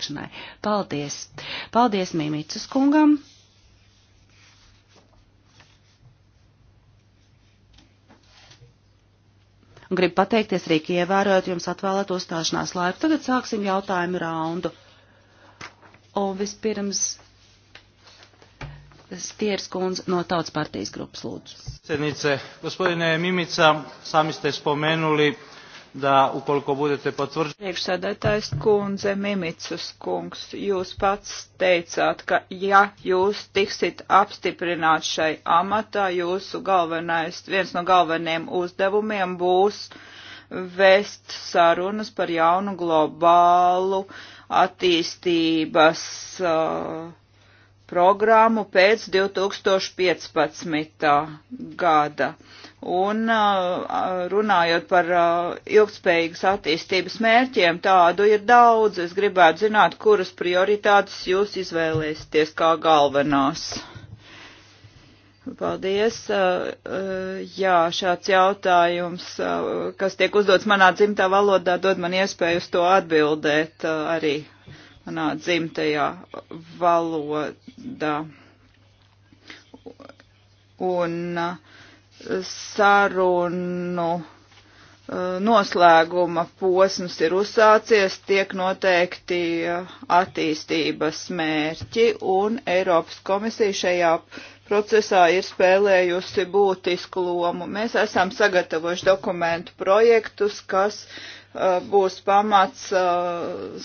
sasniegšanai. Paldies! Paldies Mīmīcas kungam! Un gribu pateikties arī, ka ievērojot jums atvēlēt uzstāšanās laiku. Tagad sāksim jautājumu raundu. Un vispirms Stieris kundze no Tautas partijas grupas lūdzu. Sēdnice, gospodine Mimica, sami ste spomenuli da ukoliko budete potvrđeni. Priekšsēdētājs kundze Mimicus kungs, jūs pats teicāt, ka ja jūs tiksit apstiprināt šai amatā, jūsu galvenais, viens no galvenajiem uzdevumiem būs vest sarunas par jaunu globālu attīstības uh, programmu pēc 2015. gada. Uh, Un uh, uh, runājot par uh, ilgspējīgas attīstības mērķiem, tādu ir daudz. Es gribētu zināt, kuras prioritātes jūs izvēlēsieties kā galvenās. Paldies. Jā, šāds jautājums, kas tiek uzdots manā dzimtā valodā, dod man iespēju uz to atbildēt arī manā dzimtajā valodā. Un uh, sarunu uh, noslēguma posms ir uzsācies, tiek noteikti uh, attīstības mērķi, un Eiropas komisija šajā procesā ir spēlējusi būtisku lomu. Mēs esam sagatavojuši dokumentu projektus, kas uh, būs pamats uh,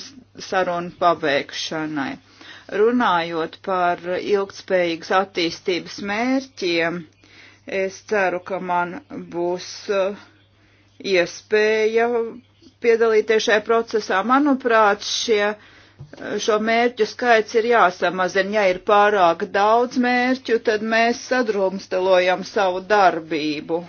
sarunu pabeigšanai. Runājot par ilgtspējīgas attīstības mērķiem, uh, Es ceru, ka man būs uh, iespēja piedalīties šajā procesā. Manuprāt, šie, uh, šo mērķu skaits ir jāsamazina. Ja ir pārāk daudz mērķu, tad mēs sadrumstalojam savu darbību.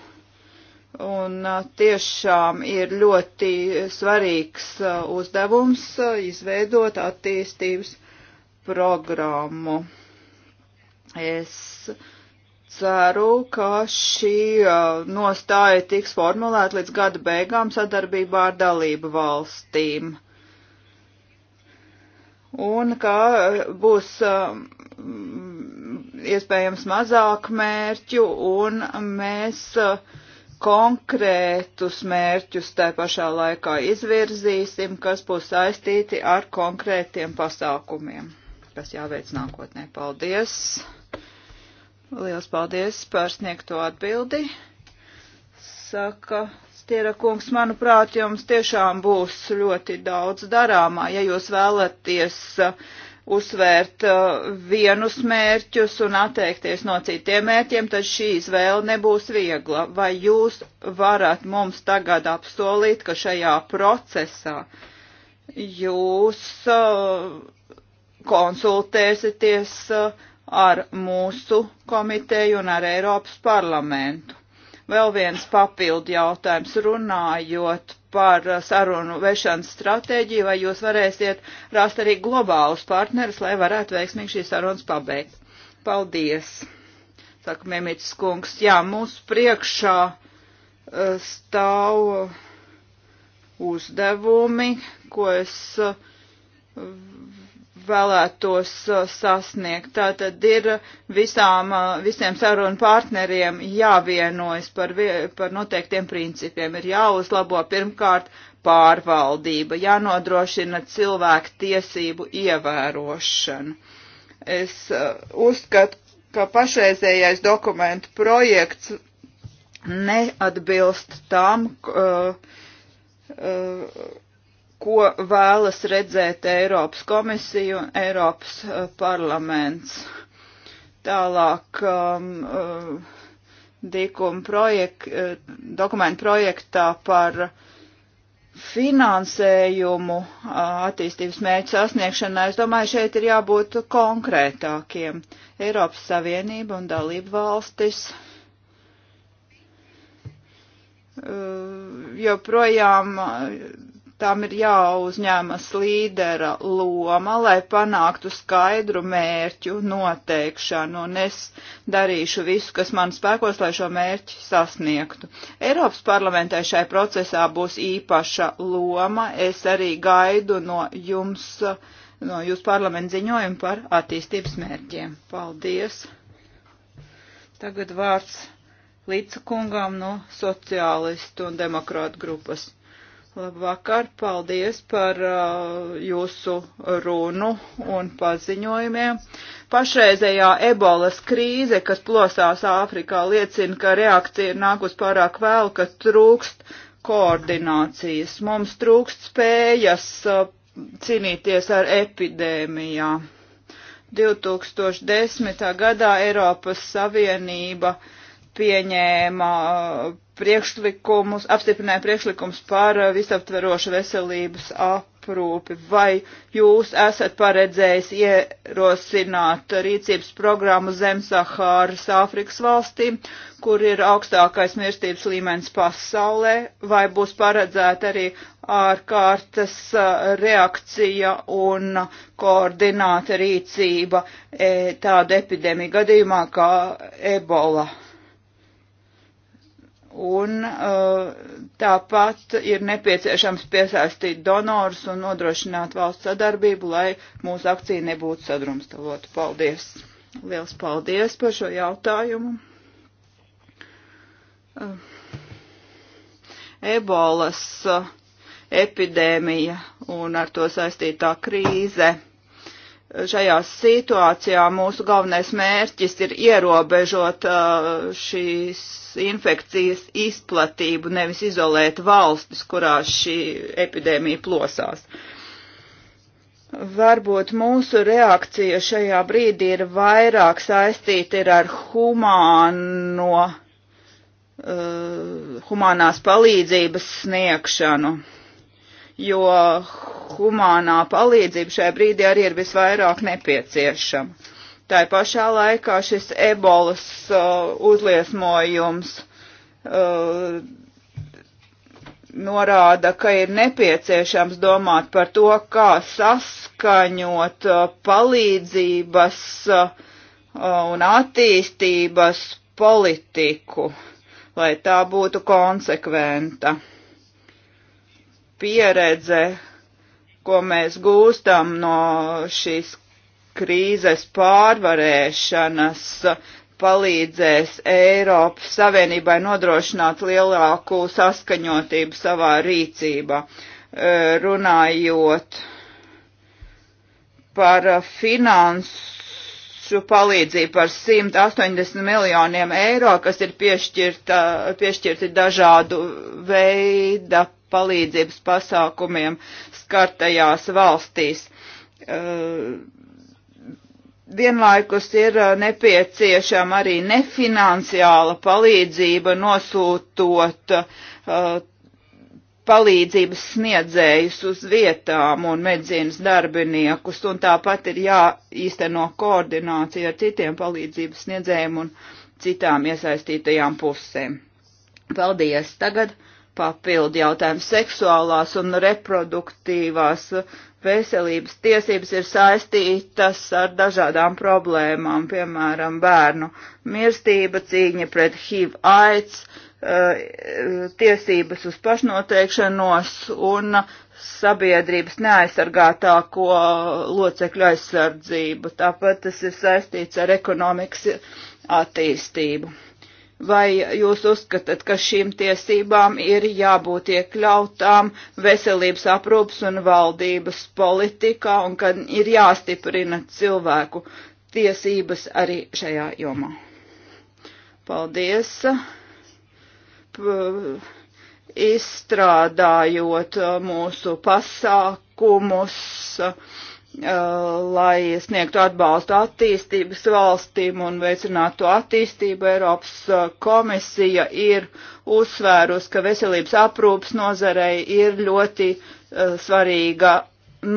Un uh, tiešām ir ļoti svarīgs uzdevums izveidot attīstības programmu. Es uh, ceru, ka šī nostāja tiks formulēta līdz gada beigām sadarbībā ar dalību valstīm. Un ka būs iespējams mazāk mērķu un mēs konkrētus mērķus tā pašā laikā izvirzīsim, kas būs saistīti ar konkrētiem pasākumiem, kas jāveic nākotnē. Paldies! Liels paldies par sniegto atbildi. Saka Stiera kungs, manuprāt, jums tiešām būs ļoti daudz darāmā, ja jūs vēlaties uh, uzsvērt uh, vienus mērķus un atteikties no citiem mērķiem, tad šī izvēle nebūs viegla. Vai jūs varat mums tagad apsolīt, ka šajā procesā jūs uh, konsultēsieties uh, ar mūsu komiteju un ar Eiropas parlamentu. Vēl viens papildu jautājums runājot par sarunu vešanas stratēģiju, vai jūs varēsiet rast arī globālus partnerus, lai varētu veiksmīgi šīs sarunas pabeigt. Paldies! Saka Mimits kungs, jā, mūsu priekšā uh, stāv uzdevumi, ko es uh, vēlētos uh, sasniegt. Tātad ir visām, uh, visiem sarunu partneriem jāvienojas par, par noteiktiem principiem. Ir jāuzlabo pirmkārt pārvaldība, jānodrošina cilvēku tiesību ievērošana. Es uh, uzskatu, ka pašreizējais dokumentu projekts neatbilst tam, uh, uh, ko vēlas redzēt Eiropas komisija un Eiropas eh, parlaments. Tālāk um, eh, dīkuma projek, eh, dokumentu projektā par finansējumu attīstības mērķu sasniegšanai, es domāju, šeit ir jābūt konkrētākiem. Eiropas Savienība un dalību valstis joprojām tām ir jāuzņemas līdera loma, lai panāktu skaidru mērķu noteikšanu, un es darīšu visu, kas man spēkos, lai šo mērķi sasniegtu. Eiropas parlamentē šai procesā būs īpaša loma, es arī gaidu no jums, no jūs parlamentu ziņojumu par attīstības mērķiem. Paldies! Tagad vārds Līdz kungām no sociālistu un demokrātu grupas. Labvakar, paldies par uh, jūsu runu un paziņojumiem. Pašreizējā ebolas krīze, kas plosās Āfrikā, liecina, ka reakcija ir nākus pārāk vēl, ka trūkst koordinācijas. Mums trūkst spējas uh, cīnīties ar epidēmijā. 2010. gadā Eiropas Savienība pieņēma uh, priekšlikumus, apstiprināja priekšlikumus par uh, visaptverošu veselības aprūpi. Vai jūs esat paredzējis ierosināt rīcības programmu Zemsahāras Āfrikas valstīm, kur ir augstākais mirstības līmenis pasaulē, vai būs paredzēta arī ārkārtas uh, reakcija un koordināta rīcība e, tāda epidēmija gadījumā kā ebola? Un uh, tāpat ir nepieciešams piesaistīt donors un nodrošināt valsts sadarbību, lai mūsu akcija nebūtu sadrumstalota. Paldies! Liels paldies par šo jautājumu! Uh, Ebolas uh, epidēmija un ar to saistītā krīze šajā situācijā mūsu galvenais mērķis ir ierobežot uh, šīs infekcijas izplatību, nevis izolēt valstis, kurās šī epidēmija plosās. Varbūt mūsu reakcija šajā brīdī ir vairāk saistīta ir ar humāno, uh, humānās palīdzības sniegšanu jo humānā palīdzība šajā brīdī arī ir visvairāk nepieciešama. Tā pašā laikā šis ebolas uh, uzliesmojums uh, norāda, ka ir nepieciešams domāt par to, kā saskaņot uh, palīdzības uh, un attīstības politiku, lai tā būtu konsekventa pieredze, ko mēs gūstam no šīs krīzes pārvarēšanas, palīdzēs Eiropas Savienībai nodrošināt lielāku saskaņotību savā rīcībā. E, runājot par finansu palīdzību par 180 miljoniem eiro, kas ir piešķirta, piešķirti dažādu veida palīdzības pasākumiem skartajās valstīs. Uh, vienlaikus ir uh, nepieciešama arī nefinanciāla palīdzība nosūtot uh, palīdzības sniedzējus uz vietām un medzīnas darbiniekus, un tāpat ir jāīsteno koordinācija ar citiem palīdzības sniedzējiem un citām iesaistītajām pusēm. Paldies! Tagad papildu jautājums. Seksuālās un reproduktīvās veselības tiesības ir saistītas ar dažādām problēmām, piemēram, bērnu mirstība, cīņa pret HIV aids, eh, tiesības uz pašnoteikšanos un sabiedrības neaizsargātāko locekļu aizsardzību. Tāpat tas ir saistīts ar ekonomikas attīstību. Vai jūs uzskatāt, ka šīm tiesībām ir jābūt iekļautām veselības aprūpas un valdības politikā un ka ir jāstiprina cilvēku tiesības arī šajā jomā? Paldies! P izstrādājot uh, mūsu pasākumus, Uh, lai sniegtu atbalstu attīstības valstīm un veicinātu attīstību, Eiropas uh, komisija ir uzsvērus, ka veselības aprūpas nozarei ir ļoti uh, svarīga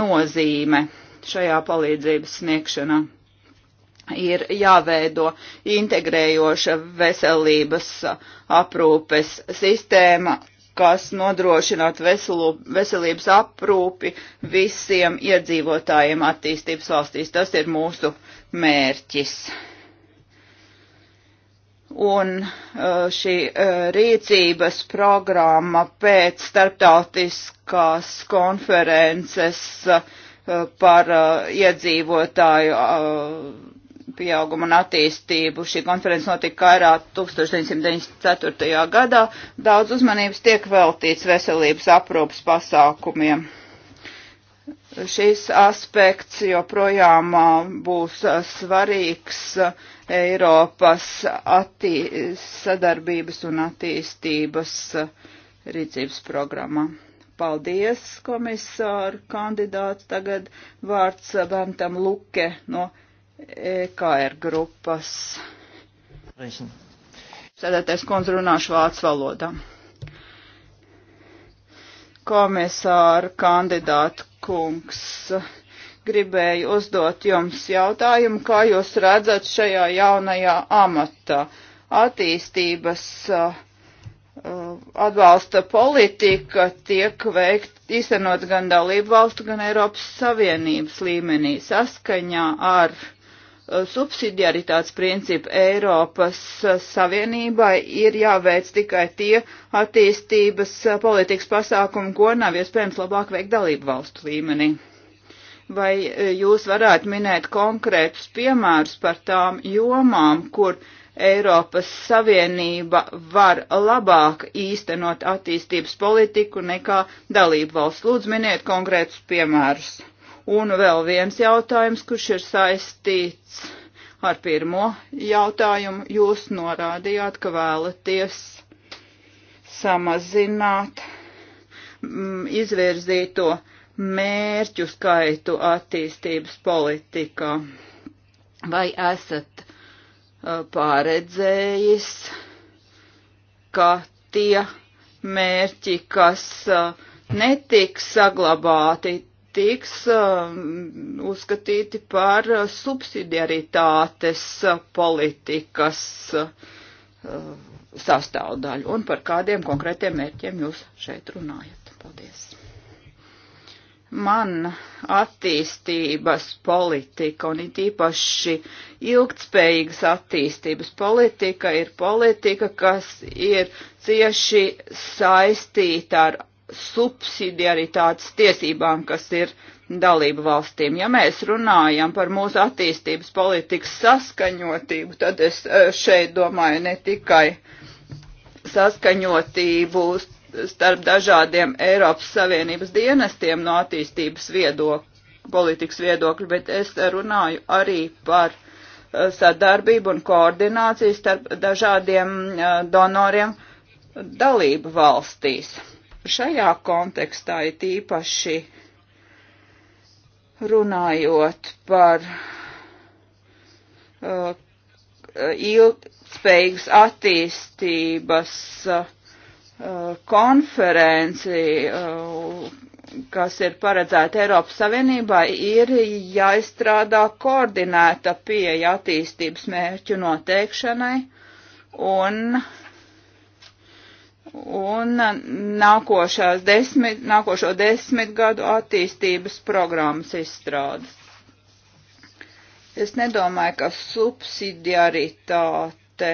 nozīme šajā palīdzības sniegšanā. Ir jāveido integrējoša veselības aprūpes sistēma, kas nodrošinātu veselu, veselības aprūpi visiem iedzīvotājiem attīstības valstīs. Tas ir mūsu mērķis. Un uh, šī uh, rīcības programma pēc starptautiskās konferences uh, par iedzīvotāju pieaugumu un attīstību. Šī konferences notika Kairā 1994. gadā. Daudz uzmanības tiek veltīts veselības aprūpas pasākumiem. Šis aspekts joprojām būs svarīgs Eiropas attī sadarbības un attīstības rīcības programmā. Paldies, komisāru kandidāts. Tagad vārds Bentam Luke no EKR grupas. Sēdētais kundze runāšu vācu valodā. Komisāra kandidāta kungs gribēju uzdot jums jautājumu, kā jūs redzat šajā jaunajā amatā attīstības uh, atbalsta politika tiek veikt īstenot gan dalību valstu, gan Eiropas Savienības līmenī saskaņā ar uh, subsidiaritātes principu Eiropas Savienībai ir jāveic tikai tie attīstības politikas pasākumi, ko nav iespējams labāk veikt dalību valstu līmenī. Vai e, jūs varētu minēt konkrētus piemērus par tām jomām, kur Eiropas Savienība var labāk īstenot attīstības politiku nekā dalību valsts? Lūdzu, miniet konkrētus piemērus. Un vēl viens jautājums, kurš ir saistīts ar pirmo jautājumu. Jūs norādījāt, ka vēlaties samazināt m, mm, izvirzīto mērķu skaitu attīstības politikā. Vai esat pārredzējis, ka tie mērķi, kas netiks saglabāti, tiks um, uzskatīti par subsidiaritātes politikas uh, sastāvdaļu un par kādiem konkrētiem mērķiem jūs šeit runājat. Paldies. Man attīstības politika un it īpaši ilgtspējīgas attīstības politika ir politika, kas ir cieši saistīta ar subsidiaritātes tiesībām, kas ir dalību valstīm. Ja mēs runājam par mūsu attīstības politikas saskaņotību, tad es e, šeit domāju ne tikai saskaņotību starp dažādiem Eiropas Savienības dienestiem no attīstības viedokļa, politikas viedokļa, bet es runāju arī par e, sadarbību un koordināciju starp dažādiem e, donoriem dalību valstīs Šajā kontekstā ir īpaši runājot par uh, ilgspējīgas attīstības uh, konferenci, uh, kas ir paredzēta Eiropas Savienībā, ir jāizstrādā koordinēta pieeja attīstības mērķu noteikšanai un uh, un uh, nākošās desmit, nākošo desmit gadu attīstības programmas izstrādes. Es nedomāju, ka subsidiaritāte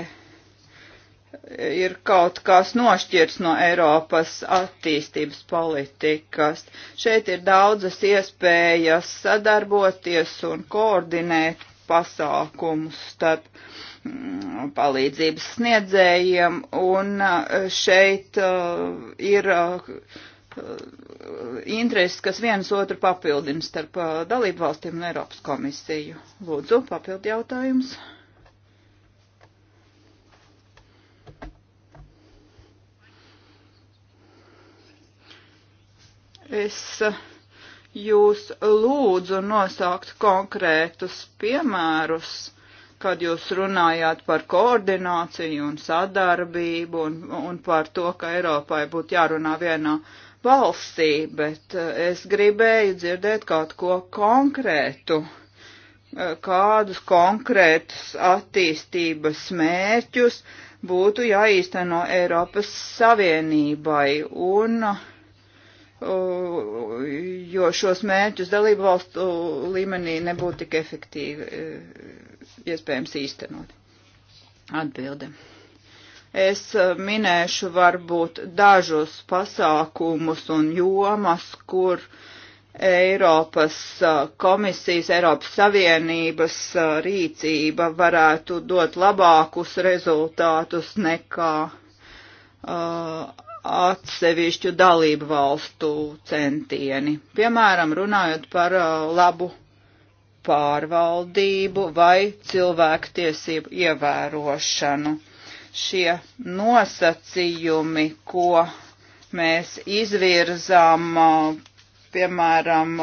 ir kaut kas nošķirs no Eiropas attīstības politikas. Šeit ir daudzas iespējas sadarboties un koordinēt pasākumus starp uh, Mm, palīdzības sniedzējiem, un eh, šeit eh, ir eh, intereses, kas viens otru papildina starp dalību valstīm un Eiropas komisiju. Lūdzu, papildi jautājums. Es jūs lūdzu nosaukt konkrētus piemērus kad jūs runājāt par koordināciju un sadarbību un, un par to, ka Eiropai būtu jārunā vienā valstī, bet eh, es gribēju dzirdēt kaut ko konkrētu, eh, kādus konkrētus attīstības mērķus būtu jāīsteno Eiropas Savienībai un uh, jo šos mērķus dalību valstu līmenī nebūtu tik efektīvi iespējams īstenot. Atbilde. Es eh, minēšu varbūt dažus pasākumus un jomas, kur Eiropas eh, komisijas, Eiropas Savienības eh, rīcība varētu dot labākus rezultātus nekā uh, atsevišķu dalību valstu centieni. Piemēram, runājot par uh, labu pārvaldību vai cilvēktiesību ievērošanu. Šie nosacījumi, ko mēs izvirzām, piemēram,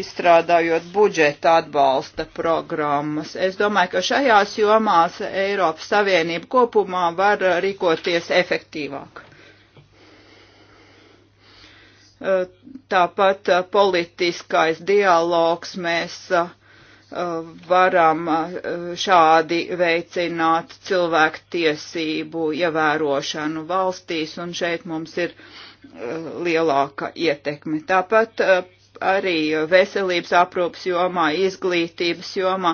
izstrādājot budžeta atbalsta programmas. Es domāju, ka šajās jomās Eiropas Savienība kopumā var rīkoties efektīvāk. Tāpat uh, politiskais dialogs mēs uh, varam uh, šādi veicināt cilvēku tiesību ievērošanu valstīs, un šeit mums ir lielāka ietekme. Tāpat arī veselības aprūpas jomā, izglītības jomā.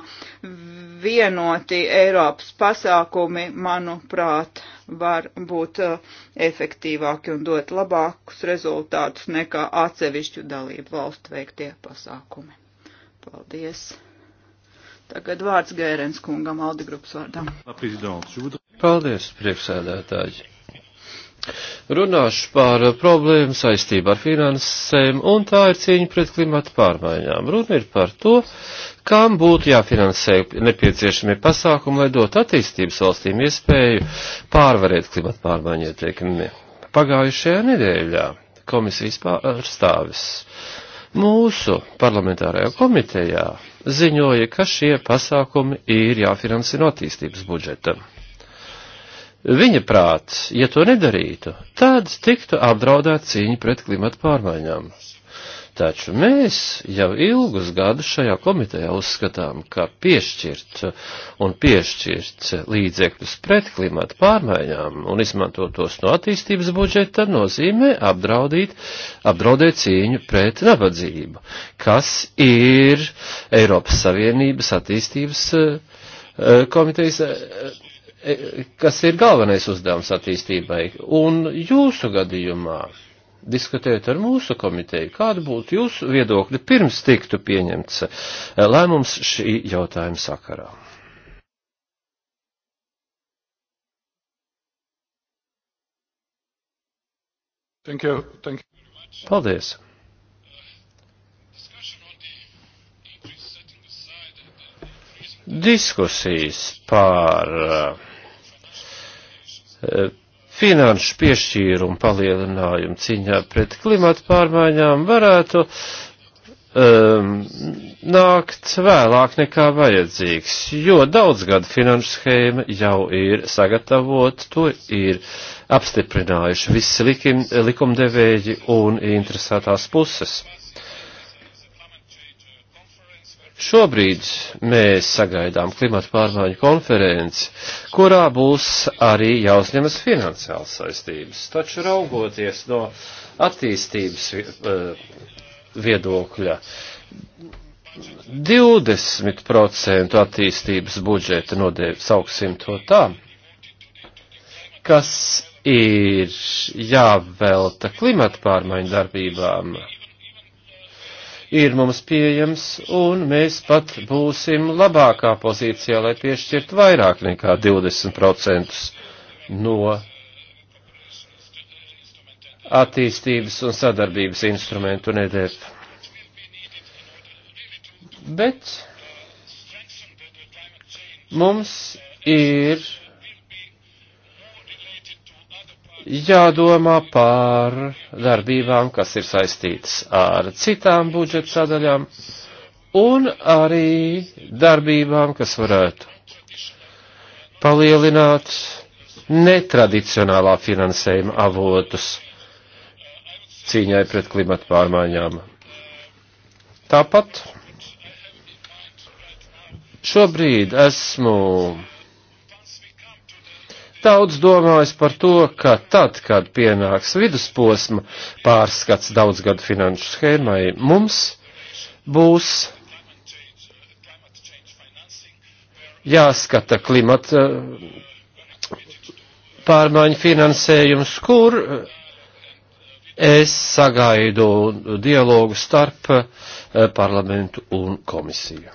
Vienoti Eiropas pasākumi, manuprāt, var būt uh, efektīvāki un dot labākus rezultātus nekā atsevišķu dalību valstu veiktie pasākumi. Paldies! Tagad vārds Gērens kungam, Aldi grupas vārdā. Paldies, priekšsēdētāji! Runāšu par problēmu saistību ar finansēm, un tā ir cīņa pret klimatu pārmaiņām. Runa ir par to, kam būtu jāfinansē nepieciešamie pasākumi, lai dot attīstības valstīm iespēju pārvarēt klimatu pārmaiņu ietekmi. Pagājušajā nedēļā komisijas pārstāvis mūsu parlamentārajā komitejā ziņoja, ka šie pasākumi ir jāfinansē no attīstības budžeta. Viņa prāts, ja to nedarītu, tad tiktu apdraudēta cīņa pret klimatu pārmaiņām. Taču mēs jau ilgus gadus šajā komitejā uzskatām, ka piešķirt un piešķirt līdzekļus pret klimata pārmaiņām un izmantot tos no attīstības budžeta nozīmē apdraudīt, apdraudēt cīņu pret nabadzību, kas ir Eiropas Savienības attīstības eh, komitejas eh, E, kas ir galvenais uzdevums attīstībai. Un jūsu gadījumā, diskutējot ar mūsu komiteju, kāda būtu jūsu viedokļa pirms tiktu pieņemts e, lēmums šī jautājuma sakarā? Thank you. Thank you. Paldies. Diskusijas par uh, finanšu piešķīrumu palielinājumu ciņā pret klimatu pārmaiņām varētu um, nākt vēlāk nekā vajadzīgs, jo daudzgada finanšu schēma jau ir sagatavota, to ir apstiprinājuši visi likim, likumdevēji un interesētās puses. Šobrīd mēs sagaidām klimata pārmaiņu konferenci, kurā būs arī jāuzņemas finansiāls saistības. Taču raugoties no attīstības eh, viedokļa, 20% attīstības budžeta nodēļ, sauksim to tā, kas ir jāvelta klimata pārmaiņu darbībām ir mums pieejams, un mēs pat būsim labākā pozīcijā, lai piešķirt vairāk nekā 20% no attīstības un sadarbības instrumentu nedēļ. Bet mums ir jādomā par darbībām, kas ir saistītas ar citām budžeta sadaļām, un arī darbībām, kas varētu palielināt netradicionālā finansējuma avotus cīņai pret klimatu pārmaiņām. Tāpat šobrīd esmu daudz domājis par to, ka tad, kad pienāks vidusposma pārskats daudzgadu finanšu schēmai, mums būs jāskata klimata eh, pārmaiņu finansējums, kur eh, es sagaidu dialogu starp eh, parlamentu un komisiju.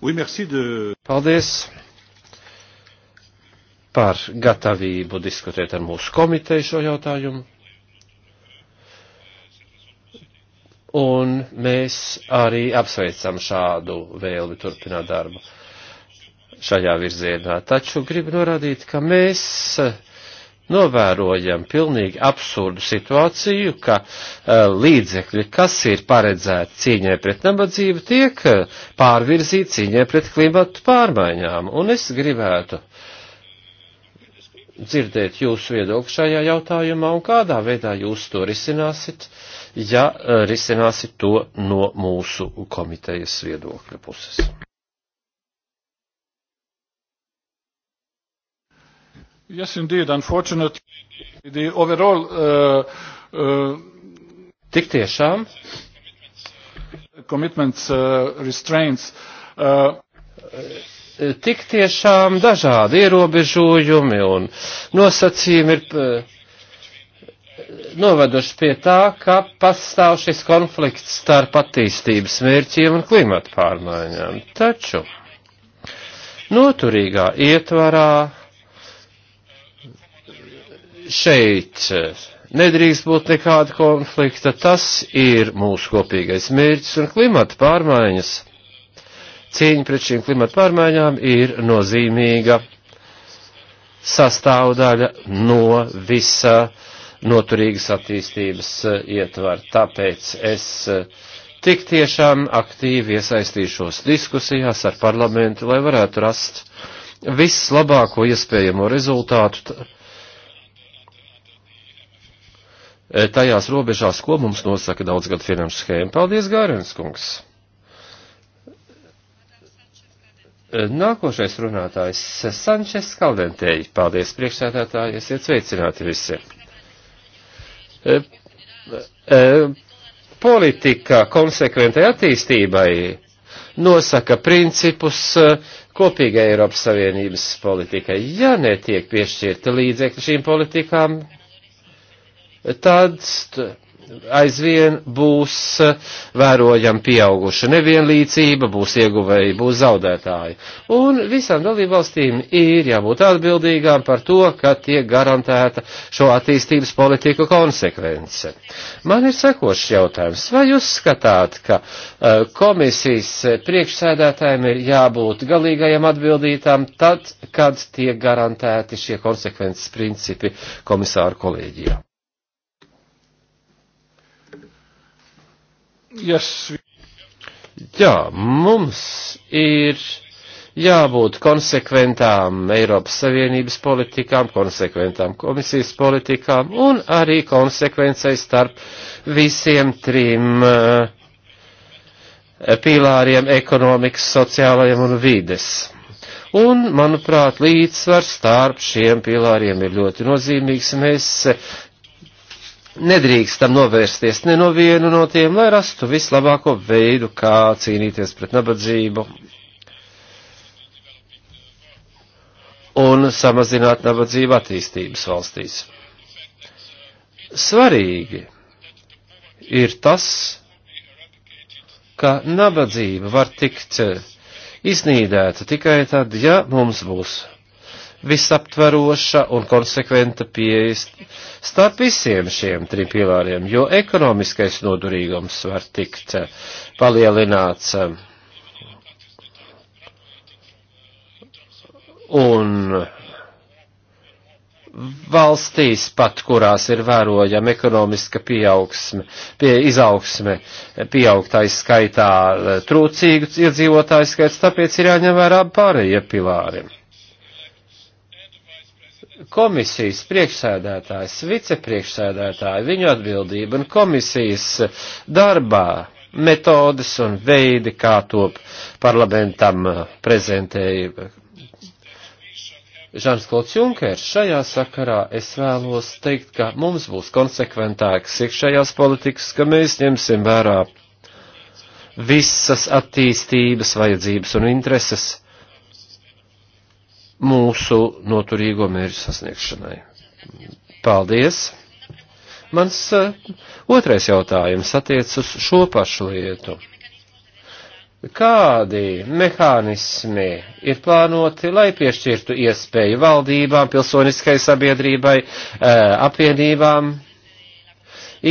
Oui, merci de... Paldies! par gatavību diskutēt ar mūsu komiteju šo jautājumu. Un mēs arī apsveicam šādu vēlmi turpināt darbu šajā virzienā. Taču gribu norādīt, ka mēs novērojam pilnīgi absurdu situāciju, ka uh, līdzekļi, kas ir paredzēti cīņai pret nabadzību, tiek pārvirzīti cīņai pret klimatu pārmaiņām. Un es gribētu dzirdēt jūsu viedokli šajā jautājumā un kādā veidā jūs to risināsit, ja e, risināsit to no mūsu komitejas viedokļa puses. Yes, indeed, unfortunately, the overall. Uh, uh, Tik tiešām. Commitments, uh, restraints. Uh, tik tiešām dažādi ierobežojumi un nosacījumi ir eh, noveduši pie tā, ka pastāv šis konflikts starp attīstības mērķiem un klimata pārmaiņām. Taču noturīgā ietvarā šeit eh, nedrīkst būt nekāda konflikta. Tas ir mūsu kopīgais mērķis un klimata pārmaiņas cīņa pret šīm klimata pārmaiņām ir nozīmīga sastāvdaļa no visa noturīgas attīstības eh, ietvar. Tāpēc es eh, tik tiešām aktīvi iesaistīšos diskusijās ar parlamentu, lai varētu rast vislabāko iespējamo rezultātu eh, tajās robežās, ko mums nosaka daudzgad finanšu schēma. Paldies, Gārens kungs! Eh, nākošais runātājs eh, Sančes Kaldentēji. Paldies priekšsēdētāji, esiet sveicināti visi. E, e, politika konsekventai attīstībai nosaka principus kopīgai Eiropas Savienības politikai. Ja netiek piešķirta līdzekļi šīm politikām, tad aizvien būs eh, vērojama pieauguša nevienlīdzība, būs ieguvēji, būs zaudētāji. Un visām dalībvalstīm ir jābūt atbildīgām par to, ka tiek garantēta šo attīstības politiku konsekvence. Man ir sekošs jautājums. Vai jūs skatāt, ka eh, komisijas priekšsēdētājiem ir jābūt galīgajam atbildītām tad, kad tiek garantēti šie konsekvences principi komisāru kolēģijā? Yes. Jā, mums ir jābūt konsekventām Eiropas Savienības politikām, konsekventām komisijas politikām un arī konsekvencei starp visiem trim eh, pīlāriem - ekonomikas, sociālajiem un vides. Un, manuprāt, līdzsvars starp šiem pilāriem ir ļoti nozīmīgs. Mēs nedrīkstam novērsties ne no vienu no tiem, lai rastu vislabāko veidu, kā cīnīties pret nabadzību un samazināt nabadzību attīstības valstīs. Svarīgi ir tas, ka nabadzība var tikt iznīdēta tikai tad, ja mums būs visaptveroša un konsekventa pieeja starp visiem šiem trim pilāriem, jo ekonomiskais nodurīgums var tikt palielināts un valstīs pat, kurās ir vērojama ekonomiska pieaugsme, pie izaugsme, pieaugtais skaitā trūcīgu iedzīvotāju skaits, tāpēc ir jāņem vērā pārējie pilāri komisijas priekšsēdētājs, vicepriekšsēdētāji, viņu atbildība un komisijas darbā metodes un veidi, kā to parlamentam prezentēja Žans Klods Junkers. Šajā sakarā es vēlos teikt, ka mums būs konsekventāks iekšējās politikas, ka mēs ņemsim vērā visas attīstības vajadzības un intereses mūsu noturīgo mērķu sasniegšanai. Paldies! Mans eh, otrais jautājums attiec uz šo pašu lietu. Kādi mehānismi ir plānoti, lai piešķirtu iespēju valdībām, pilsoniskai sabiedrībai, eh, apvienībām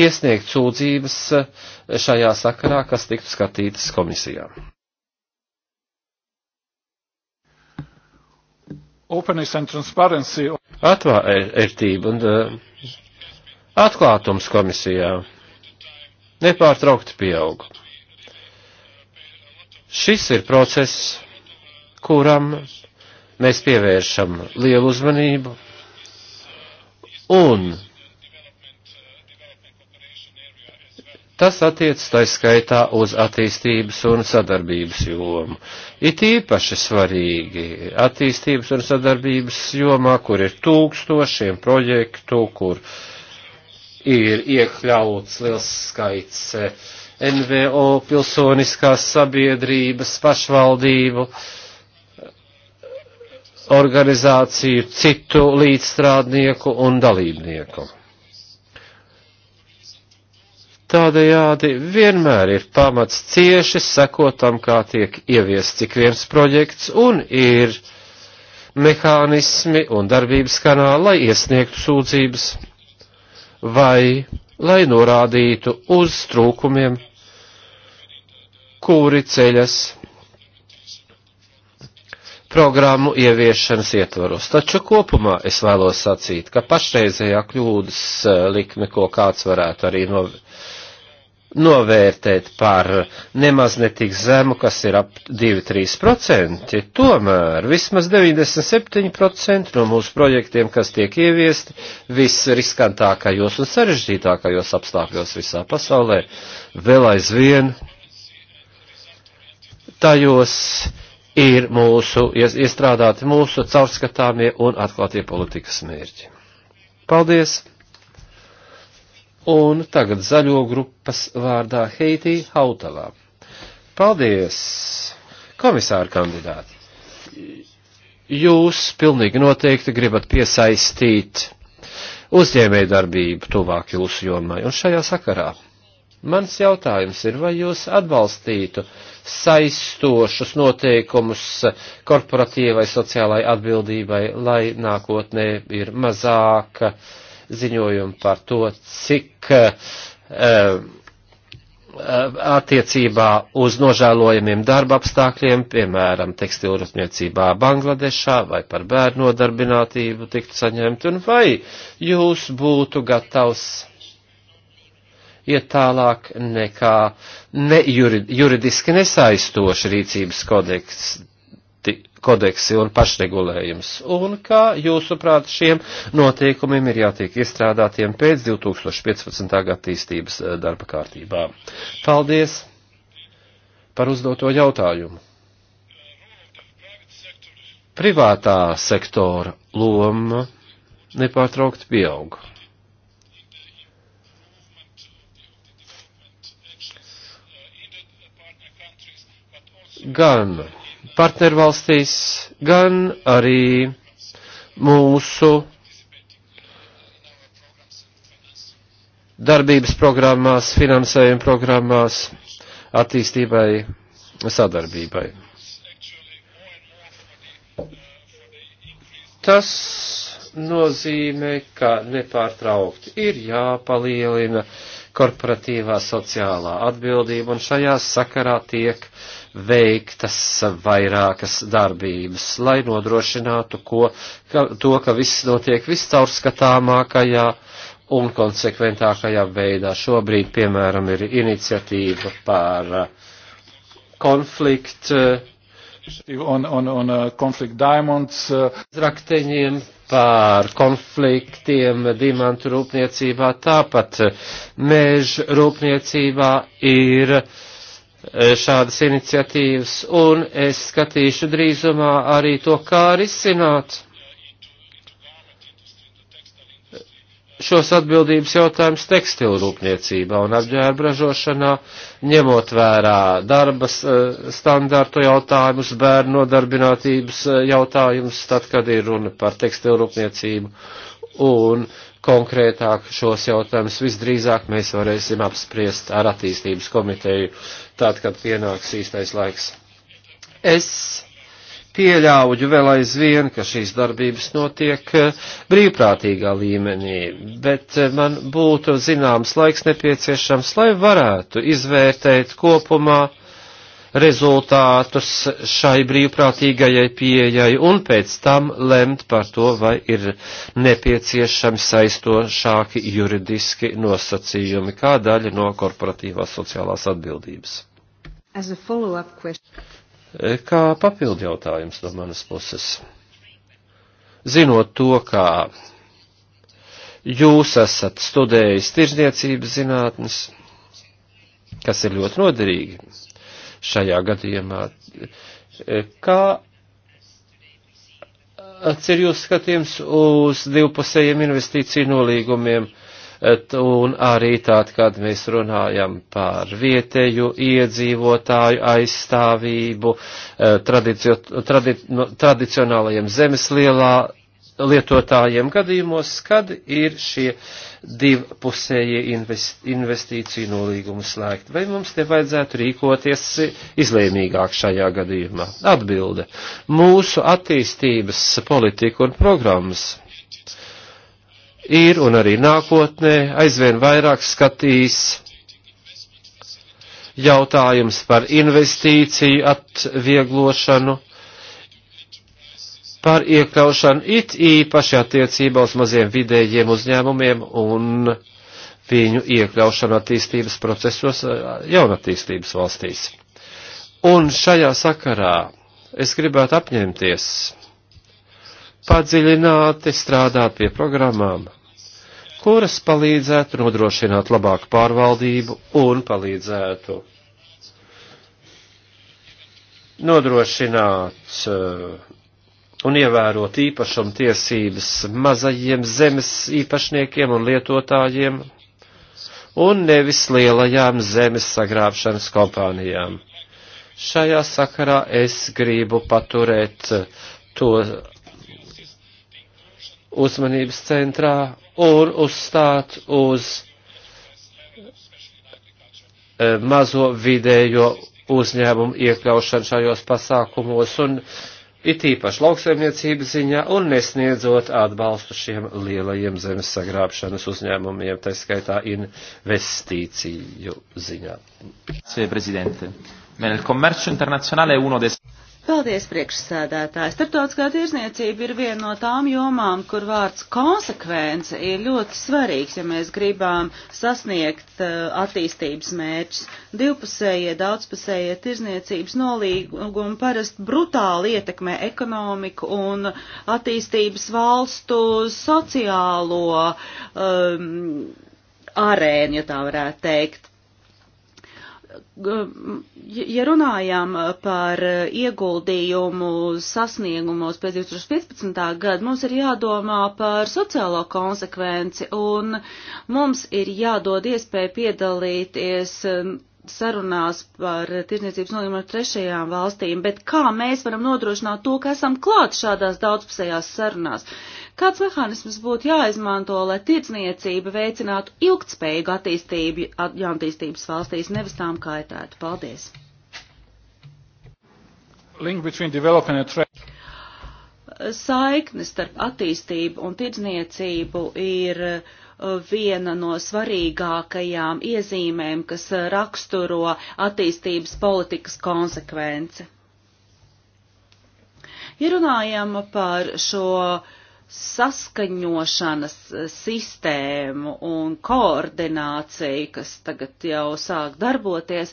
iesniegt sūdzības eh, šajā sakarā, kas tiktu skatītas komisijām? openness and transparency. Atvērtība un uh, atklātums komisijā nepārtraukti pieaug. Šis ir process, kuram mēs pievēršam lielu uzmanību, un Tas attiec taiskaitā uz attīstības un sadarbības jomu. It īpaši svarīgi attīstības un sadarbības jomā, kur ir tūkstošiem projektu, kur ir iekļauts liels skaits eh, NVO pilsoniskās sabiedrības, pašvaldību, organizāciju, citu līdzstrādnieku un dalībnieku Tādējādi vienmēr ir pamats cieši sekotam, kā tiek ieviests cik viens projekts, un ir mehānismi un darbības kanāli, lai iesniegtu sūdzības vai lai norādītu uz trūkumiem, kuri ceļas programmu ieviešanas ietvaros. Taču kopumā es vēlos sacīt, ka pašreizējā kļūdas eh, likme, ko kāds varētu arī novērst, novērtēt par nemaz netik zemu, kas ir ap 2-3%, tomēr vismaz 97% no mūsu projektiem, kas tiek ieviesti visriskantākajos un sarežģītākajos apstākļos visā pasaulē, vēl aizvien tajos ir mūsu, iestrādāti mūsu caurskatāmie un atklātie politikas mērķi. Paldies! Un tagad zaļo grupas vārdā Heitī Hautalā. Paldies, komisāra kandidāti! Jūs pilnīgi noteikti gribat piesaistīt uzņēmējdarbību tuvāk jūsu jomai. Un šajā sakarā mans jautājums ir, vai jūs atbalstītu saistošus noteikumus korporatīvai sociālai atbildībai, lai nākotnē ir mazāka uh, ziņojumu par to, cik um, attiecībā uz nožēlojamiem darba apstākļiem, piemēram, tekstilrūpniecībā Bangladešā vai par bērnu nodarbinātību tiktu saņemt, un vai jūs būtu gatavs iet tālāk nekā ne juridiski nesaistoši rīcības kodeks citi kodeksi un pašregulējums, un kā jūsuprāt šiem noteikumiem ir jātiek iestrādātiem pēc 2015. gada attīstības eh, darba kārtībā. Paldies par uzdoto jautājumu. Privātā sektora loma nepārtraukti pieauga. Gan partnervalstīs, gan arī mūsu darbības programmās, finansējuma programmās, attīstībai, sadarbībai. Tas nozīmē, ka nepārtraukti ir jāpalielina korporatīvā sociālā atbildība, un šajā sakarā tiek veiktas vairākas darbības, lai nodrošinātu ko, ka, to, ka viss notiek viscaurskatāmākajā un konsekventākajā veidā. Šobrīd, piemēram, ir iniciatīva par konfliktu. Uh, un, un, un konflikt uh, uh, diamonds. Rakteņiem par konfliktiem dimantu rūpniecībā, tāpat mēžu rūpniecībā ir uh, E, šādas iniciatīvas, un es skatīšu drīzumā arī to, kā risināt šos atbildības jautājumus tekstilrūpniecībā un apģērbražošanā, ņemot vērā darbas e, standārtu jautājumus, bērnu nodarbinātības e, jautājumus, tad, kad ir runa par tekstilrūpniecību. Un uh, konkrētāk šos jautājumus visdrīzāk mēs varēsim apspriest ar attīstības komiteju, tad, kad pienāks īstais laiks. Es pieļauju vēl aizvien, ka šīs darbības notiek eh, brīvprātīgā līmenī, bet eh, man būtu zināms laiks nepieciešams, lai varētu izvērtēt kopumā, rezultātus šai brīvprātīgajai pieejai un pēc tam lemt par to, vai ir nepieciešami saistošāki juridiski nosacījumi kā daļa no korporatīvās sociālās atbildības. E, kā papildu jautājums no manas puses. Zinot to, kā jūs esat studējis tirzniecības zinātnes, kas ir ļoti noderīgi, šajā gadījumā. Kāds ir jūsu skatījums uz divpusējiem investīciju nolīgumiem? Un arī tād, kad mēs runājam par vietēju iedzīvotāju aizstāvību, eh, tradicio, tradi, tradicionālajiem zemes lielā lietotājiem gadījumos, kad ir šie uh, divpusēji investīciju nolīgumu slēgt. Vai mums te vajadzētu rīkoties izlēmīgāk šajā gadījumā? Atbilde. Mūsu attīstības politika un programmas ir un arī nākotnē aizvien vairāk skatīs jautājums par investīciju atvieglošanu par iekļaušanu it īpaši attiecībā uz maziem vidējiem uzņēmumiem un viņu iekļaušanu attīstības procesos eh, jaunatīstības valstīs. Un šajā sakarā es gribētu apņemties padziļināti strādāt pie programmām, kuras palīdzētu nodrošināt labāku pārvaldību un palīdzētu nodrošināt uh, un ievērot īpašuma tiesības mazajiem zemes īpašniekiem un lietotājiem, un nevis lielajām zemes sagrābšanas kompānijām. Šajā sakarā es gribu paturēt to uzmanības centrā un uzstāt uz eh, mazo vidējo uzņēmumu iekļaušanu šajos pasākumos un uh, it īpaši lauksaimniecības ziņā un nesniedzot atbalstu šiem lielajiem zemes sagrābšanas uzņēmumiem, tā skaitā investīciju ziņā. Sē, prezidente. Nel commercio internazionale è uno dei Paldies, priekšsēdētāji. Startautiskā tirzniecība ir viena no tām jomām, kur vārds konsekvence ir ļoti svarīgs, ja mēs gribam sasniegt uh, attīstības mērķus. Divpusējie, daudzpusējie tirzniecības nolīgumi parasti brutāli ietekmē ekonomiku un attīstības valstu sociālo um, arēnu, ja tā varētu teikt ja runājām par ieguldījumu sasniegumos pēc 2015. gada, mums ir jādomā par sociālo konsekvenci un mums ir jādod iespēja piedalīties sarunās par tirdzniecības nolīgumu ar trešajām valstīm, bet kā mēs varam nodrošināt to, ka esam klāt šādās daudzpusējās sarunās? Kāds mehānisms būtu jāizmanto, lai tirdzniecība veicinātu ilgtspējīgu attīstību jaunatīstības valstīs, nevis tām kaitētu? Paldies! Link between development and trade saikne starp attīstību un tirdzniecību ir uh, viena no svarīgākajām iezīmēm, kas uh, raksturo attīstības politikas konsekvenci. Ja runājam par šo uh, saskaņošanas eh, sistēmu un koordināciju, kas tagad jau sāk darboties,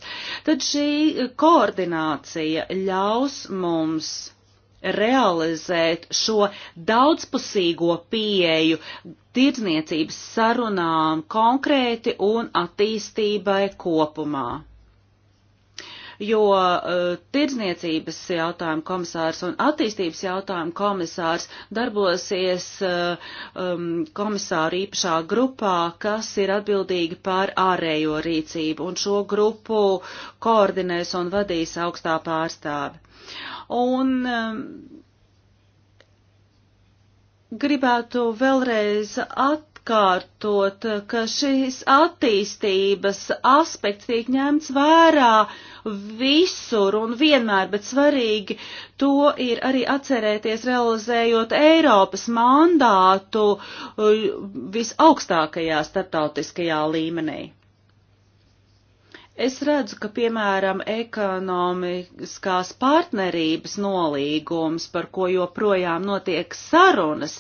tad šī koordinācija ļaus mums realizēt šo daudzpusīgo pieeju tirdzniecības sarunām konkrēti un attīstībai kopumā jo uh, tirdzniecības jautājumu komisārs un attīstības jautājumu komisārs darbosies uh, um, komisāru īpašā grupā, kas ir atbildīgi par ārējo rīcību, un šo grupu koordinēs un vadīs augstā pārstāve. Un, um, Gribētu vēlreiz at, atkārtot, ka šīs attīstības aspekts tiek ņemts vērā visur un vienmēr, bet svarīgi to ir arī atcerēties realizējot Eiropas mandātu uh, visaugstākajā starptautiskajā līmenī. Es redzu, ka, piemēram, ekonomiskās partnerības nolīgums, par ko joprojām notiek sarunas,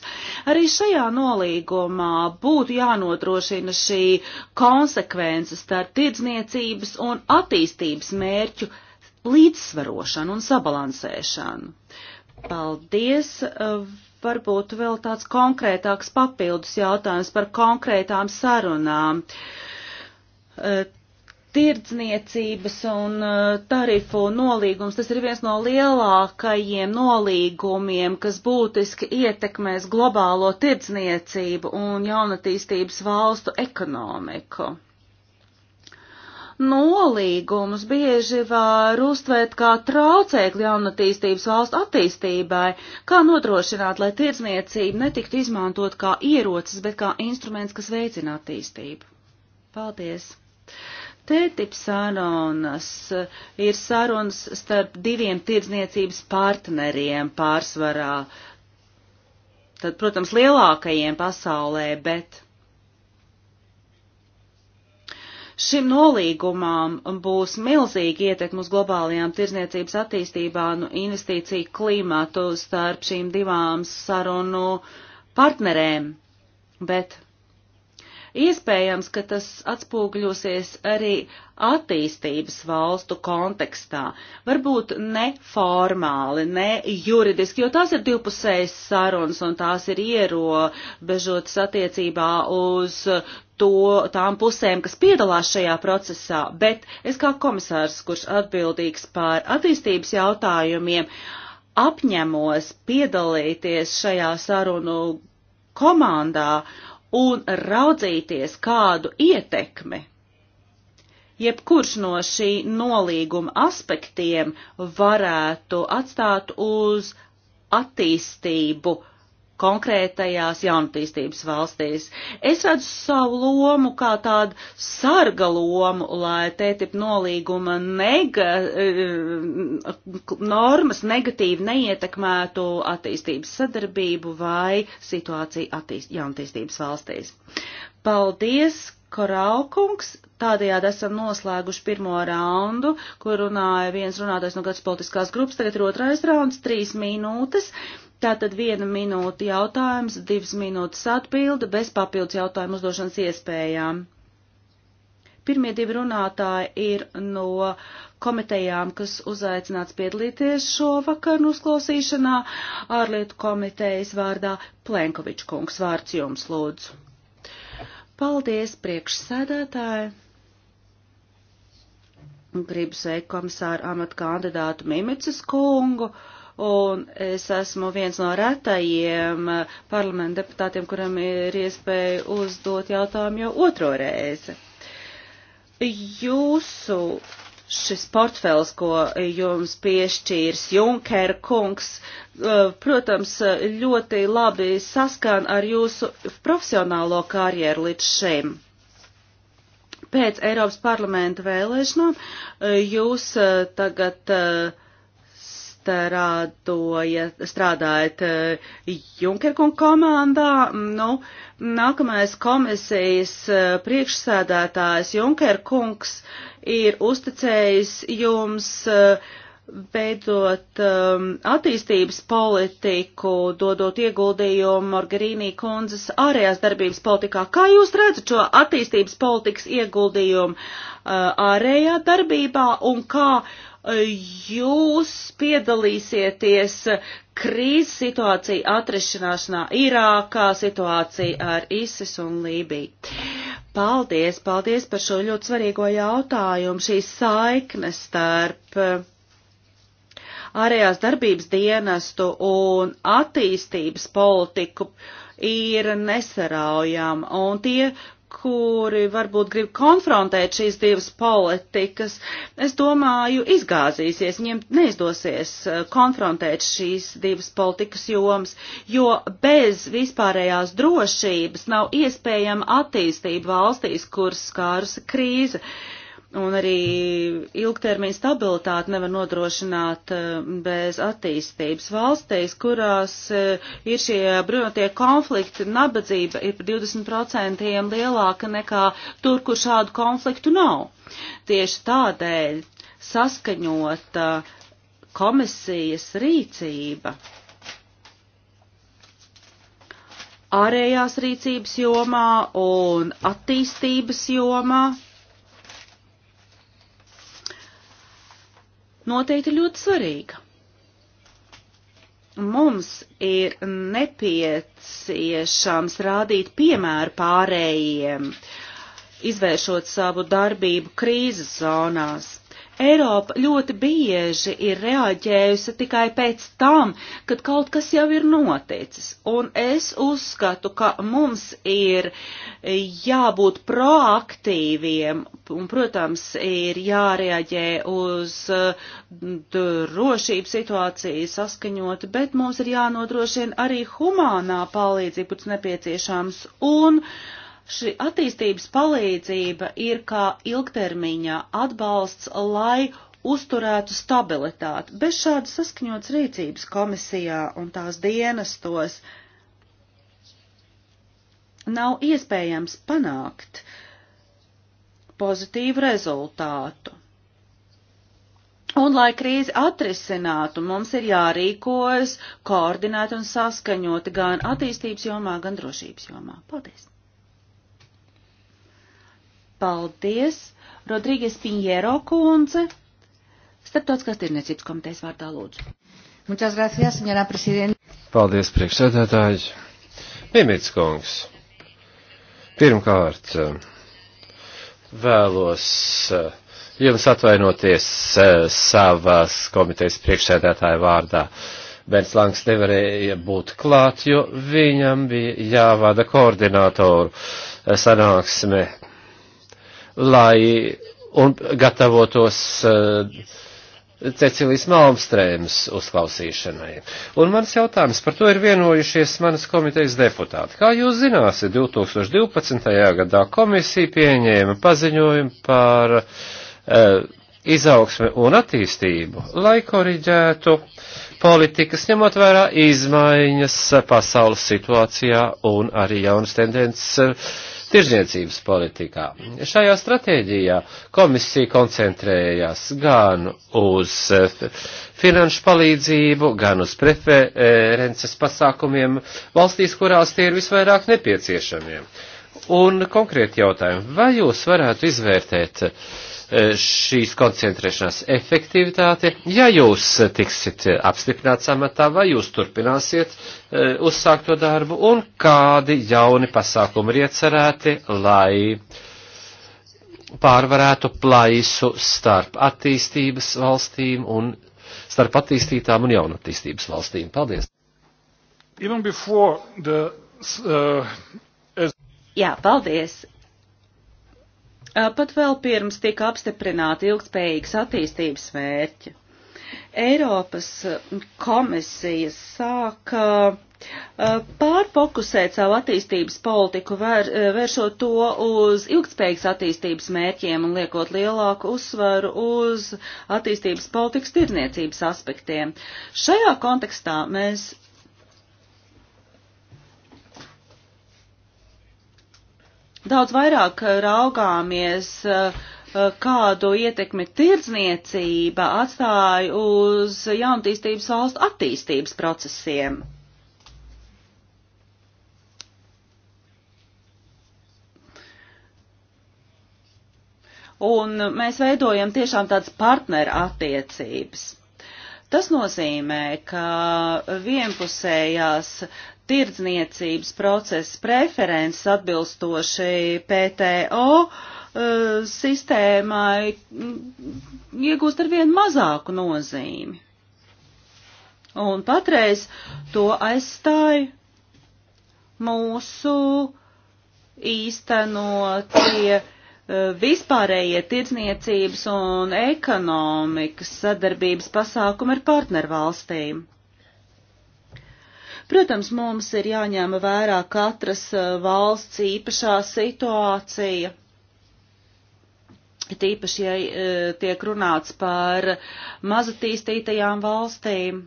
arī šajā nolīgumā būtu jānodrošina šī konsekvences starp tirdzniecības un attīstības mērķu līdzsvarošanu un sabalansēšanu. Paldies! Varbūt vēl tāds konkrētāks papildus jautājums par konkrētām sarunām tirdzniecības un eh, tarifu nolīgums. Tas ir viens no lielākajiem nolīgumiem, kas būtiski ietekmēs globālo tirdzniecību un jaunatīstības valstu ekonomiku. Nolīgumus bieži var uztvērt kā traucēkli jaunatīstības valstu attīstībai, kā nodrošināt, lai tirdzniecība netiktu izmantot kā ierocis, bet kā instruments, kas veicina attīstību. Paldies! TTIP sarunas eh, ir sarunas starp diviem tirdzniecības partneriem pārsvarā. Tad, protams, lielākajiem pasaulē, bet šim nolīgumam būs milzīgi ietekmi uz globālajām tirzniecības attīstībā un nu, no investīciju klimatu starp šīm divām sarunu partnerēm. Bet Iespējams, ka tas atspūgļosies arī attīstības valstu kontekstā, varbūt neformāli, ne juridiski, jo tās ir divpusējas sarunas un tās ir ierobežotas attiecībā uz to, tām pusēm, kas piedalās šajā procesā, bet es kā komisārs, kurš atbildīgs par attīstības jautājumiem, apņemos piedalīties šajā sarunu komandā un raudzīties, kādu ietekmi jebkurš no šī nolīguma aspektiem varētu atstāt uz attīstību uh, konkrētajās jaunatīstības valstīs. Es redzu savu lomu kā tādu sarga lomu, lai TTIP nolīguma nega, eh, normas negatīvi neietekmētu attīstības sadarbību vai situāciju attīst, jaunatīstības valstīs. Paldies, Koraukungs! Tādējādi esam noslēguši pirmo raundu, kur runāja viens runātais no kādas politiskās grupas, tagad ir otrais rauns, trīs minūtes. Tātad viena minūte jautājums, divas minūtes atbilde bez papildus jautājumu uzdošanas iespējām. Pirmie divi runātāji ir no komitejām, kas uzaicināts piedalīties šovakar uzklausīšanā ārlietu komitejas vārdā Plenkovičs kungs. Vārds jums lūdzu. Paldies, priekšsēdētāji! Gribu sveikt komisāru amatu kandidātu Mimicas kungu. Uh, un es esmu viens no retajiem parlamenta deputātiem, kuram ir iespēja uzdot jautājumu jau otro reizi. Jūsu šis portfels, ko jums piešķīrs Junker kungs, eh, protams, ļoti labi saskan ar jūsu profesionālo karjeru līdz šim. Pēc Eiropas parlamenta vēlēšanām eh, jūs eh, tagad uh, strādājat, strādājat eh, Junkerkunga komandā. Nu, nākamais komisijas eh, priekšsēdētājs Junkerkungs ir uzticējis jums eh, veidot um, attīstības politiku, dodot ieguldījumu Margarīnī kundzes ārējās darbības politikā. Kā jūs redzat šo attīstības politikas ieguldījumu uh, ārējā darbībā un kā uh, jūs piedalīsieties krīzes situāciju atrišanāšanā Irākā, situācija ar ISIS un Lībiju. Paldies, paldies par šo ļoti svarīgo jautājumu, šīs saiknes starp eh, ārējās darbības dienestu un attīstības politiku ir nesaraujama, un tie kuri varbūt grib konfrontēt šīs divas politikas, es domāju, izgāzīsies, viņiem neizdosies eh, konfrontēt šīs divas politikas jomas, jo bez vispārējās drošības nav iespējama attīstība valstīs, kuras skārusi krīze. Uh, un arī ilgtermiņa stabilitāti nevar nodrošināt eh, bez attīstības valstīs, kurās eh, ir šie bruņotie konflikti, nabadzība ir par 20% lielāka nekā tur, kur šādu konfliktu nav. Tieši tādēļ saskaņota komisijas rīcība ārējās rīcības jomā un attīstības jomā noteikti ļoti svarīga. Mums ir nepieciešams rādīt piemēru pārējiem, izvēršot savu darbību krīzes zonās. Eiropa ļoti bieži ir reaģējusi tikai pēc tam, kad kaut kas jau ir noticis. Un es uzskatu, ka mums ir jābūt proaktīviem un, protams, ir jārēģē uz drošības situāciju saskaņot, bet mums ir jānodrošina arī humānā palīdzība, kas nepieciešams. Un, uh, Šī attīstības palīdzība ir kā ilgtermiņā atbalsts, lai uzturētu stabilitāti. Bez šādas saskaņotas rīcības komisijā un tās dienestos nav iespējams panākt pozitīvu rezultātu. Un, lai krīzi atrisinātu, mums ir jārīkojas koordinēt un saskaņoti gan attīstības jomā, gan drošības jomā. Paldies! Paldies, Rodrīgas Piņero kundze, Startautiskās tirniecības komitejas vārdā lūdzu. Muchas gracias, señora presidente. Paldies, priekšsēdētāji. Mimits kungs. Pirmkārt, vēlos eh, jums atvainoties eh, savas komitejas priekšsēdētāja vārdā. Bens Langs nevarēja būt klāt, jo viņam bija jāvada koordinātoru eh, sanāksme lai un gatavotos uh, eh, Cecilijas Malmstrēmas uzklausīšanai. Un mans jautājums par to ir vienojušies manas komitejas deputāti. Kā jūs zināsiet, 2012. gadā komisija pieņēma paziņojumu par uh, eh, izaugsme un attīstību, lai koriģētu politikas ņemot vērā izmaiņas eh, pasaules situācijā un arī jaunas tendences uh, tirzniecības politikā. Šajā stratēģijā komisija koncentrējās gan uz eh, finanšu palīdzību, gan uz preferences pasākumiem valstīs, kurās tie ir visvairāk nepieciešamie. Un konkrēti jautājumi, vai jūs varētu izvērtēt uh, Eh, šīs koncentrēšanās efektivitāte. Ja jūs tiksit apstiprināts amatā, vai jūs turpināsiet eh, uzsākt to darbu, un kādi jauni pasākumi ir iecerēti, lai pārvarētu plaisu starp attīstības valstīm un starp attīstītām un jaunatīstības valstīm. Paldies! Even before the, uh, as... Jā, paldies! pat vēl pirms tika apstiprināti ilgspējīgas attīstības mērķi. Eiropas komisija sāka pārfokusēt savu attīstības politiku, vēr, vēršot to uz ilgspējīgas attīstības mērķiem un liekot lielāku uzsvaru uz attīstības politikas tirniecības aspektiem. Šajā kontekstā mēs daudz vairāk eh, raugāmies, eh, eh, kādu ietekmi tirdzniecība atstāja uz jaunatīstības valstu attīstības procesiem. Un mēs veidojam tiešām tādas partneru attiecības. Tas nozīmē, ka vienpusējās tirdzniecības procesa preferences atbilstoši PTO eh, sistēmai mm, iegūst ar vien mazāku nozīmi. Un patreiz to aizstāja mūsu īstenotie eh, vispārējie tirdzniecības un ekonomikas sadarbības pasākumi ar partnervalstīm. Protams, mums ir jāņem vērā katras e, valsts īpašā situācija. Tīpaši, ja e, tiek runāts par mazatīstītajām valstīm.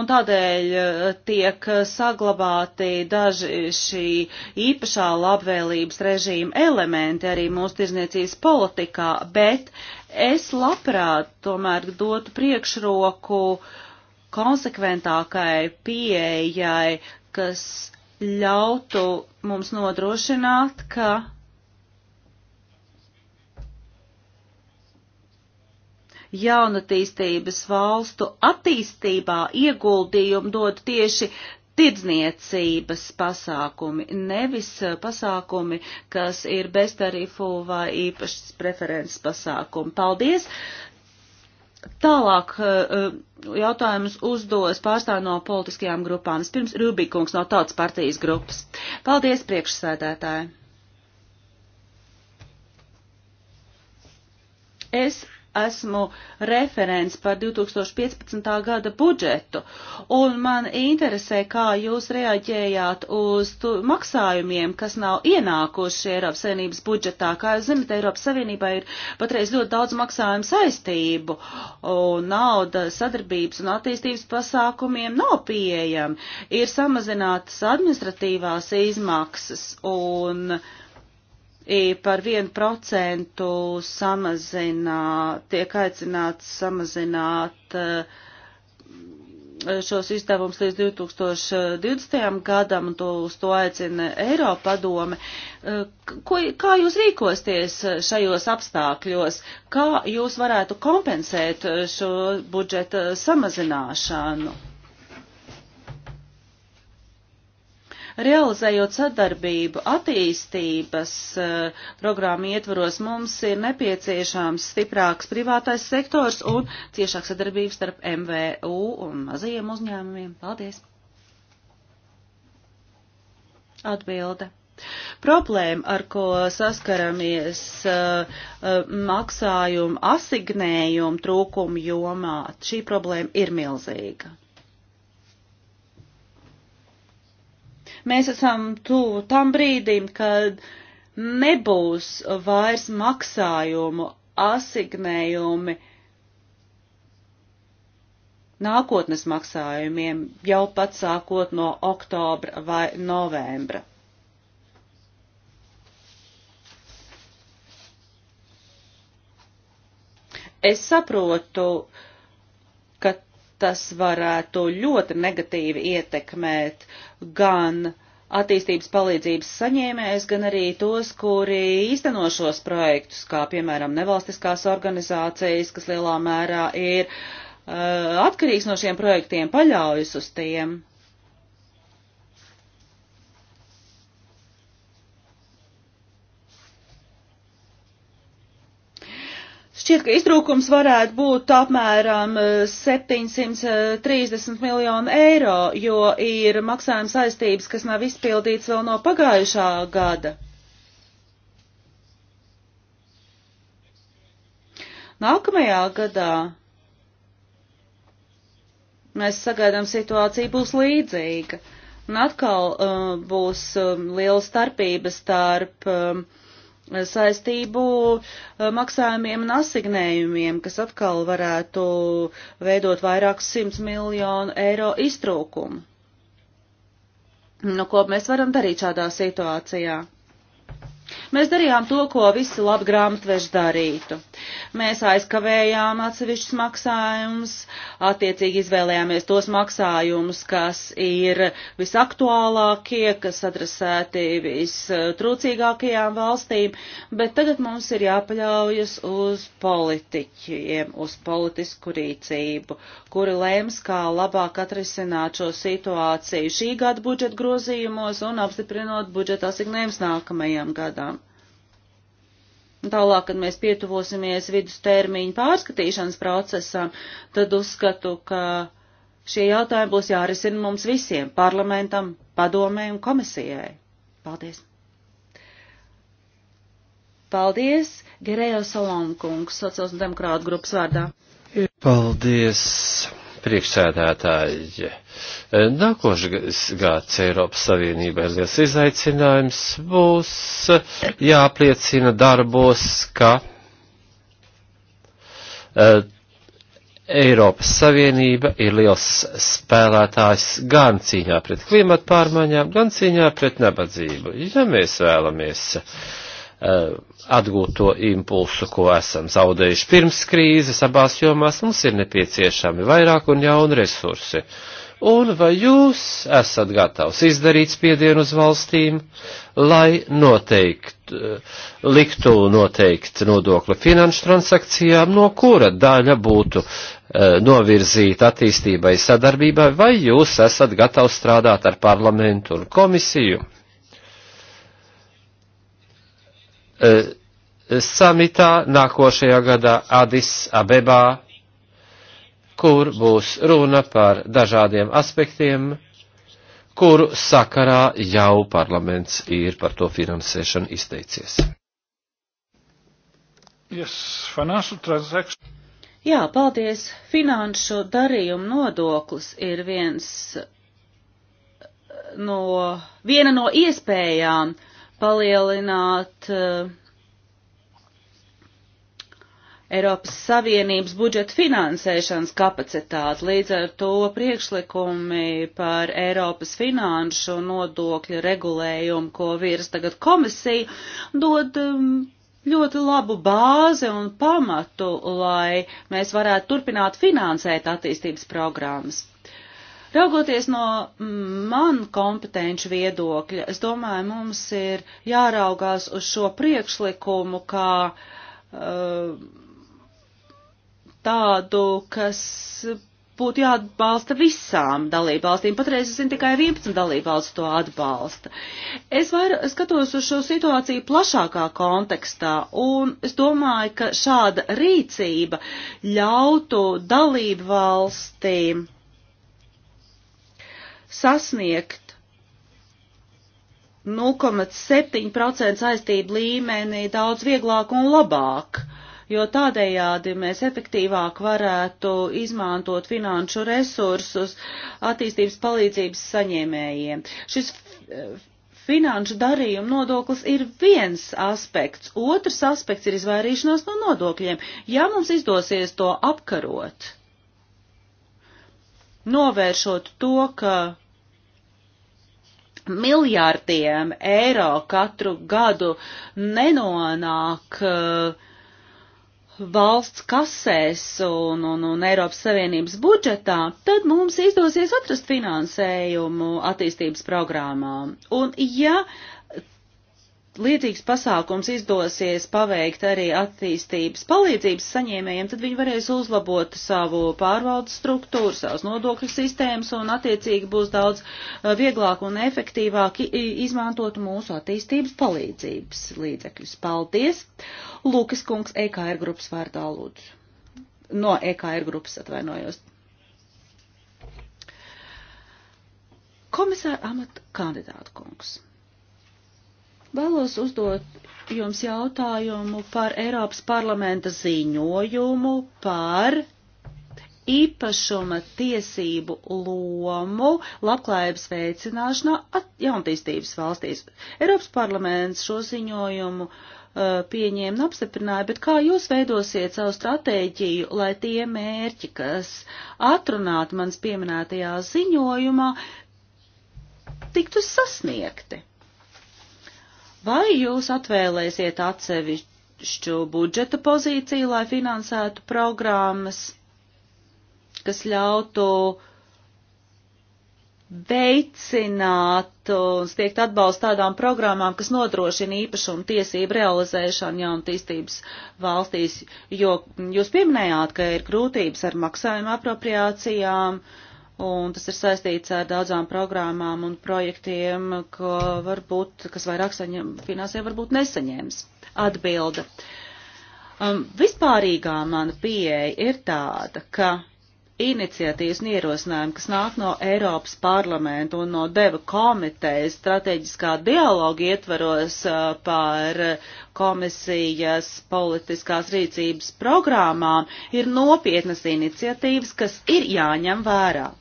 Un tādēļ e, tiek saglabāti daži šī īpašā labvēlības režīma elementi arī mūsu tirzniecības politikā, bet es labprāt tomēr dotu priekšroku uh, konsekventākai pieejai, kas ļautu mums nodrošināt, ka jaunatīstības valstu attīstībā ieguldījumu dod tieši tirdzniecības pasākumi, nevis pasākumi, kas ir beztarifu vai īpašas preferences pasākumi. Paldies! Tālāk eh, jautājumus uzdos pārstāv no politiskajām grupām. Vispirms Rubikungs no Tautas partijas grupas. Paldies, priekšsēdētāji! Es esmu referents par 2015. gada budžetu, un man interesē, kā jūs reaģējāt uz tu, maksājumiem, kas nav ienākuši Eiropas Savienības budžetā. Kā jūs zinat, Eiropas Savienībā ir patreiz ļoti daudz maksājumu saistību, un nauda sadarbības un attīstības pasākumiem nav pieejama. Ir samazinātas administratīvās izmaksas, un uh, par 1% samazina, tiek aicināts samazināt eh, šos izdevumus līdz 2020. gadam, un to, uz to aicina Eiropadome. Eh, ko, kā jūs rīkosties eh, šajos apstākļos? Kā jūs varētu kompensēt šo budžeta samazināšanu? Realizējot sadarbību attīstības uh, programmu ietvaros, mums ir nepieciešams stiprāks privātais sektors un ciešāk sadarbības starp MVU un mazajiem uzņēmumiem. Paldies! Atbilde. Problēma, ar ko saskaramies uh, uh, maksājumu asignējumu trūkumu jomā, šī problēma ir milzīga. Mēs esam tuvu tam brīdim, kad nebūs vairs maksājumu, asignējumi nākotnes maksājumiem jau pat sākot no oktobra vai novembra. Es saprotu, uh, tas varētu ļoti negatīvi ietekmēt gan attīstības palīdzības saņēmējs, gan arī tos, kuri īsteno šos projektus, kā piemēram nevalstiskās organizācijas, kas lielā mērā ir uh, atkarīgs no šiem projektiem, paļaujas uz tiem. Šķiet, ka iztrūkums varētu būt apmēram 730 eh, eh, miljonu eiro, jo ir maksājuma saistības, kas nav izpildīts vēl no pagājušā gada. Nākamajā gadā mēs sagaidām situācija būs līdzīga. Un atkal uh, būs um, liela starpība starp um, uh, saistību eh, maksājumiem un asignējumiem, kas atkal varētu veidot vairākus simts miljonu eiro iztrūkumu. Nu, ko mēs varam darīt šādā situācijā? Mēs darījām to, ko visi labi grāmatveži darītu. Mēs aizkavējām atsevišķus maksājumus, attiecīgi izvēlējāmies tos maksājumus, kas ir visaktuālākie, kas adresēti vistrūcīgākajām valstīm, bet tagad mums ir jāpaļaujas uz politiķiem, uz politisku rīcību, kuri lēms, kā labāk atrisināt šo situāciju šī gada budžeta grozījumos un apstiprinot budžeta asignējumus nākamajam gadam. Tālāk, kad mēs pietuvosimies vidustermiņu pārskatīšanas procesam, tad uzskatu, ka šie jautājumi būs jārisina mums visiem - parlamentam, padomē un komisijai. Paldies! Paldies, Gerējo Salonkungs, sociāls demokrātu grupas vārdā. Paldies! priekšsēdētāji. Nākošais gads Eiropas Savienībai liels izaicinājums būs jāapliecina darbos, ka e, Eiropas Savienība ir liels spēlētājs gan cīņā pret klimatu pārmaiņām, gan cīņā pret nabadzību. Ja mēs vēlamies uh, Eh, atgūt to impulsu, ko esam zaudējuši pirms krīzes abās jomās, mums ir nepieciešami vairāk un jauni resursi. Un vai jūs esat gatavs izdarīt spiedienu uz valstīm, lai noteikt, eh, liktu noteikt nodokli finanšu transakcijām, no kura daļa būtu eh, novirzīt attīstībai sadarbībai, vai jūs esat gatavs strādāt ar parlamentu un komisiju? Eh, samitā nākošajā gadā Adis Abebā, kur būs runa par dažādiem aspektiem, kuru sakarā jau parlaments ir par to finansēšanu izteicies. Yes, Jā, paldies. Finanšu darījumu nodoklis ir viens eh, no, viena no iespējām uh, palielināt uh, Eiropas Savienības budžeta finansēšanas kapacitāti. Līdz ar to priekšlikumi par Eiropas finanšu nodokļu regulējumu, ko virs tagad komisija, dod mm, ļoti labu bāzi un pamatu, lai mēs varētu turpināt finansēt attīstības programmas. Raugoties no mm, man kompetenci viedokļa, es domāju, mums ir jāraugās uz šo priekšlikumu kā uh, tādu, kas būtu jāatbalsta visām dalībvalstīm. Patreiz es zinu, tikai 11 dalībvalsts to atbalsta. Es vairāk skatos uz šo situāciju plašākā kontekstā, un es domāju, ka šāda rīcība ļautu dalībvalstīm sasniegt 0,7% aiztību līmeni daudz vieglāk un labāk, jo tādējādi mēs efektīvāk varētu izmantot finanšu resursus attīstības palīdzības saņēmējiem. Šis eh, finanšu darījuma nodoklis ir viens aspekts, otrs aspekts ir izvairīšanās no nodokļiem. Ja mums izdosies to apkarot, novēršot to, ka miljārdiem eiro katru gadu nenonāk uh, valsts kasēs un, un, un Eiropas Savienības budžetā, tad mums izdosies atrast finansējumu attīstības programmām. Un ja uh, līdzīgs pasākums izdosies paveikt arī attīstības palīdzības saņēmējiem, tad viņi varēs uzlabot savu pārvaldes struktūru, savas nodokļu sistēmas un attiecīgi būs daudz eh, vieglāk un efektīvāk izmantot mūsu attīstības palīdzības līdzekļus. Paldies! Lūkas kungs, EKR grupas vārdā lūdzu. No EKR grupas atvainojos. Komisāra amata kandidāta kungs. Vēlos uzdot jums jautājumu par Eiropas parlamenta ziņojumu par īpašuma tiesību lomu labklājības veicināšanā jaunatīstības valstīs. Eiropas parlaments šo ziņojumu uh, pieņēma un apstiprināja, bet kā jūs veidosiet savu stratēģiju, lai tie mērķi, kas atrunāti mans pieminētajā ziņojumā, tiktu sasniegti? Vai jūs atvēlēsiet atsevišķu budžeta pozīciju, lai finansētu programmas, kas ļautu veicināt un sniegt atbalstu tādām programmām, kas nodrošina īpašumu tiesību realizēšanu jaunatīstības valstīs, jo jūs pieminējāt, ka ir grūtības ar maksājuma apropriācijām, uh, un tas ir saistīts ar daudzām programmām un projektiem, ko varbūt, kas vairāk saņem, finansē varbūt nesaņems. Atbilde. Um, vispārīgā mana pieeja ir tāda, ka iniciatīvas un ierosinājumi, kas nāk no Eiropas parlamenta un no deva komitejas strateģiskā dialoga ietvaros uh, par komisijas politiskās rīcības programmām, ir nopietnas iniciatīvas, kas ir jāņem vērā.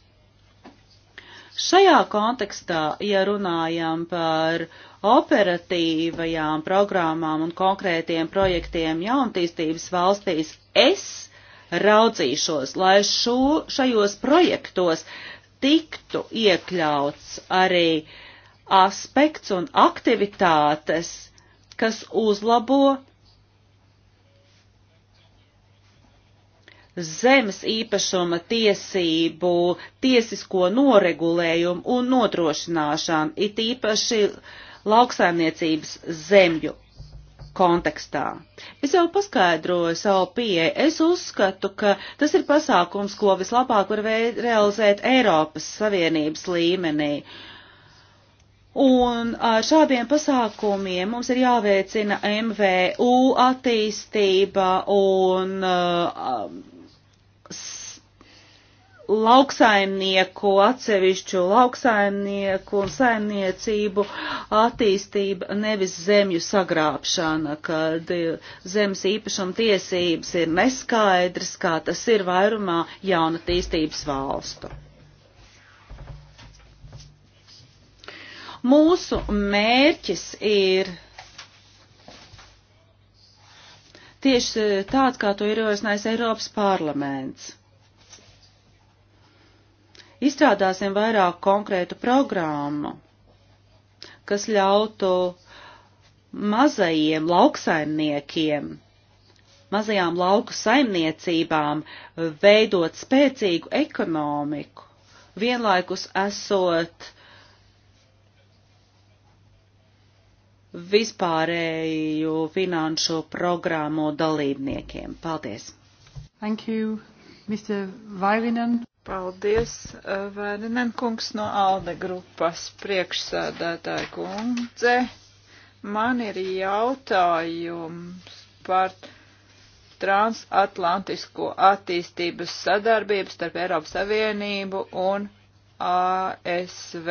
Šajā kontekstā, ja runājam par operatīvajām programmām un konkrētiem projektiem jauntīstības valstīs, es raudzīšos, lai šo, šajos projektos tiktu iekļauts arī aspekts un aktivitātes, kas uzlabo zemes īpašuma tiesību, tiesisko noregulējumu un nodrošināšanu, it īpaši lauksaimniecības zemju kontekstā. Es jau paskaidroju savu pieeju. Es uzskatu, ka tas ir pasākums, ko vislabāk var realizēt Eiropas Savienības līmenī. Un ar šādiem pasākumiem mums ir jāveicina MVU attīstība un uh, lauksaimnieku, atsevišķu lauksaimnieku un saimniecību attīstība, nevis zemju sagrābšana, kad eh, zemes īpašuma tiesības ir neskaidrs, kā tas ir vairumā jaunatīstības valstu. Mūsu mērķis ir tieši eh, tāds, kā to ierosinājis Eiropas parlaments. Izstrādāsim vairāk konkrētu programmu, kas ļautu mazajiem lauksaimniekiem, mazajām lauku saimniecībām veidot spēcīgu ekonomiku, vienlaikus esot uh, vispārēju finanšu programmu dalībniekiem. Paldies! Thank you, Mr. Vairinen. Paldies, eh, Vairinen kungs no Alde grupas priekšsēdētāja kundze. Man ir jautājums par transatlantisko attīstības sadarbību starp Eiropas Savienību un ASV.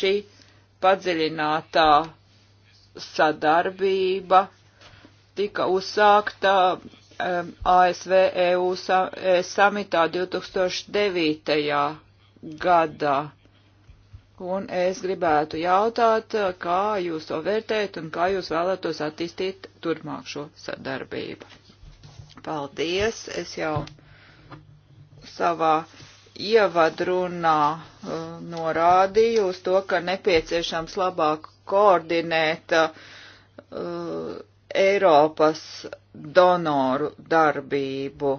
Šī padziļinātā sadarbība tika uzsākta um, ASV EU e samitā 2009. gadā. Un es gribētu jautāt, kā jūs to vērtējat un kā jūs vēlētos attīstīt turpmāk šo sadarbību. Paldies! Es jau savā ievadrunā uh, norādīju uz to, ka nepieciešams labāk koordinēt uh, Eiropas donoru darbību.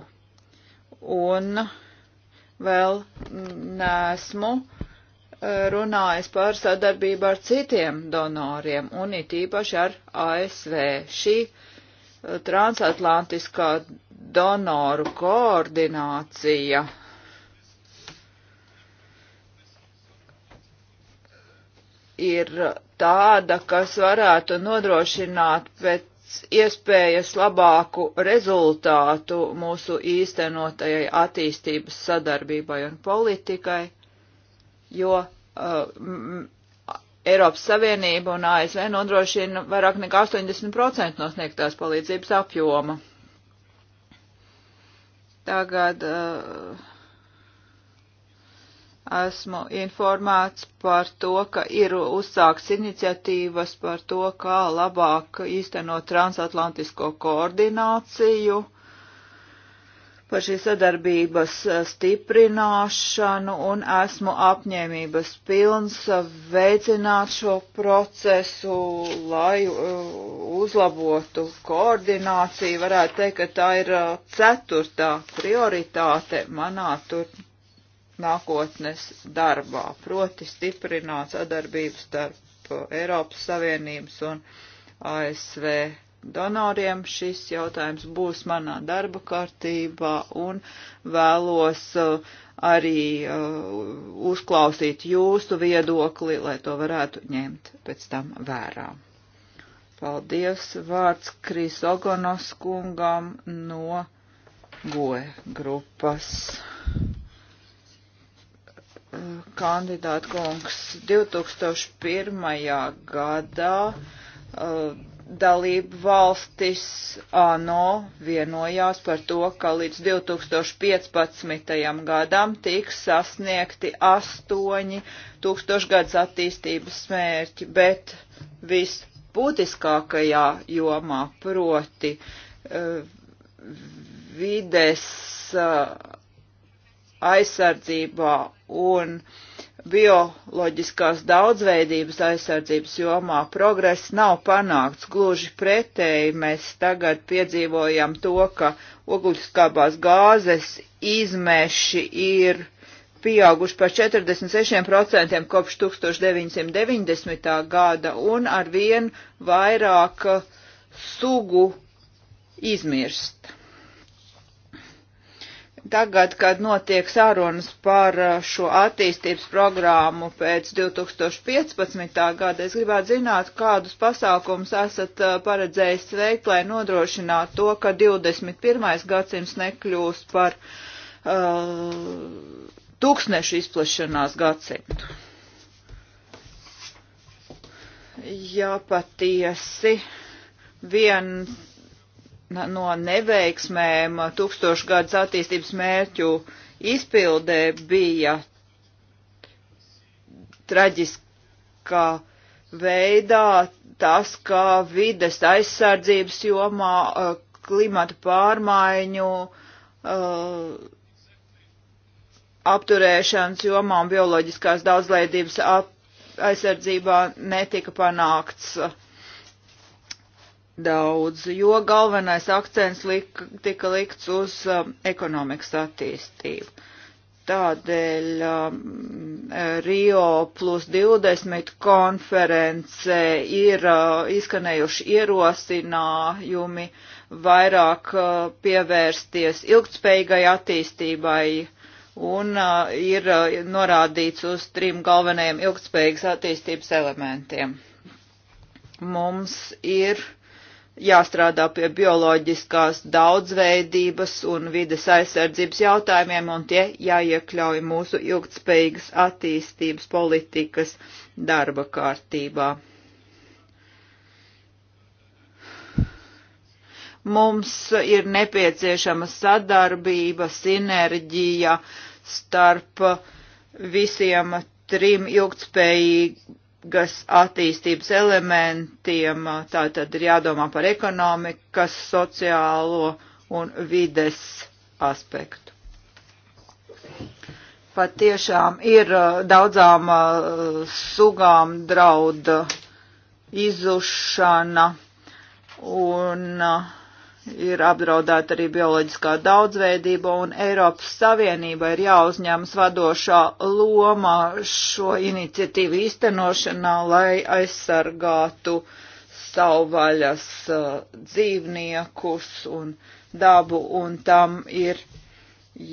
Un vēl nesmu uh, runājis par sadarbību ar citiem donoriem, un it īpaši ar ASV. Šī uh, transatlantiskā donoru koordinācija uh, ir tāda, kas varētu nodrošināt pēc iespējas labāku rezultātu mūsu īstenotajai attīstības sadarbībai un politikai, jo uh, Eiropas Savienība un ASV nodrošina vairāk nekā 80% no sniegtās palīdzības apjoma. Tagad uh, esmu informēts par to, ka ir uzsāks iniciatīvas par to, kā labāk īstenot transatlantisko koordināciju, par šī sadarbības stiprināšanu un esmu apņēmības pilns veicināt šo procesu, lai uh, uzlabotu koordināciju. Varētu teikt, ka tā ir uh, ceturtā prioritāte manā turpmākajā nākotnes darbā, proti stiprināt sadarbības starp Eiropas Savienības un ASV donoriem. Šis jautājums būs manā darba kārtībā un vēlos uh, arī uh, uzklausīt jūsu viedokli, lai to varētu ņemt pēc tam vērā. Paldies vārds Krisogonos kungam no GOE grupas kandidāta kungs 2001. gadā uh, dalību valstis ANO vienojās par to, ka līdz 2015. gadam tiks sasniegti astoņi tūkstošgads attīstības mērķi, bet visbūtiskākajā jomā proti uh, vides uh, aizsardzībā un uh, bioloģiskās daudzveidības aizsardzības jomā progress nav panākts. Gluži pretēji mēs tagad piedzīvojam to, ka ogļuskābās gāzes izmeši ir pieauguši par 46% kopš 1990. gada un arvien vairāk sugu izmirst. Tagad, kad notiek sarunas par uh, šo attīstības programmu pēc 2015. gada, es gribētu zināt, kādus pasākumus esat uh, paredzējis veikt, lai nodrošinātu to, ka 21. gadsimts nekļūs par uh, tūkstnešu izplašanās gadsimtu. Jā, patiesi. Viens no neveiksmēm tūkstošgadus attīstības mērķu izpildē bija traģiskā veidā tas, ka vides aizsardzības jomā klimata pārmaiņu apturēšanas jomā un bioloģiskās daudzveidības aizsardzībā netika panākts uh, daudz, jo galvenais akcents lik, tika likts uz um, ekonomikas attīstību. Tādēļ um, Rio plus 20 konference ir uh, izskanējuši ierosinājumi vairāk uh, pievērsties ilgtspējīgai attīstībai un uh, ir uh, norādīts uz trim galvenajiem ilgtspējīgas attīstības elementiem. Mums ir uh, jāstrādā pie bioloģiskās daudzveidības un vides aizsardzības jautājumiem, un tie jāiekļauj mūsu ilgtspējīgas attīstības politikas darba kārtībā. Mums ir nepieciešama sadarbība, sinerģija starp visiem trim ilgtspējīgi gas attīstības elementiem, tā tad ir jādomā par ekonomikas, sociālo un vides aspektu. Pat tiešām ir daudzām sugām drauda izušana un uh, ir apdraudēta arī bioloģiskā daudzveidība, un Eiropas Savienība ir jāuzņemas vadošā loma šo iniciatīvu īstenošanā, lai aizsargātu savvaļas uh, dzīvniekus un dabu, un tam ir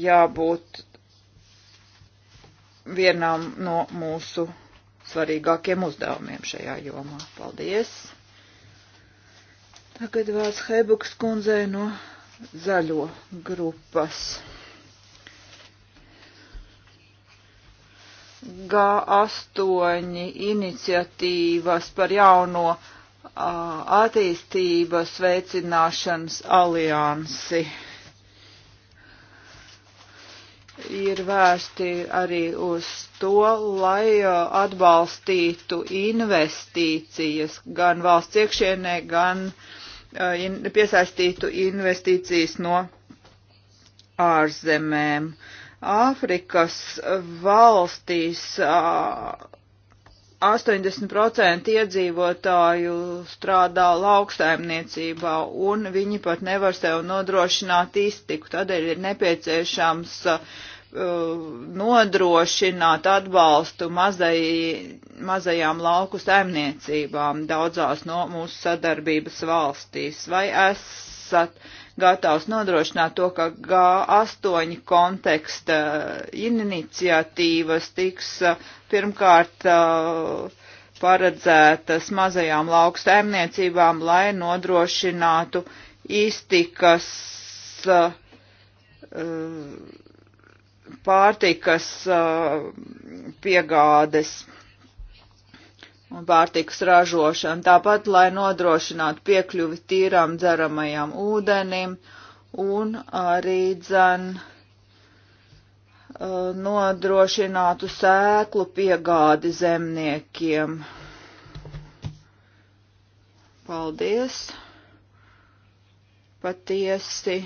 jābūt vienam no mūsu svarīgākiem uzdevumiem šajā jomā. Paldies! Tagad vārds Heibuks kundzei no zaļo grupas. G8 iniciatīvas par jauno a, attīstības veicināšanas aliansi ir vērsti arī uz to, lai atbalstītu investīcijas gan valsts iekšienē, gan uh, Uh, in, piesaistītu investīcijas no ārzemēm. Āfrikas valstīs 80% uh, iedzīvotāju strādā lauksaimniecībā, un viņi pat nevar sev nodrošināt iztiku. Tādēļ ir nepieciešams uh, nodrošināt atbalstu mazai, mazajām lauku saimniecībām daudzās no mūsu sadarbības valstīs? Vai esat gatavs nodrošināt to, ka G8 konteksta iniciatīvas tiks uh, pirmkārt uh, paredzētas mazajām lauku saimniecībām, lai nodrošinātu iztikas uh, pārtikas uh, piegādes un pārtikas ražošanu, tāpat, lai nodrošinātu piekļuvi tīram dzeramajam ūdenim un arī dzen uh, nodrošinātu sēklu piegādi zemniekiem. Paldies! Patiesi!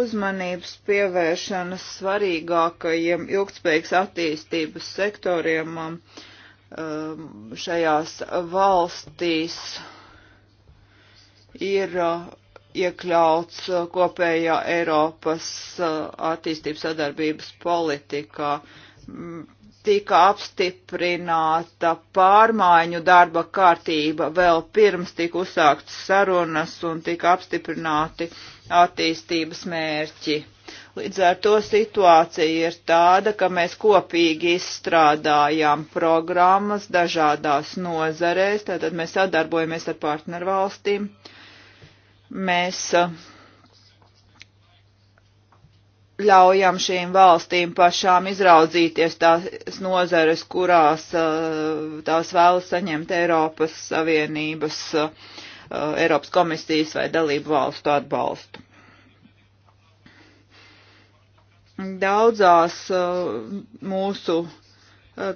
uzmanības pievēršana svarīgākajiem ilgspējīgas attīstības sektoriem um, um, šajās valstīs ir uh, iekļauts uh, kopējā Eiropas uh, attīstības sadarbības politikā mm, tika apstiprināta pārmaiņu darba kārtība vēl pirms tika uzsāktas sarunas un tika apstiprināti attīstības mērķi. Līdz ar to situācija ir tāda, ka mēs kopīgi izstrādājām programmas dažādās nozarēs, tātad mēs sadarbojamies ar partnervalstīm. Mēs ļaujam šīm valstīm pašām izraudzīties tās nozares, kurās eh, tās vēlas saņemt Eiropas Savienības, eh, Eiropas komisijas vai dalību valstu atbalstu. Daudzās eh, mūsu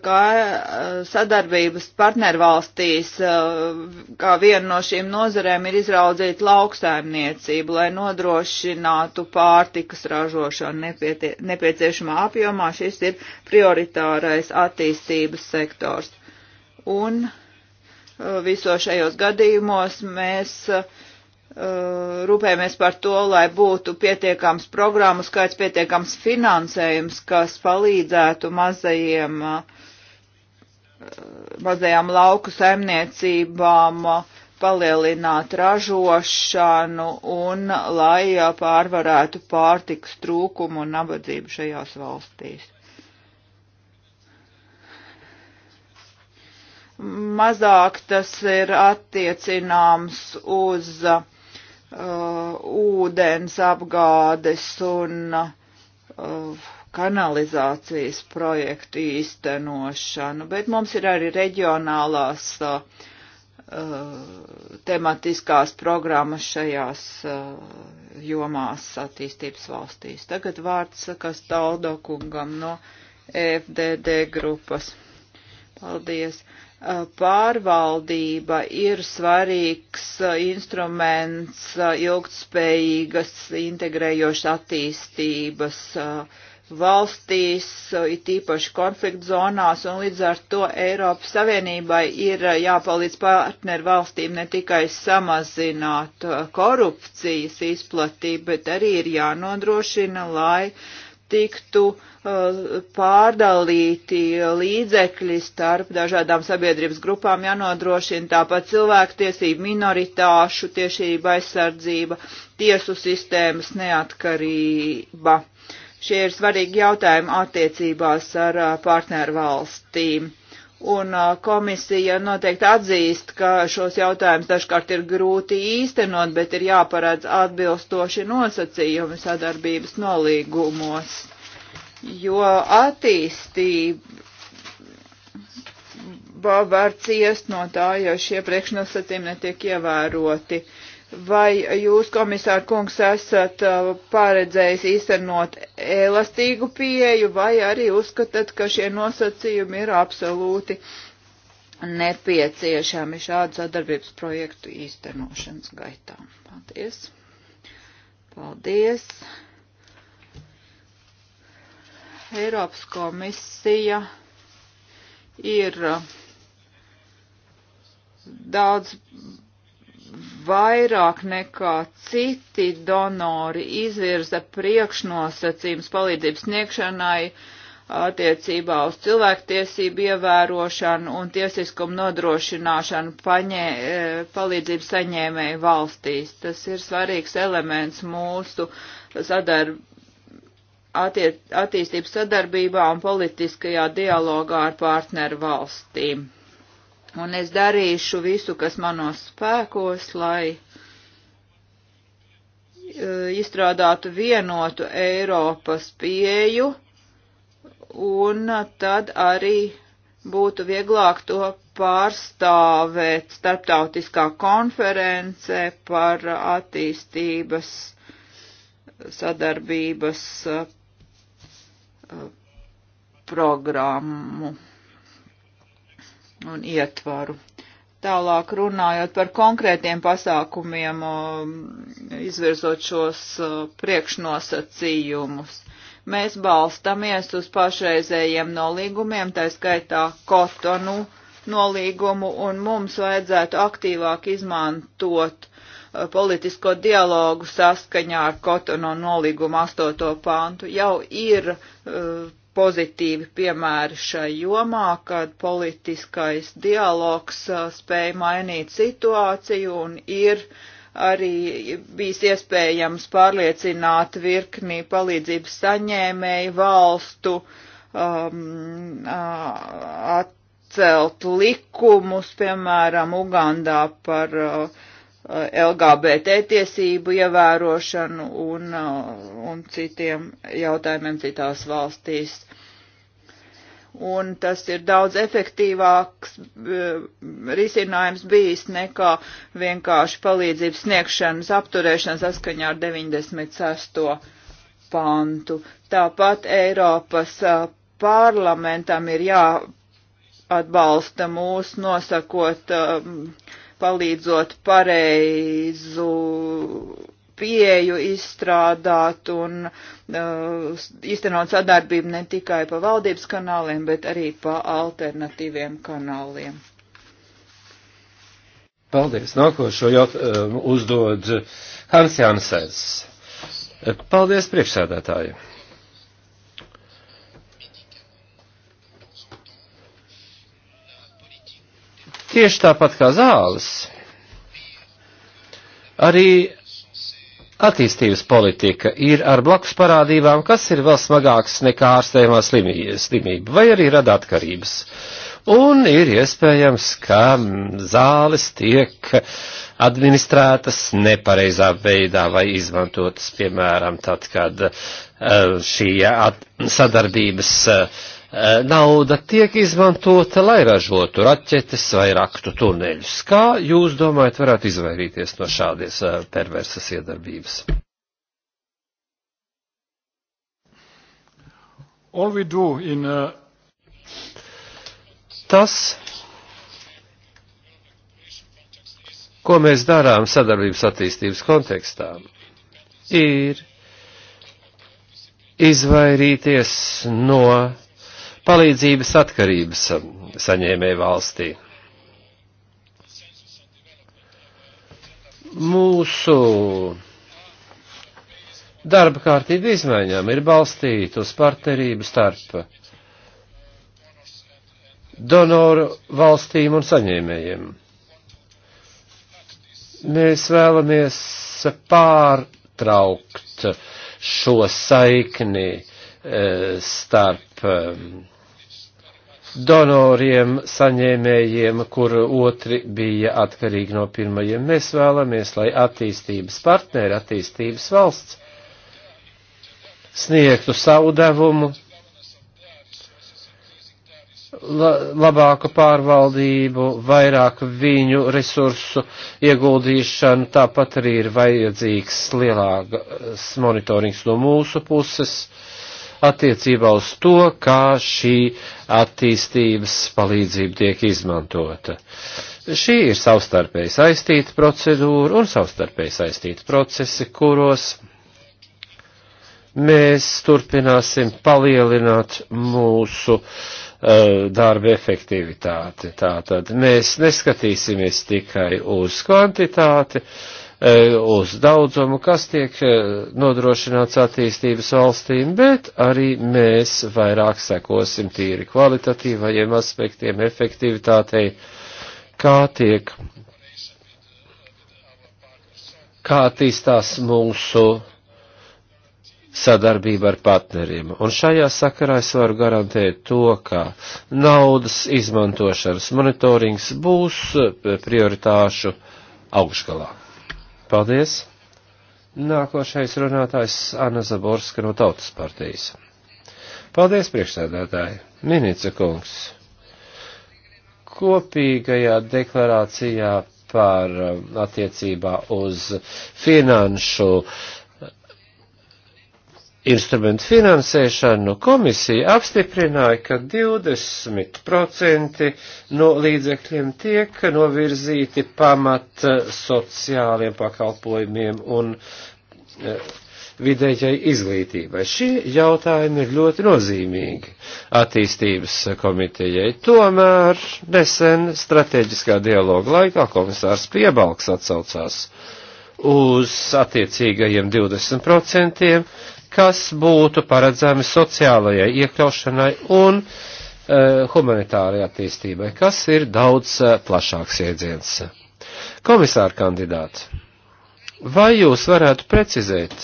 kā eh, sadarbības partnervalstīs, eh, kā viena no šīm nozarēm ir izraudzīt lauksaimniecību, lai nodrošinātu pārtikas ražošanu nepietie, nepieciešamā apjomā. Šis ir prioritārais attīstības sektors. Un eh, viso šajos gadījumos mēs uh, Eh, rūpējamies par to, lai būtu pietiekams programmu skaits, pietiekams finansējums, kas palīdzētu mazajiem, eh, mazajām lauku saimniecībām palielināt ražošanu un lai pārvarētu pārtikas trūkumu un nabadzību šajās valstīs. Mazāk tas ir attiecināms uz uh, uh, ūdens apgādes un uh, kanalizācijas projektu īstenošanu, bet mums ir arī reģionālās uh, uh tematiskās programmas šajās uh, jomās attīstības valstīs. Tagad vārds sakas Taldokungam no FDD grupas. Paldies pārvaldība ir svarīgs uh, instruments uh, ilgtspējīgas integrējošas attīstības uh, valstīs, it īpaši konfliktu zonās, un līdz ar to Eiropas Savienībai ir jāpalīdz partneru valstīm ne tikai samazināt korupcijas izplatību, bet arī ir jānodrošina, lai uh, tiktu uh, pārdalīti līdzekļi starp dažādām sabiedrības grupām, jānodrošina tāpat cilvēktiesība, minoritāšu tiešība aizsardzība, tiesu sistēmas neatkarība. Šie ir svarīgi jautājumi attiecībās ar uh, partnervalstīm. valstīm Un uh, komisija noteikti atzīst, ka šos jautājumus dažkārt ir grūti īstenot, bet ir jāparedz atbilstoši nosacījumi sadarbības nolīgumos, jo attīstība var ciest no tā, ja šie priekšnosacījumi netiek ievēroti. Uh, Vai jūs, komisāra kungs, esat uh, paredzējis īstenot elastīgu pieeju, vai arī uzskatāt, ka šie nosacījumi ir absolūti nepieciešami šādu sadarbības projektu īstenošanas gaitā? Paldies! Paldies! Eiropas komisija ir uh, daudz vairāk nekā citi donori izvirza priekšnosacījums palīdzības sniegšanai attiecībā uz cilvēktiesību ievērošanu un tiesiskumu nodrošināšanu paņē, e, palīdzības saņēmēju valstīs. Tas ir svarīgs elements mūsu sadarb, attiet, attīstības sadarbībā un politiskajā dialogā ar partneru valstīm. Un es darīšu visu, kas manos spēkos, lai e, izstrādātu vienotu Eiropas pieju, un tad arī būtu vieglāk to pārstāvēt starptautiskā konferencē par attīstības sadarbības e, programmu un ietvaru. Tālāk runājot par konkrētiem pasākumiem, um, izvirzot šos uh, priekšnosacījumus. Mēs balstamies uz pašreizējiem nolīgumiem, tā skaitā kotonu nolīgumu, un mums vajadzētu aktīvāk izmantot uh, politisko dialogu saskaņā ar Kotono nolīgumu 8. pāntu. Jau ir uh, pozitīvi piemēri šai jomā, kad politiskais dialogs spēja mainīt situāciju un ir arī bijis iespējams pārliecināt virkni palīdzības saņēmēju valstu, um, atcelt likumus, piemēram, Ugandā par uh, LGBT tiesību ievērošanu un, uh, un citiem jautājumiem citās valstīs. Un tas ir daudz efektīvāks uh, risinājums bijis nekā vienkārši palīdzības sniegšanas apturēšana saskaņā ar 96. pantu. Tāpat Eiropas uh, parlamentam ir jāatbalsta mūs nosakot um, palīdzot pareizu pieju izstrādāt un uh, iztenot sadarbību ne tikai pa valdības kanāliem, bet arī pa alternatīviem kanāliem. Paldies. Nākošo jautājumu uzdod Hans Jansens. Paldies priekšsēdētāji. Tieši tāpat kā zāles, arī attīstības politika ir ar blakus parādībām, kas ir vēl smagāks nekā ārstējumā slimība, vai arī rada atkarības. Un ir iespējams, ka zāles tiek administrētas nepareizā veidā vai izmantotas, piemēram, tad, kad eh, šī sadarbības uh, Eh, nauda tiek izmantota, lai ražotu raķetes vai raktu tuneļus. Kā jūs domājat, varētu izvairīties no šādies eh, perversas iedarbības? In, uh... Tas, ko mēs darām sadarbības attīstības kontekstā, ir izvairīties no palīdzības atkarības um, saņēmēja valstī. Mūsu darba kārtība izmaiņām ir balstīta uz partnerību starp donoru valstīm un saņēmējiem. Mēs vēlamies pārtraukt šo saikni eh, starp um, donoriem, saņēmējiem, kur otri bija atkarīgi no pirmajiem. Mēs vēlamies, lai attīstības partneri, attīstības valsts sniegtu savu devumu, la, labāku pārvaldību, vairāk viņu resursu ieguldīšanu, tāpat arī ir vajadzīgs lielāks monitorings no mūsu puses. Uh, attiecībā uz to, kā šī attīstības palīdzība tiek izmantota. Šī ir savstarpēji saistīta procedūra un savstarpēji saistīta procesi, kuros mēs turpināsim palielināt mūsu uh, darba efektivitāti. Tātad mēs neskatīsimies tikai uz kvantitāti, uh, E, uz daudzumu, kas tiek e, nodrošināts attīstības valstīm, bet arī mēs vairāk sekosim tīri kvalitatīvajiem aspektiem, efektivitātei, kā tiek, kā attīstās mūsu sadarbība ar partneriem. Un šajā sakarā es varu garantēt to, ka naudas izmantošanas monitorings būs prioritāšu augšgalā. Paldies! Nākošais runātājs Anna Zaborska no Tautas partijas. Paldies, priekšsēdētāji! Minica kungs! Kopīgajā deklarācijā par um, attiecībā uz finanšu instrumentu finansēšanu, komisija apstiprināja, ka 20% no līdzekļiem tiek novirzīti pamat eh, sociāliem pakalpojumiem un eh, vidējai izglītībai. Šie jautājumi ir ļoti nozīmīgi attīstības komitejai. Tomēr nesen strateģiskā dialoga laikā komisārs Piebalgs atsaucās uz attiecīgajiem 20%, kas būtu paredzami sociālajai iekļaušanai un uh, eh, humanitārajai attīstībai, kas ir daudz uh, plašāks iedziens. Komisāra kandidāti, vai jūs varētu precizēt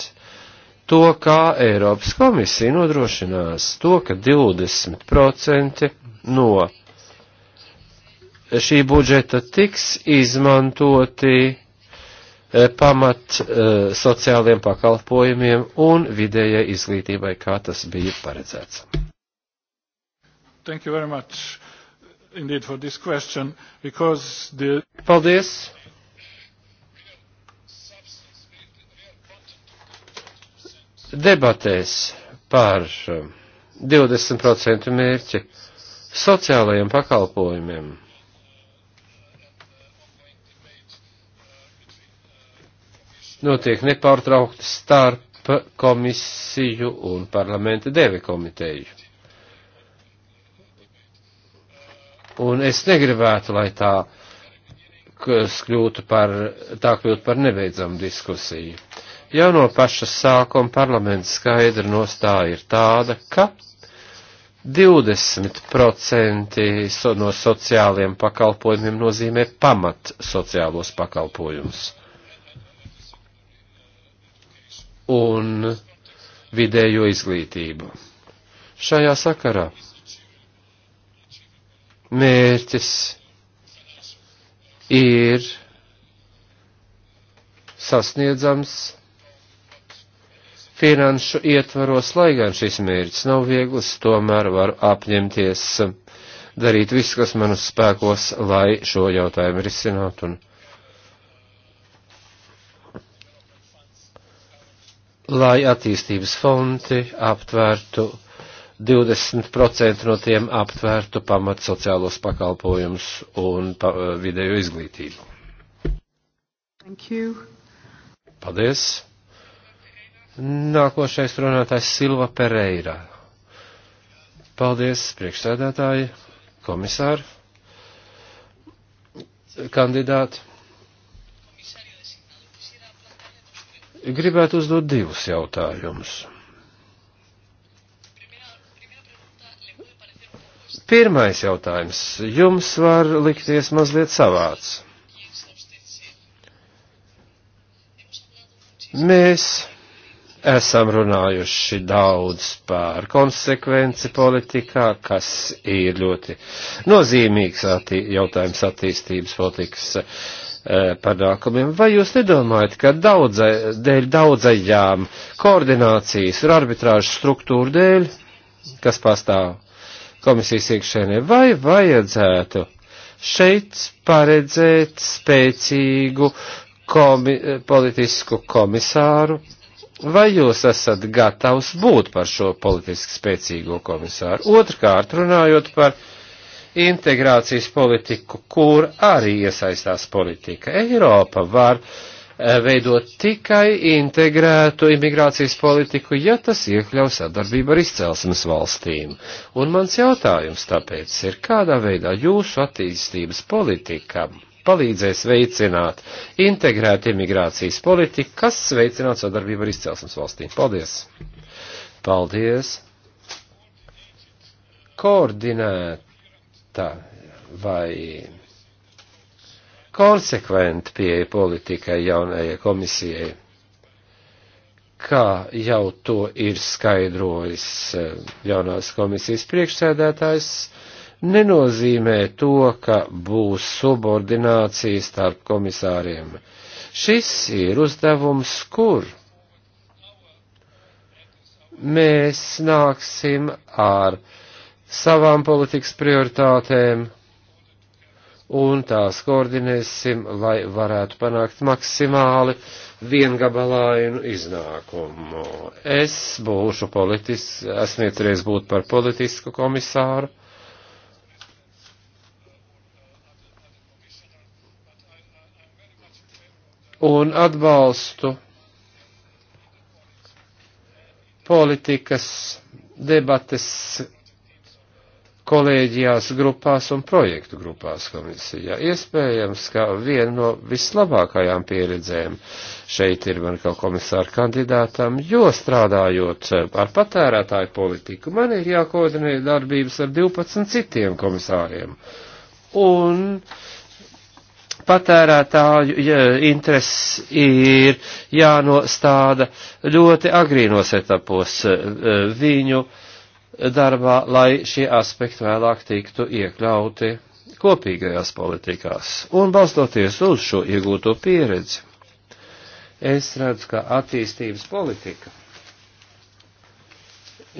to, kā Eiropas komisija nodrošinās to, ka 20% no šī budžeta tiks izmantoti Eh, pamat eh, sociāliem pakalpojumiem un vidējai izglītībai, kā tas bija paredzēts. Thank you very much eh, indeed for this question because the Paldies. Debatēs par 20% mērķi sociālajiem pakalpojumiem notiek nepārtraukti starp komisiju un parlamenta deve komiteju. Un es negribētu, lai tā kļūtu par, tā kļūtu par nebeidzamu diskusiju. Jau no paša sākuma parlaments skaidra nostāja ir tāda, ka 20% no sociāliem pakalpojumiem nozīmē pamat sociālos pakalpojumus. un vidējo izglītību. Šajā sakarā mērķis ir sasniedzams finanšu ietvaros, lai gan šis mērķis nav viegls, tomēr var apņemties darīt visu, kas manas spēkos, lai šo jautājumu risinātu un lai attīstības fondi aptvērtu 20% no tiem aptvērtu pamat sociālos pakalpojumus un pa, eh, vidējo izglītību. Paldies. Nākošais runātājs Silva Pereira. Paldies, priekšsēdētāji, komisāri, kandidāti. gribētu uzdot divus jautājumus. Pirmais jautājums jums var likties mazliet savāds. Mēs esam runājuši daudz par konsekvenci politikā, kas ir ļoti nozīmīgs attī jautājums attīstības politikas E, panākumiem. Vai jūs nedomājat, ka daudzai, dēļ daudzajām koordinācijas un arbitrāžu struktūru dēļ, kas pastāv komisijas iekšēnē, vai vajadzētu šeit paredzēt spēcīgu komi politisku komisāru? Vai jūs esat gatavs būt par šo politiski spēcīgo komisāru? Otrkārt, runājot par uh, integrācijas politiku, kur arī iesaistās politika. Eiropa var eh, veidot tikai integrētu imigrācijas politiku, ja tas iekļaus sadarbību ar izcelsmes valstīm. Un mans jautājums tāpēc ir, kādā veidā jūsu attīstības politika palīdzēs veicināt integrētu imigrācijas politiku, kas veicināt sadarbību ar izcelsmes valstīm. Paldies! Paldies! Koordinēt atvērta vai konsekventa pieeja politikai jaunajai komisijai, kā jau to ir skaidrojis eh, jaunās komisijas priekšsēdētājs, nenozīmē to, ka būs subordinācija starp komisāriem. Šis ir uzdevums, kur mēs nāksim ar savām politikas prioritātēm un tās koordinēsim, lai varētu panākt maksimāli viengabalainu iznākumu. Es būšu politisks, esmu iecerējis būt par politisku komisāru. Un atbalstu politikas debates kolēģijās, grupās un projektu grupās komisijā. Iespējams, ka viena no vislabākajām pieredzēm šeit ir man kā komisāra kandidātam, jo strādājot ar patērētāju politiku, man ir jākoordinē darbības ar 12 citiem komisāriem. Un patērētāju intereses ir jānostāda ļoti agrīnos etapos eh, viņu uh, darbā, lai šie aspekti vēlāk tiktu iekļauti kopīgajās politikās. Un balstoties uz šo iegūto pieredzi, es redzu, ka attīstības politika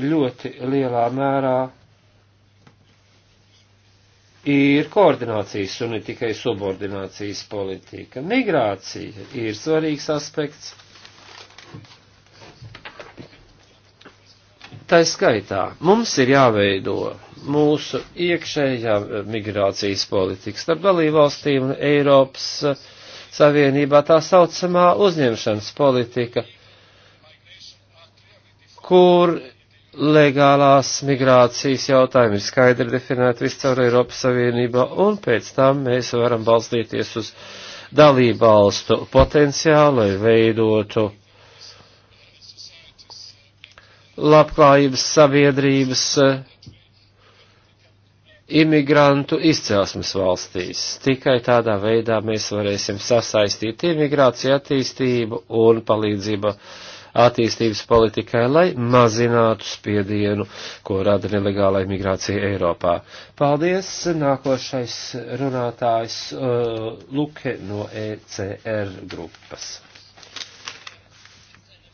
ļoti lielā mērā ir koordinācijas un ne tikai subordinācijas politika. Migrācija ir svarīgs aspekts Tā skaitā mums ir jāveido mūsu iekšējā migrācijas politika starp dalībvalstīm un Eiropas Savienībā tā saucamā uzņemšanas politika, kur legālās migrācijas jautājumi ir skaidri definēti viscaur Eiropas Savienībā, un pēc tam mēs varam balstīties uz dalībvalstu potenciālu, lai veidotu labklājības sabiedrības eh, imigrantu izcelsmes valstīs. Tikai tādā veidā mēs varēsim sasaistīt imigrāciju attīstību un palīdzību attīstības politikai, lai mazinātu spiedienu, ko rada nelegāla imigrācija Eiropā. Paldies! Nākošais runātājs uh, Luke no ECR grupas.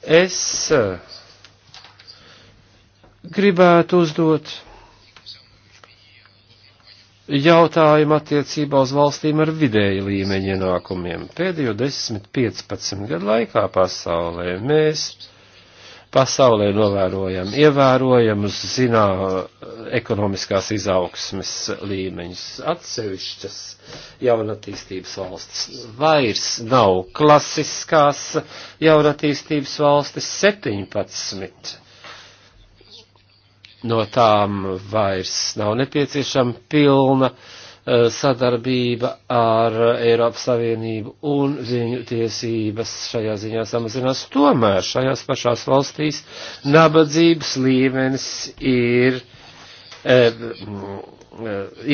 Es uh, gribētu uzdot jautājumu attiecībā uz valstīm ar vidēju līmeņa ienākumiem. Pēdējo 10-15 gadu laikā pasaulē mēs pasaulē novērojam ievērojamus zinā ekonomiskās izaugsmes līmeņus. Atsevišķas jaunatīstības valstis vairs nav klasiskās jaunatīstības valstis 17 no tām vairs nav nepieciešama pilna eh, sadarbība ar Eiropas Savienību un viņu tiesības šajā ziņā samazinās. Tomēr šajās pašās valstīs nabadzības līmenis ir e,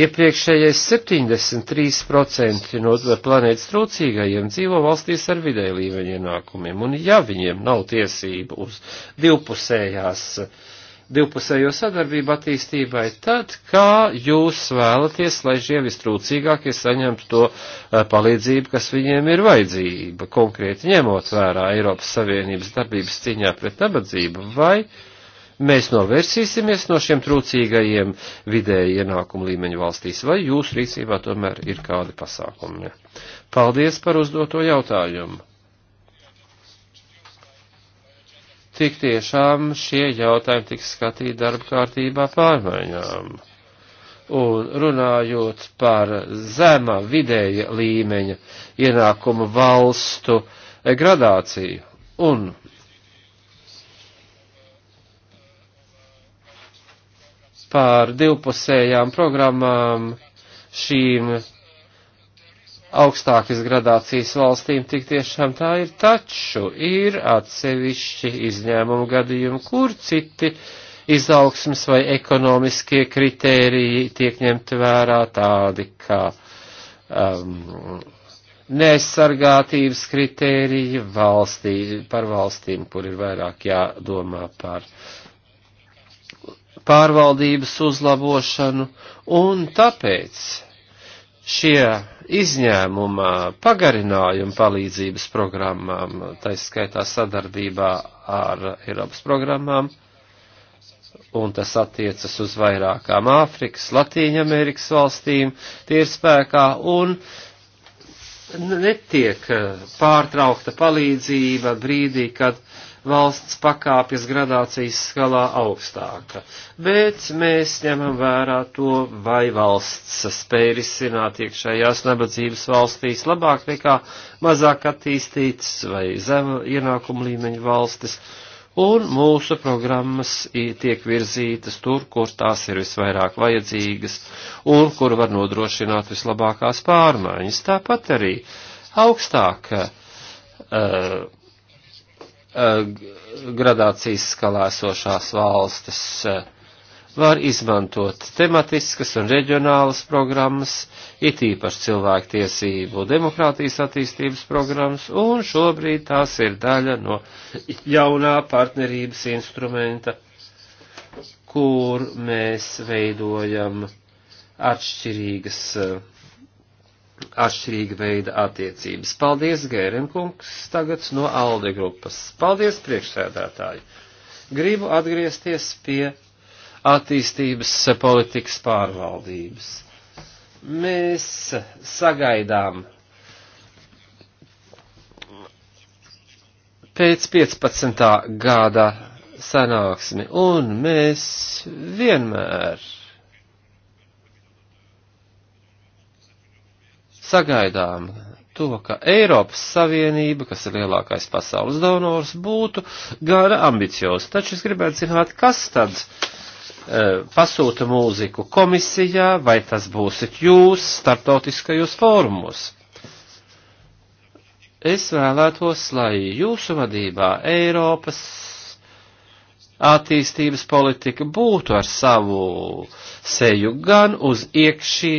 iepriekšējais 73% no planētas trūcīgajiem dzīvo valstīs ar vidēju līmeņu ienākumiem, un ja viņiem nav tiesību uz divpusējās uh, divpusējo sadarbību attīstībai, tad kā jūs vēlaties, lai šie vistrūcīgākie saņemtu to eh, palīdzību, kas viņiem ir vajadzība, konkrēti ņemot vērā Eiropas Savienības darbības cīņā pret nabadzību, vai mēs novērsīsimies no šiem trūcīgajiem vidēji ienākumu līmeņu valstīs, vai jūsu rīcībā tomēr ir kādi pasākumi? Paldies par uzdoto jautājumu! tik tiešām šie jautājumi tiks skatīti darba kārtībā pārmaiņām. Un runājot par zemā vidēja līmeņa ienākumu valstu gradāciju un pār divpusējām programmām šīm augstākas gradācijas valstīm tik tiešām tā ir, taču ir atsevišķi izņēmumu gadījumi, kur citi izaugsmas vai ekonomiskie kritēriji tiek ņemti vērā tādi kā um, nesargātības kritēriji valstī, par valstīm, kur ir vairāk jādomā par pārvaldības uzlabošanu, un tāpēc šie izņēmumā pagarinājumi palīdzības programmām, taiskaitā sadarbībā ar Eiropas programmām, un tas attiecas uz vairākām Āfrikas, Latīņamerikas valstīm, tie ir spēkā, un netiek eh, pārtraukta palīdzība brīdī, kad uh, valsts pakāpjas gradācijas skalā augstāka, bet mēs ņemam vērā to, vai valsts spēj risināt iekšējās nabadzības valstīs labāk nekā mazāk attīstītas vai zem ienākumu līmeņu valstis, un mūsu programmas tiek virzītas tur, kur tās ir visvairāk vajadzīgas un kur var nodrošināt vislabākās pārmaiņas. Tāpat arī augstāk. Uh, Eh, gradācijas skalā esošās valstis eh, var izmantot tematiskas un reģionālas programmas, it īpaši cilvēktiesību demokrātijas attīstības programmas, un šobrīd tās ir daļa no jaunā partnerības instrumenta, kur mēs veidojam atšķirīgas uh, atšķirīga veida attiecības. Paldies, Gērem kungs, tagad no Alde grupas. Paldies, priekšsēdētāji. Gribu atgriezties pie attīstības politikas pārvaldības. Mēs sagaidām pēc 15. gada sanāksmi, un mēs vienmēr sagaidām to, ka Eiropas Savienība, kas ir lielākais pasaules donors, būtu gara ambiciozi. Taču es gribētu zināt, kas tad e, pasūta mūziku komisijā, vai tas būsit jūs startautiskajos fórumos. Es vēlētos, lai jūsu vadībā Eiropas attīstības politika būtu ar savu seju gan uz iekšī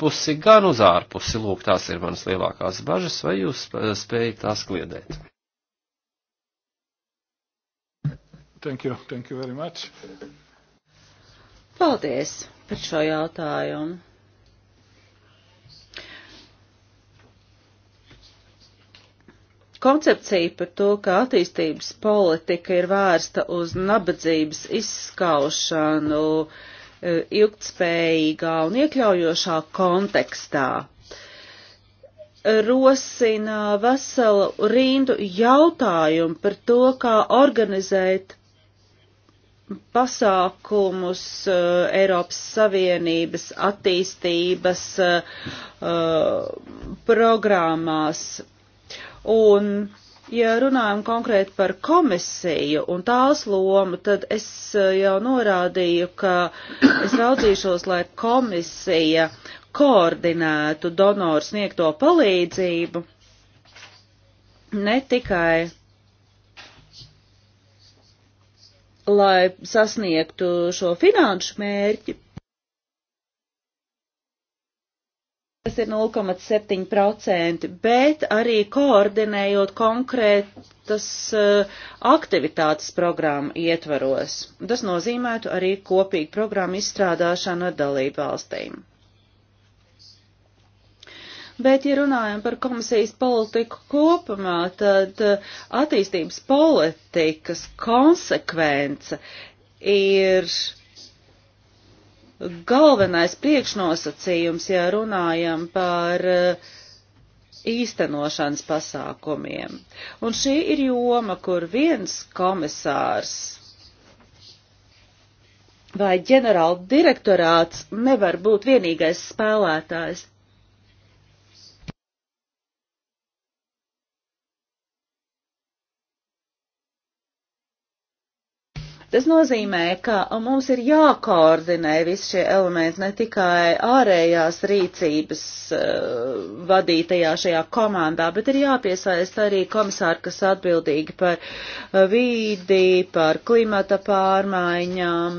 pusi, gan uz ārpusi. Lūk, tās ir manas lielākās bažas, vai jūs spējat tās kliedēt? Thank you, thank you very much. Paldies par šo jautājumu. Koncepcija par to, ka attīstības politika ir vērsta uz nabadzības izskaušanu e, ilgtspējīgā un iekļaujošā kontekstā rosina veselu rindu jautājumu par to, kā organizēt pasākumus uh, Eiropas Savienības attīstības uh, programmās Un, ja runājam konkrēti par komisiju un tās lomu, tad es eh, jau norādīju, ka es raudzīšos, lai komisija koordinētu donoru sniegto palīdzību ne tikai lai sasniegtu šo finanšu mērķi, kas ir 0,7%, bet arī koordinējot konkrētas eh, aktivitātes programmu ietvaros. Tas nozīmētu arī kopīgu programmu izstrādāšanu ar dalību valstīm. Bet, ja runājam par komisijas politiku kopumā, tad eh, attīstības politikas konsekvence ir galvenais priekšnosacījums, ja runājam par eh, īstenošanas pasākumiem. Un šī ir joma, kur viens komisārs vai ģenerāla direktorāts nevar būt vienīgais spēlētājs. Tas nozīmē, ka mums ir jākoordinē visi šie elementi, ne tikai ārējās rīcības uh, vadītajā šajā komandā, bet ir jāpiesaist arī komisāri, kas atbildīgi par eh, vīdi, par klimata pārmaiņām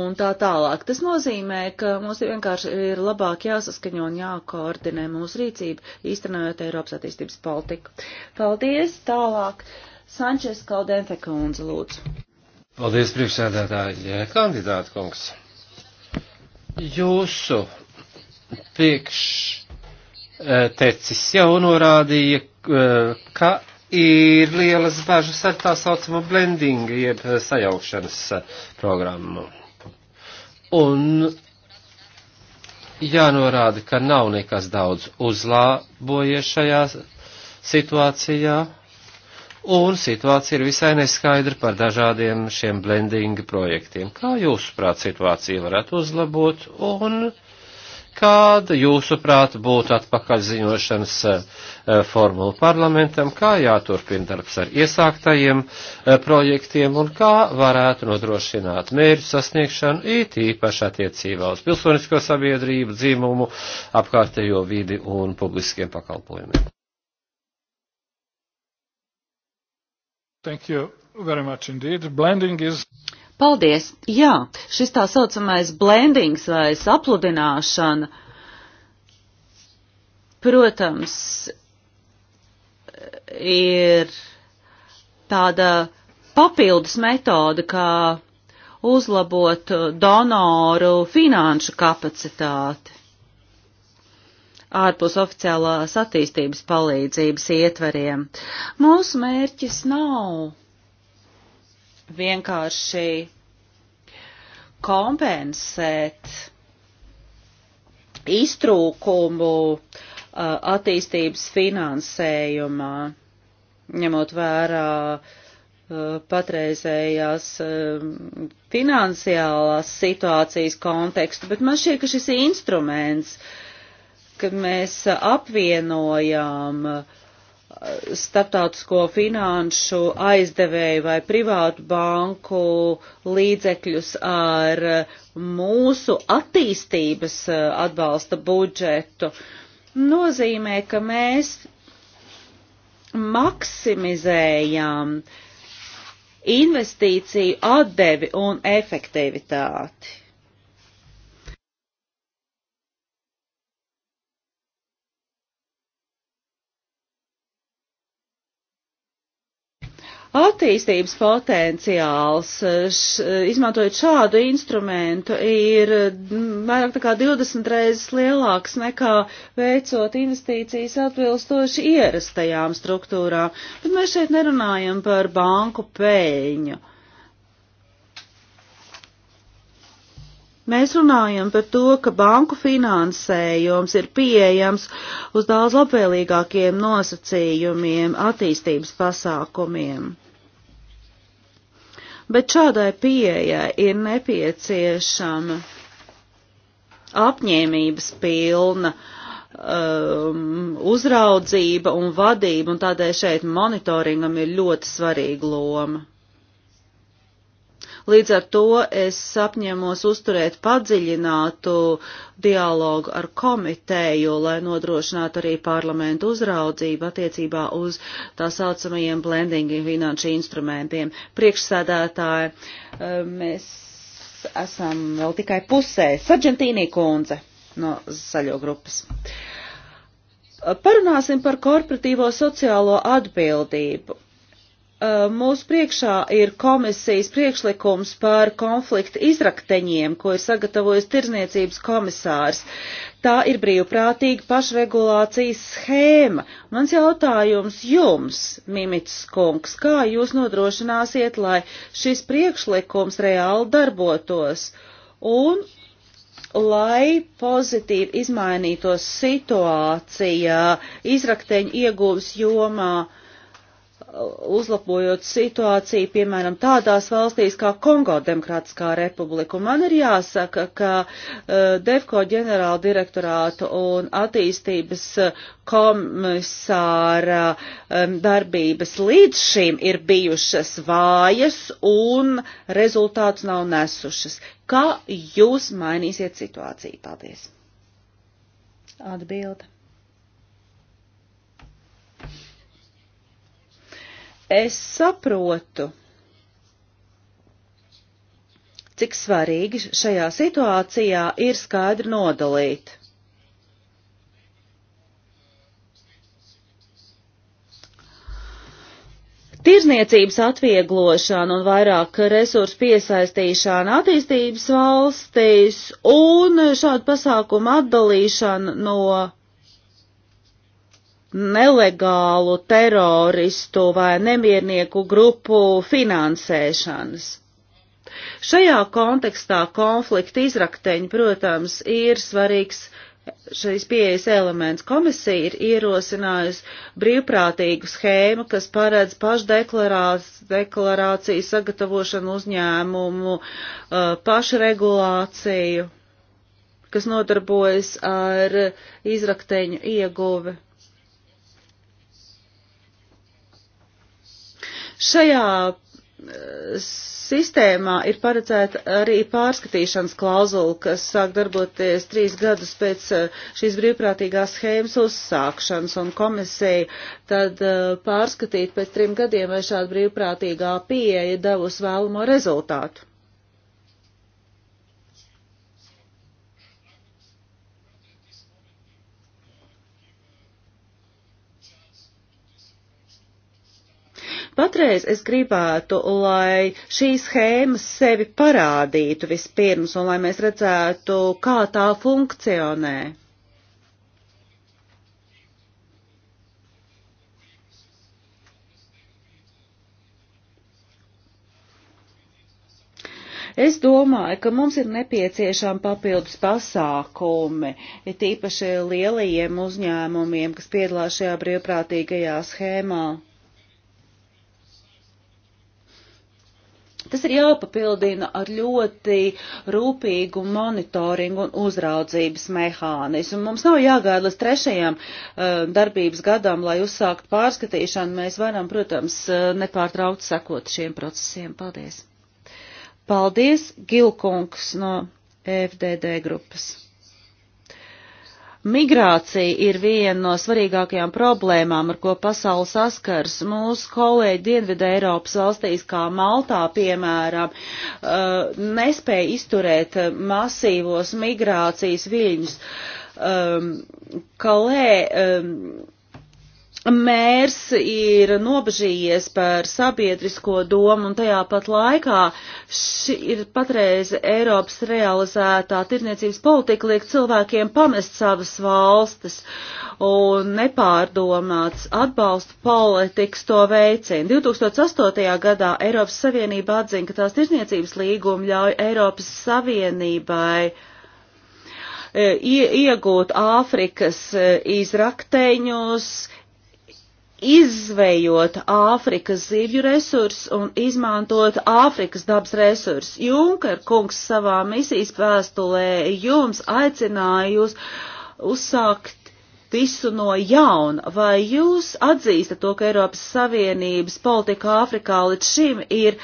un tā tālāk. Tas nozīmē, ka mums ir vienkārši ir labāk jāsaskaņo un jākoordinē mūsu rīcība, īstenojot Eiropas attīstības politiku. Paldies! Tālāk! Uh, Sančes Kaldenfe kundze, lūdzu. Paldies, priekšsēdētāji, kandidāta kungs. Jūsu priekštecis eh, jau norādīja, eh, ka ir lielas bažas ar tā saucamo blendingu, jeb eh, sajaukšanas programmu. Un jānorāda, ka nav nekas daudz uzlābojies šajā situācijā un situācija ir visai neskaidra par dažādiem šiem blending projektiem. Kā jūsuprāt situācija varētu uzlabot un kāda jūsuprāt būtu atpakaļziņošanas eh, eh, formula parlamentam, kā jāturpina darbs ar iesāktajiem eh, projektiem un kā varētu nodrošināt mērķu sasniegšanu, it īpaši attiecībā uz pilsonisko sabiedrību, dzīmumu, apkārtējo vidi un publiskiem pakalpojumiem. Thank you very much indeed. Blending is. Paldies! Jā, šis tā saucamais blendings vai sapludināšana, protams, ir tāda papildus metode, kā uzlabot donoru finanšu kapacitāti ārpus oficiālās attīstības palīdzības ietveriem. Mūsu mērķis nav vienkārši kompensēt iztrūkumu uh, attīstības finansējumā, ņemot vērā uh, patreizējās um, finansiālās situācijas kontekstu, bet man šķiet, ka šis instruments uh, kad mēs apvienojām eh, starptautisko finanšu aizdevēju vai privātu banku līdzekļus ar mūsu attīstības eh, atbalsta budžetu, nozīmē, ka mēs maksimizējām investīciju atdevi un efektivitāti. Attīstības potenciāls, eh, š, eh, izmantojot šādu instrumentu, ir mm, vairāk nekā 20 reizes lielāks nekā veicot investīcijas atbilstoši ierastajām struktūrām. Bet mēs šeit nerunājam par banku peļņu. Mēs runājam par to, ka banku finansējums ir pieejams uz daudz labvēlīgākiem nosacījumiem, attīstības pasākumiem. Bet šādai pieejai ir nepieciešama apņēmības pilna um, uzraudzība un vadība, un tādēļ šeit monitoringam ir ļoti svarīga loma. Līdz ar to es apņemos uzturēt padziļinātu dialogu ar komiteju, lai nodrošinātu arī parlamentu uzraudzību attiecībā uz tā saucamajiem blending finanšu instrumentiem. Priekšsēdētāji, eh, mēs esam vēl tikai pusē. Sargentīnī kundze no zaļo grupas. Parunāsim par korporatīvo sociālo atbildību. Mūsu priekšā ir komisijas priekšlikums par konflikta izrakteņiem, ko ir sagatavojis Tirzniecības komisārs. Tā ir brīvprātīga pašregulācijas schēma. Mans jautājums jums, Mimits Kungs, kā jūs nodrošināsiet, lai šis priekšlikums reāli darbotos un lai pozitīvi izmainītos situācija izrakteņu iegūs jomā? uzlabojot situāciju, piemēram, tādās valstīs kā Kongo Demokrātiskā republika. Un man ir jāsaka, ka uh, e, DEFCO ģenerāla direktorāta un attīstības e, komisāra um, darbības līdz šim ir bijušas vājas un rezultāts nav nesušas. Kā jūs mainīsiet situāciju? Paldies! Atbilde. Es saprotu, cik svarīgi šajā situācijā ir skaidri nodalīt. Tirzniecības atvieglošana un vairāk resursu piesaistīšana attīstības valstīs un šādu pasākumu atdalīšana no nelegālu teroristu vai nemiernieku grupu finansēšanas. Šajā kontekstā konflikta izrakteņi, protams, ir svarīgs šīs pieejas elements. Komisija ir ierosinājusi brīvprātīgu schēmu, kas paredz pašdeklarāciju sagatavošanu uzņēmumu, uh, pašregulāciju, kas nodarbojas ar izrakteņu ieguvi. Šajā eh, sistēmā ir paredzēta arī pārskatīšanas klauzula, kas sāk darboties trīs gadus pēc eh, šīs brīvprātīgās schēmas uzsākšanas, un komisija tad eh, pārskatīt pēc trim gadiem, vai šāda brīvprātīgā pieeja devus vēlamo rezultātu. Patreiz es gribētu, lai šī schēma sevi parādītu vispirms un lai mēs redzētu, kā tā funkcionē. Es domāju, ka mums ir nepieciešām papildus pasākumi, ir tīpaši lielajiem uzņēmumiem, kas piedalās šajā brīvprātīgajā schēmā. Tas ir jāpapildina ar ļoti rūpīgu monitoringu un uzraudzības mehānismu. Mums nav jāgaida līdz trešajam uh, darbības gadam, lai uzsākt pārskatīšanu. Mēs varam, protams, eh, nepārtraukt sekot šiem procesiem. Paldies! Paldies, Gilkungs no FDD grupas! Migrācija ir viena no svarīgākajām problēmām, ar ko pasauli saskars. Mūsu kolēģi Dienvidē Eiropas valstīs, kā Maltā, piemēram, uh, nespēja izturēt masīvos migrācijas viļņus. Um, kalē um, mērs ir nobežījies par sabiedrisko domu un tajā pat laikā šī ir patreiz Eiropas realizētā tirniecības politika liek cilvēkiem pamest savas valstis un nepārdomāts atbalstu politikas to veicina. 2008. gadā Eiropas Savienība atzina, ka tās tirniecības līguma ļauj Eiropas Savienībai e, iegūt Āfrikas e, izrakteņus, izvējot Āfrikas zivju resursus un izmantot Āfrikas dabas resursus. Junker kungs savā misijas vēstulē jums aicināja jūs uzsākt visu no jauna, vai jūs atzīstat to, ka Eiropas Savienības politika Āfrikā līdz šim ir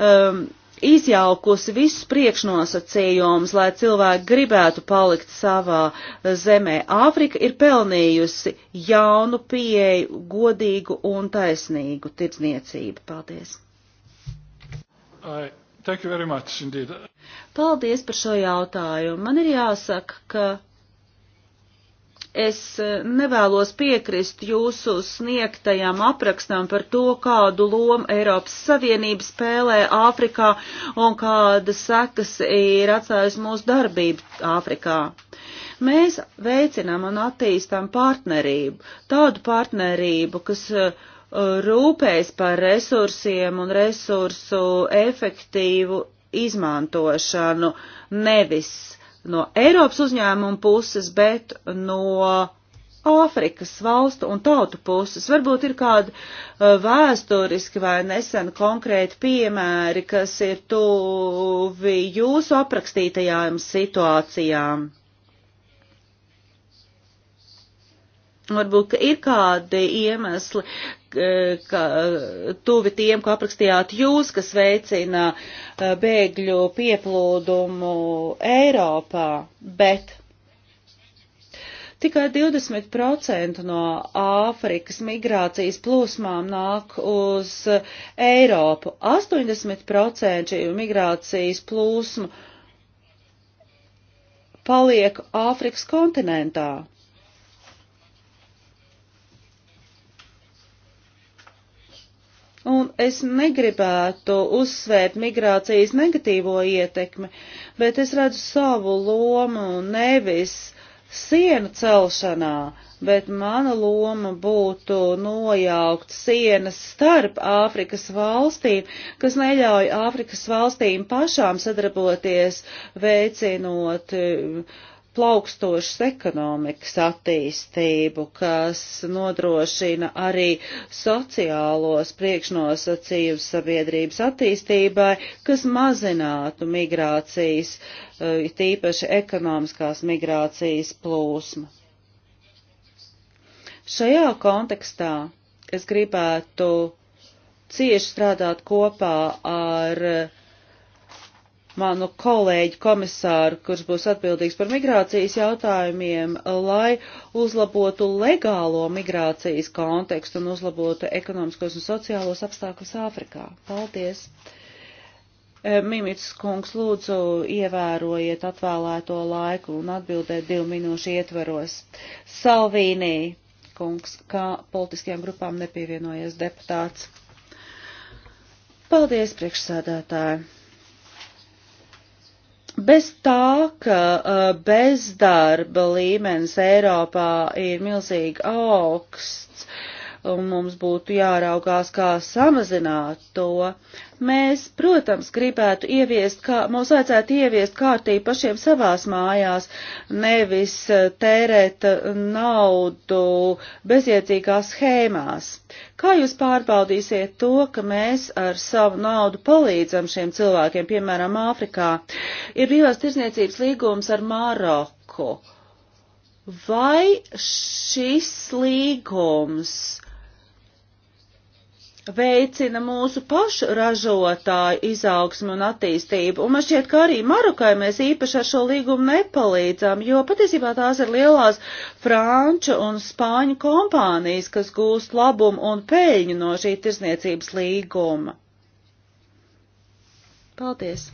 um, izjaukusi visus priekšnosacījumus, lai cilvēki gribētu palikt savā zemē. Āfrika ir pelnījusi jaunu pieeju, godīgu un taisnīgu tirdzniecību. Paldies! I, thank you very much indeed. Paldies par šo jautājumu. Man ir jāsaka, ka Es eh, nevēlos piekrist jūsu sniegtajam aprakstam par to, kādu lomu Eiropas Savienība spēlē Āfrikā un kāda sekas ir atstājusi mūsu darbību Āfrikā. Mēs veicinām un attīstām partnerību, tādu partnerību, kas eh, rūpējas par resursiem un resursu efektīvu izmantošanu, nevis no Eiropas uzņēmumu puses, bet no Āfrikas valstu un tautu puses. Varbūt ir kādi uh, vēsturiski vai nesen konkrēti piemēri, kas ir tuvi jūsu aprakstītajām situācijām. Varbūt, ka ir kādi iemesli, Eh, ka, eh, tuvi tiem, ko aprakstījāt jūs, kas veicina eh, bēgļu pieplūdumu Eiropā, bet tikai 20% no Āfrikas migrācijas plūsmām nāk uz Eiropu. 80% migrācijas plūsmu paliek Āfrikas kontinentā. un es negribētu uzsvērt migrācijas negatīvo ietekmi, bet es redzu savu lomu nevis sienu celšanā, bet mana loma būtu nojaukt sienas starp Āfrikas valstīm, kas neļauj Āfrikas valstīm pašām sadarboties, veicinot uh, plaukstošas ekonomikas attīstību, kas nodrošina arī sociālos priekšnosacījums sabiedrības attīstībai, kas mazinātu migrācijas, eh, tīpaši ekonomiskās migrācijas plūsmu. Šajā kontekstā es gribētu cieši strādāt kopā ar manu kolēģi komisāru, kurš būs atbildīgs par migrācijas jautājumiem, lai uzlabotu legālo migrācijas kontekstu un uzlabotu ekonomiskos un sociālos apstākļus Āfrikā. Paldies! E, Mimits kungs, lūdzu, ievērojiet atvēlēto laiku un atbildēt divu minūšu ietvaros. Salvīnī kungs, kā politiskajām grupām nepievienojies deputāts. Paldies, priekšsēdētāji! Bez tā, ka uh, bezdarba līmenis Eiropā ir milzīgi augsts, un mums būtu jāraugās, kā samazināt to. Mēs, protams, gribētu ieviest, kā, mums vajadzētu ieviest kārtību pašiem savās mājās, nevis eh, tērēt eh, naudu bezjēdzīgās schēmās. Kā jūs pārbaudīsiet to, ka mēs ar savu naudu palīdzam šiem cilvēkiem, piemēram, Āfrikā? Ir brīvās tirzniecības līgums ar Maroku. Vai šis līgums veicina mūsu pašu ražotāju izaugsmu un attīstību. Un man šķiet, ka arī Marokai mēs īpaši ar šo līgumu nepalīdzam, jo patiesībā tās ir lielās franču un spāņu kompānijas, kas gūst labumu un peļņu no šī tirsniecības līguma. Paldies!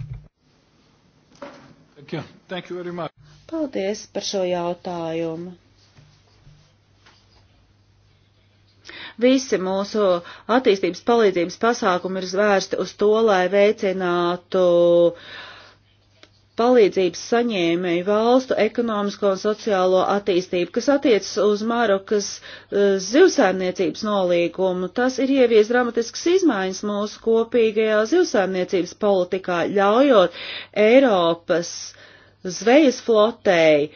Thank you. Thank you Paldies par šo jautājumu! Visi mūsu attīstības palīdzības pasākumi ir vērsti uz to, lai veicinātu palīdzības saņēmēju valstu ekonomisko un sociālo attīstību, kas attiecas uz Marokas eh, zivsēmniecības nolīgumu. Tas ir ievies dramatisks izmaiņas mūsu kopīgajā zivsēmniecības politikā, ļaujot Eiropas zvejas flotei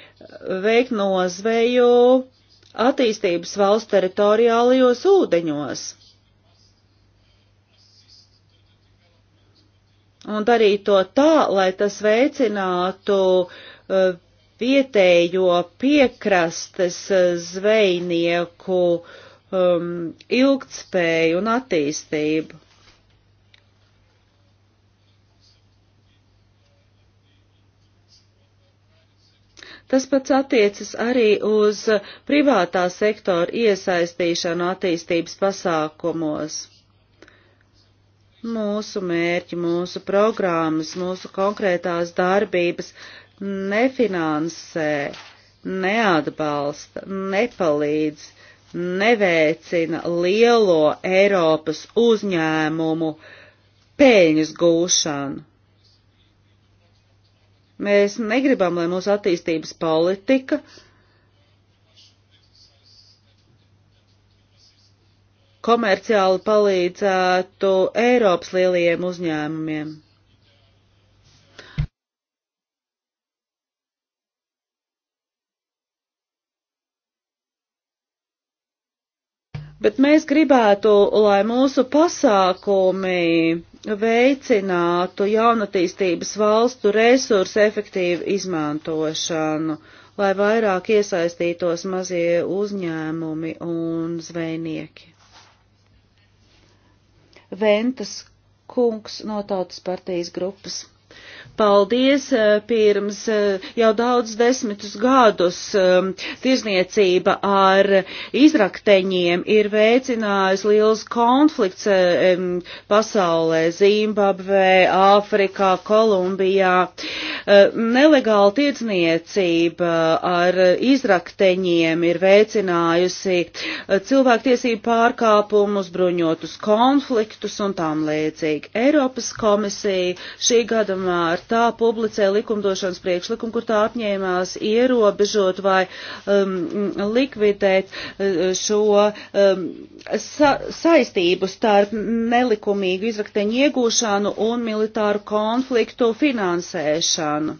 veikt nozveju attīstības valsts teritoriālajos ūdeņos. Un darīt to tā, lai tas veicinātu uh, vietējo piekrastes uh, zvejnieku um, ilgtspēju un attīstību. Tas pats attiecas arī uz privātā sektora iesaistīšanu attīstības pasākumos. Mūsu mērķi, mūsu programmas, mūsu konkrētās darbības nefinansē, neatbalsta, nepalīdz, neveicina lielo Eiropas uzņēmumu peļņas gūšanu. Mēs negribam, lai mūsu attīstības politika komerciāli palīdzētu Eiropas lielajiem uzņēmumiem. Bet mēs gribētu, lai mūsu pasākumi veicinātu jaunatīstības valstu resursu efektīvu izmantošanu, lai vairāk iesaistītos mazie uzņēmumi un zvejnieki. Ventas kungs no tautas partijas grupas. Paldies! Eh, pirms eh, jau daudz desmitus gadus eh, tirzniecība ar izrakteņiem ir veicinājusi liels konflikts pasaulē - Zimbabvē, Āfrikā, Kolumbijā. Nelegāla tirzniecība ar izrakteņiem ir veicinājusi cilvēktiesību pārkāpumus, bruņotus konfliktus un tam līdzīgi. Eiropas komisija šī gada tomēr tā publicē likumdošanas priekšlikumu, kur tā apņēmās ierobežot vai um, likvidēt uh, šo um, sa saistību starp nelikumīgu izrakteņu iegūšanu un militāru konfliktu finansēšanu.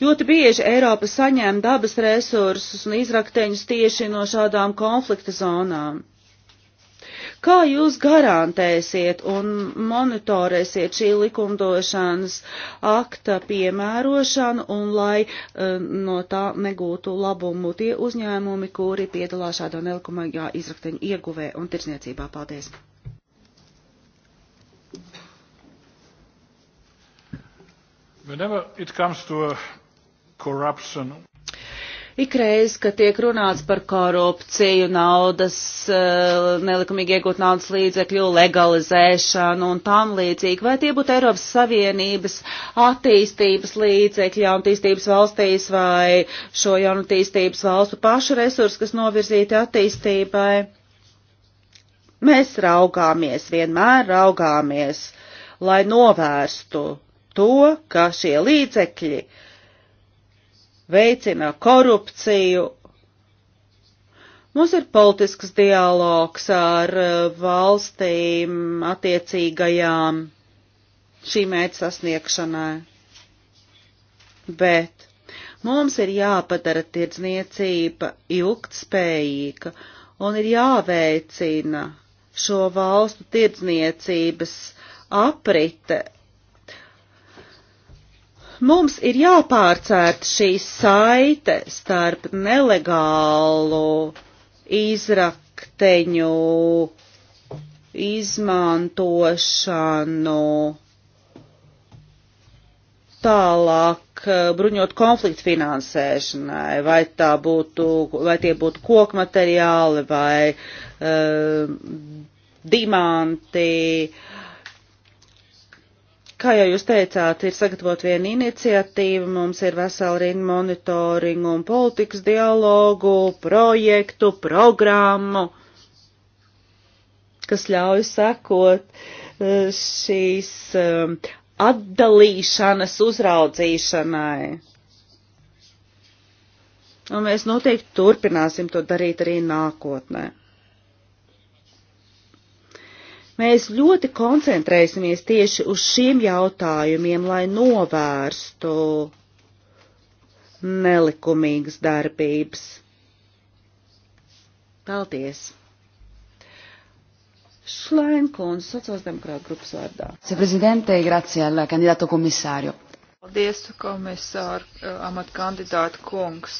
Ļoti bieži Eiropa saņem dabas resursus un izrakteņus tieši no šādām konflikta zonām. Kā jūs garantēsiet un monitorēsiet šī likumdošanas akta piemērošanu un lai e, no tā negūtu labumu tie uzņēmumi, kuri piedalās šādā nelikumīgā izrakteņa ieguvē un tirsniecībā? Paldies! Whenever it comes to corruption, Ikreiz, kad tiek runāts par korupciju, naudas, eh, nelikumīgi iegūt naudas līdzekļu, legalizēšanu un tam līdzīgi, vai tie būtu Eiropas Savienības attīstības līdzekļi jaunatīstības valstīs vai šo jaunatīstības valstu pašu resursu, kas novirzīti attīstībai? Mēs raugāmies, vienmēr raugāmies, lai novērstu to, ka šie līdzekļi, uh, veicina korupciju. Mums ir politisks dialogs ar eh, valstīm attiecīgajām šī mērķa sasniegšanai. Bet mums ir jāpadara tirdzniecība ilgtspējīga un ir jāveicina šo valstu tirdzniecības aprite Mums ir jāpārcērt šī saite starp nelegālu izrakteņu izmantošanu tālāk eh, bruņot konfliktu finansēšanai, vai, tā būtu, vai tie būtu koku materiāli vai uh, eh, dimanti, uh, kā jau jūs teicāt, ir sagatavot viena iniciatīva, mums ir vesela rinda monitoringu un politikas dialogu, projektu, programmu, kas ļauj sekot e, šīs e, atdalīšanas uzraudzīšanai. Un mēs noteikti turpināsim to darīt arī nākotnē. Mēs ļoti koncentrēsimies tieši uz šiem jautājumiem, lai novērstu nelikumīgas darbības. Paldies! Šlēnkons, sociāldemokrāta grupas vārdā. Prezidentei, grazie al kandidāto komisāru. Paldies, komisāru, eh, amatkandidāta kungs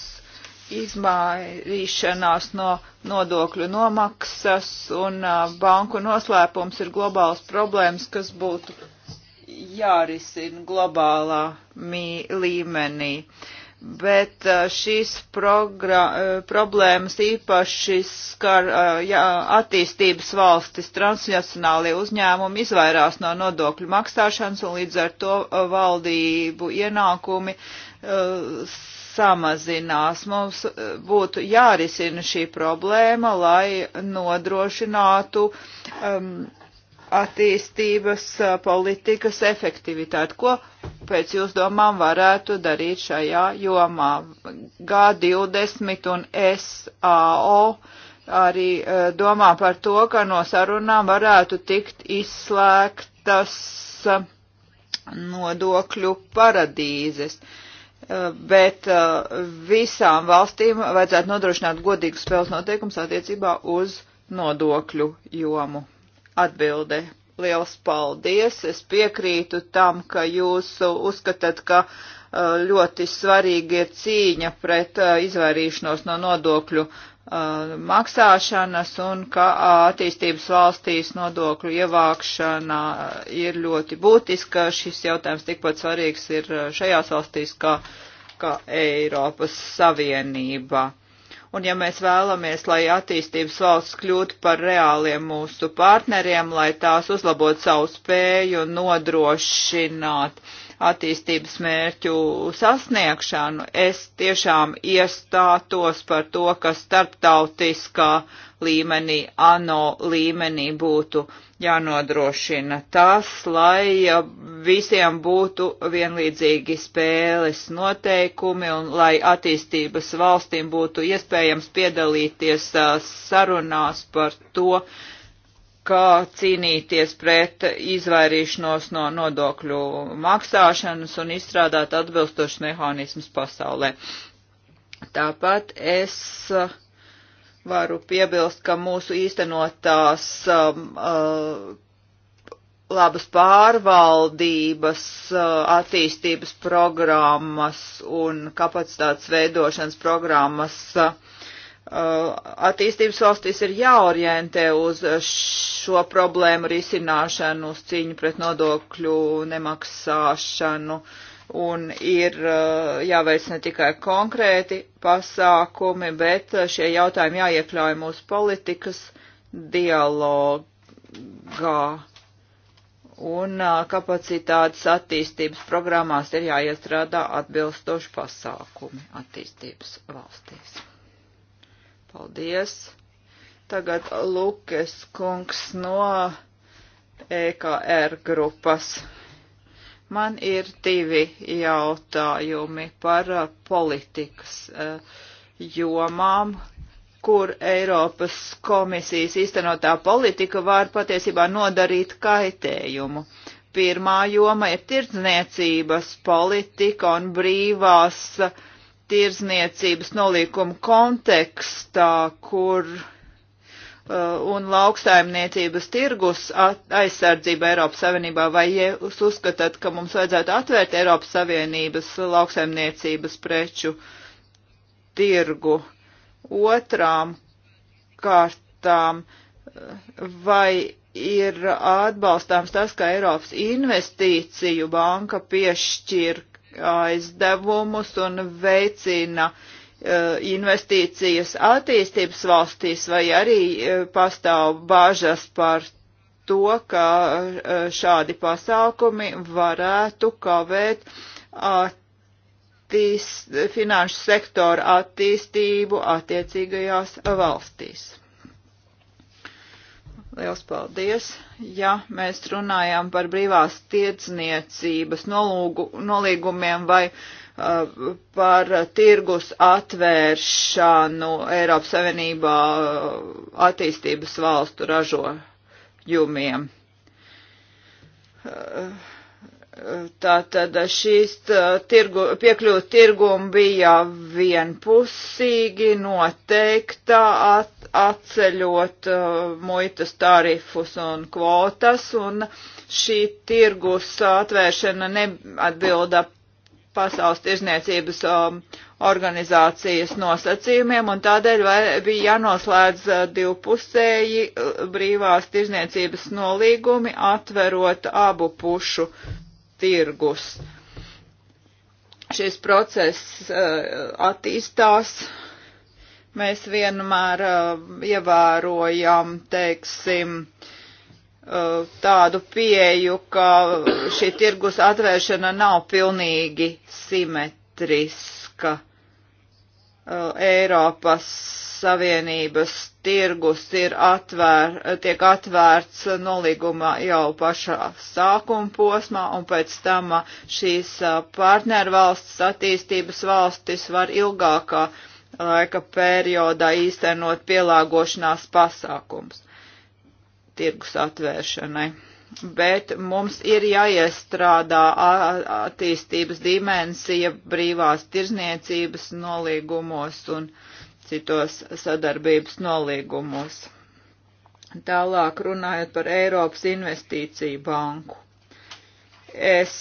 izmairīšanās no nodokļu nomaksas un banku noslēpums ir globāls problēmas, kas būtu jārisina globālā mī, līmenī. Bet šīs problēmas īpaši skar jā, attīstības valstis, transnacionālie uzņēmumi izvairās no nodokļu maksāšanas un līdz ar to valdību ienākumi uh, samazinās. Mums eh, būtu jārisina šī problēma, lai nodrošinātu um, attīstības eh, politikas efektivitāti. Ko pēc jūs domām varētu darīt šajā jomā? G20 un SAO arī uh, domā par to, ka no sarunām varētu tikt izslēgtas uh, nodokļu paradīzes. Uh, bet uh, visām valstīm vajadzētu nodrošināt godīgus spēles noteikums attiecībā uz nodokļu jomu. Atbilde. Liels paldies! Es piekrītu tam, ka jūs uzskatāt, ka uh, ļoti svarīgi ir cīņa pret uh, izvairīšanos no nodokļu Uh, maksāšanas un ka uh, attīstības valstīs nodokļu ievākšana uh, ir ļoti būtiska. Šis jautājums tikpat svarīgs ir šajās valstīs kā, kā Eiropas Savienība. Un ja mēs vēlamies, lai attīstības valsts kļūtu par reāliem mūsu partneriem, lai tās uzlabot savu spēju nodrošināt uh, attīstības mērķu sasniegšanu. Es tiešām iestātos par to, ka starptautiskā līmenī, ANO līmenī būtu jānodrošina tas, lai visiem būtu vienlīdzīgi spēles noteikumi un lai attīstības valstīm būtu iespējams piedalīties uh, sarunās par to, uh, kā cīnīties pret izvairīšanos no nodokļu maksāšanas un izstrādāt atbilstošas mehānismus pasaulē. Tāpat es uh, varu piebilst, ka mūsu īstenotās um, uh, labas pārvaldības, uh, attīstības programmas un kapacitātes veidošanas programmas uh, Uh, attīstības valstīs ir jāorientē uz šo problēmu risināšanu, uz cīņu pret nodokļu nemaksāšanu, un ir uh, jāveic ne tikai konkrēti pasākumi, bet šie jautājumi jāiekļauj mūsu politikas dialogā. Un uh, kapacitātes attīstības programmās ir jāiestrādā atbilstoši pasākumi attīstības valstīs. Paldies. Tagad Lukes kungs no EKR grupas. Man ir divi jautājumi par uh, politikas uh, jomām, kur Eiropas komisijas īstenotā politika var patiesībā nodarīt kaitējumu. Pirmā joma ir tirdzniecības politika un brīvās uh, tirzniecības nolīkumu kontekstā, kur uh, un lauksaimniecības tirgus aizsardzība Eiropas Savienībā, vai jūs uzskatāt, ka mums vajadzētu atvērt Eiropas Savienības lauksaimniecības preču tirgu? Otrām kārtām, vai ir atbalstāms tas, ka Eiropas investīciju banka piešķir aizdevumus un veicina eh, investīcijas attīstības valstīs, vai arī eh, pastāv bāžas par to, ka eh, šādi pasākumi varētu kavēt attīst, finanšu sektora attīstību attiecīgajās valstīs. Liels paldies! Ja mēs runājam par brīvās tiecniecības nolūgu, nolīgumiem vai uh, par tirgus atvēršanu Eiropas Savienībā uh, attīstības valstu ražojumiem. Uh, Tātad šīs uh, tirgu, piekļūt tirgumu bija vienpusīgi noteikta at, atceļot uh, muitas tarifus un kvotas, un šī tirgus atvēršana neatbilda pasaules tirzniecības um, organizācijas nosacījumiem, un tādēļ vai, bija jānoslēdz uh, divpusēji uh, brīvās tirzniecības nolīgumi, atverot abu pušu tirgus. Šis process uh, attīstās, uh, Mēs vienmēr uh, ievērojam, teiksim, uh, tādu pieju, ka šī tirgus atvēršana nav pilnīgi simetriska. Uh, Eiropas Savienības tirgus ir atvēr, tiek atvērts nolīguma jau pašā sākuma posmā, un pēc tam šīs uh, partnervalsts, attīstības valstis var ilgākā uh, laika periodā īstenot pielāgošanās pasākums tirgus atvēršanai. Bet mums ir jāiestrādā attīstības dimensija brīvās tirzniecības nolīgumos un citos sadarbības nolīgumos. Tālāk runājot par Eiropas investīciju banku. Es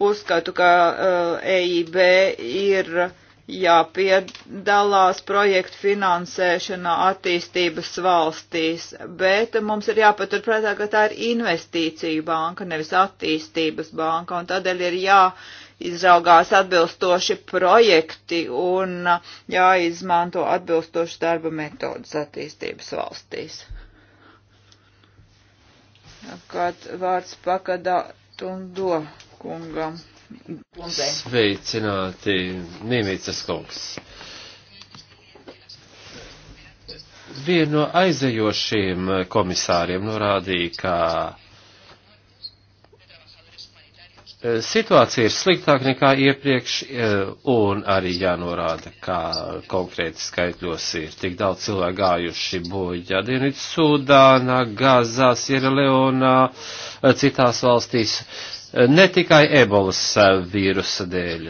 uzskatu, ka uh, EIB ir uh, jāpiedalās projektu finansēšanā attīstības valstīs, bet mums ir jāpaturprātā, ka tā ir investīcija banka, nevis attīstības banka, un tādēļ ir jāizraugās atbilstoši projekti un jāizmanto atbilstoši darba metodas attīstības valstīs. Kāds vārds pakada tundo kungam. Sveicināti, Nīmīcas kungs. Viena no aizejošiem komisāriem norādīja, ka e, situācija ir sliktāka nekā iepriekš, e, un arī jānorāda, ka konkrēti skaitļos ir tik daudz cilvēku gājuši bojā Dienvidu Sudānā, Gazā, Sierra Leonā, e, citās valstīs ne tikai ebolas eh, vīrusa dēļ.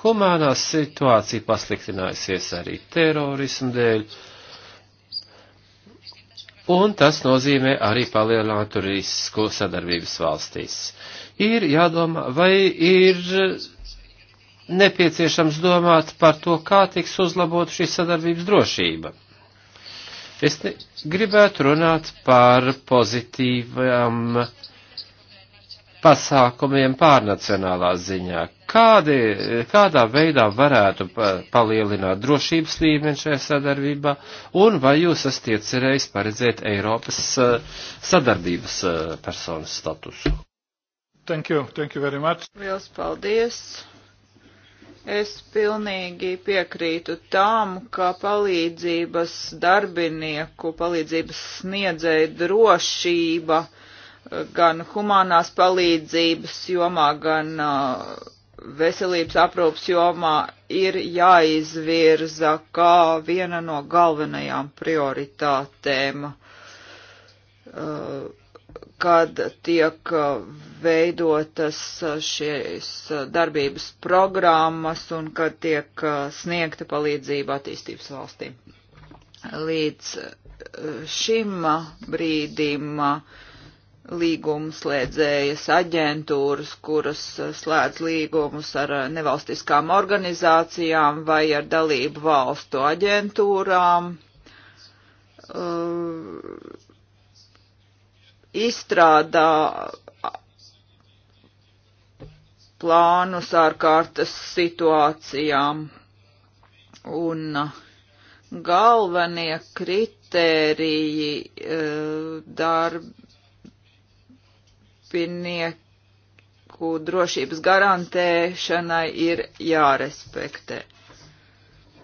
Humānā situācija pasliktinājusies arī terorismu dēļ, un tas nozīmē arī palielinātu risku sadarbības valstīs. Ir jādomā, vai ir nepieciešams domāt par to, kā tiks uzlabota šī sadarbības drošība. Es gribētu runāt par pozitīvām uh, pasākumiem pārnacionālā ziņā. Kādi, kādā veidā varētu palielināt drošības līmeni šajā sadarbībā, un vai jūs esat iecerējis paredzēt Eiropas eh, sadarbības eh, personas statusu? Thank you, thank you very much. Liels paldies. Es pilnīgi piekrītu tam, ka palīdzības darbinieku, palīdzības sniedzēja drošība gan humanās palīdzības jomā, gan uh, veselības aprūpas jomā ir jāizvirza kā viena no galvenajām prioritātēm, uh, kad tiek uh, veidotas šīs darbības programmas un kad tiek sniegta palīdzība attīstības valstīm. Līdz šim brīdim uh, līgumslēdzējas aģentūras, kuras eh, slēdz līgumus ar eh, nevalstiskām organizācijām vai ar dalību valstu aģentūrām. Uh, izstrādā plānus ārkārtas situācijām un galvenie kritēriji darb, darbinieku drošības garantēšanai ir jārespektē.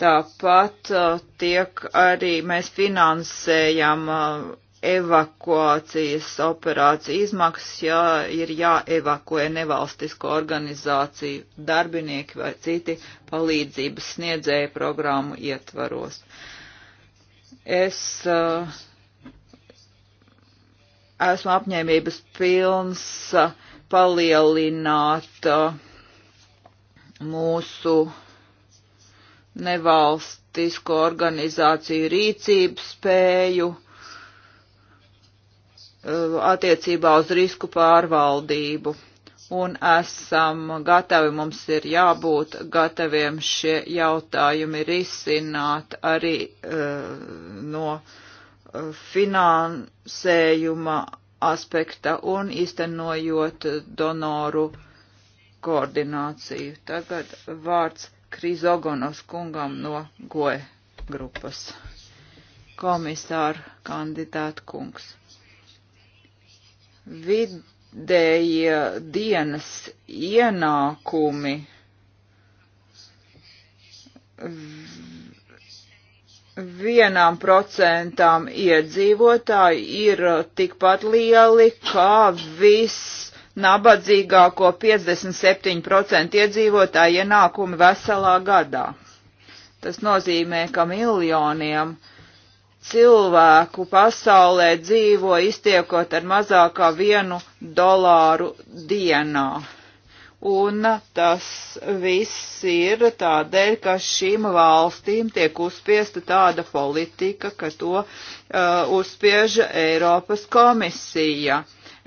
Tāpat uh, tiek arī mēs finansējam uh, evakuācijas operāciju izmaksas, ja ir jāevakuē nevalstisko organizāciju darbinieki vai citi palīdzības sniedzēja programmu ietvaros. Es uh, esmu apņēmības pilns uh, palielināt uh, mūsu nevalstisko organizāciju rīcības spēju uh, attiecībā uz risku pārvaldību. Un esam gatavi, mums ir jābūt gataviem šie jautājumi risināt arī uh, no uh, finansējuma aspekta un īstenojot donoru koordināciju. Tagad vārds Krizogonos kungam no GOE grupas. Komisāra kandidāta kungs. Vidējie dienas ienākumi vienām procentām iedzīvotāji ir tikpat lieli kā viss nabadzīgāko 57% iedzīvotāju ienākumi veselā gadā. Tas nozīmē, ka miljoniem cilvēku pasaulē dzīvo iztiekot ar mazākā vienu dolāru dienā Un tas viss ir tādēļ, ka šīm valstīm tiek uzspiesta tāda politika, ka to uh, uzspiež Eiropas komisija.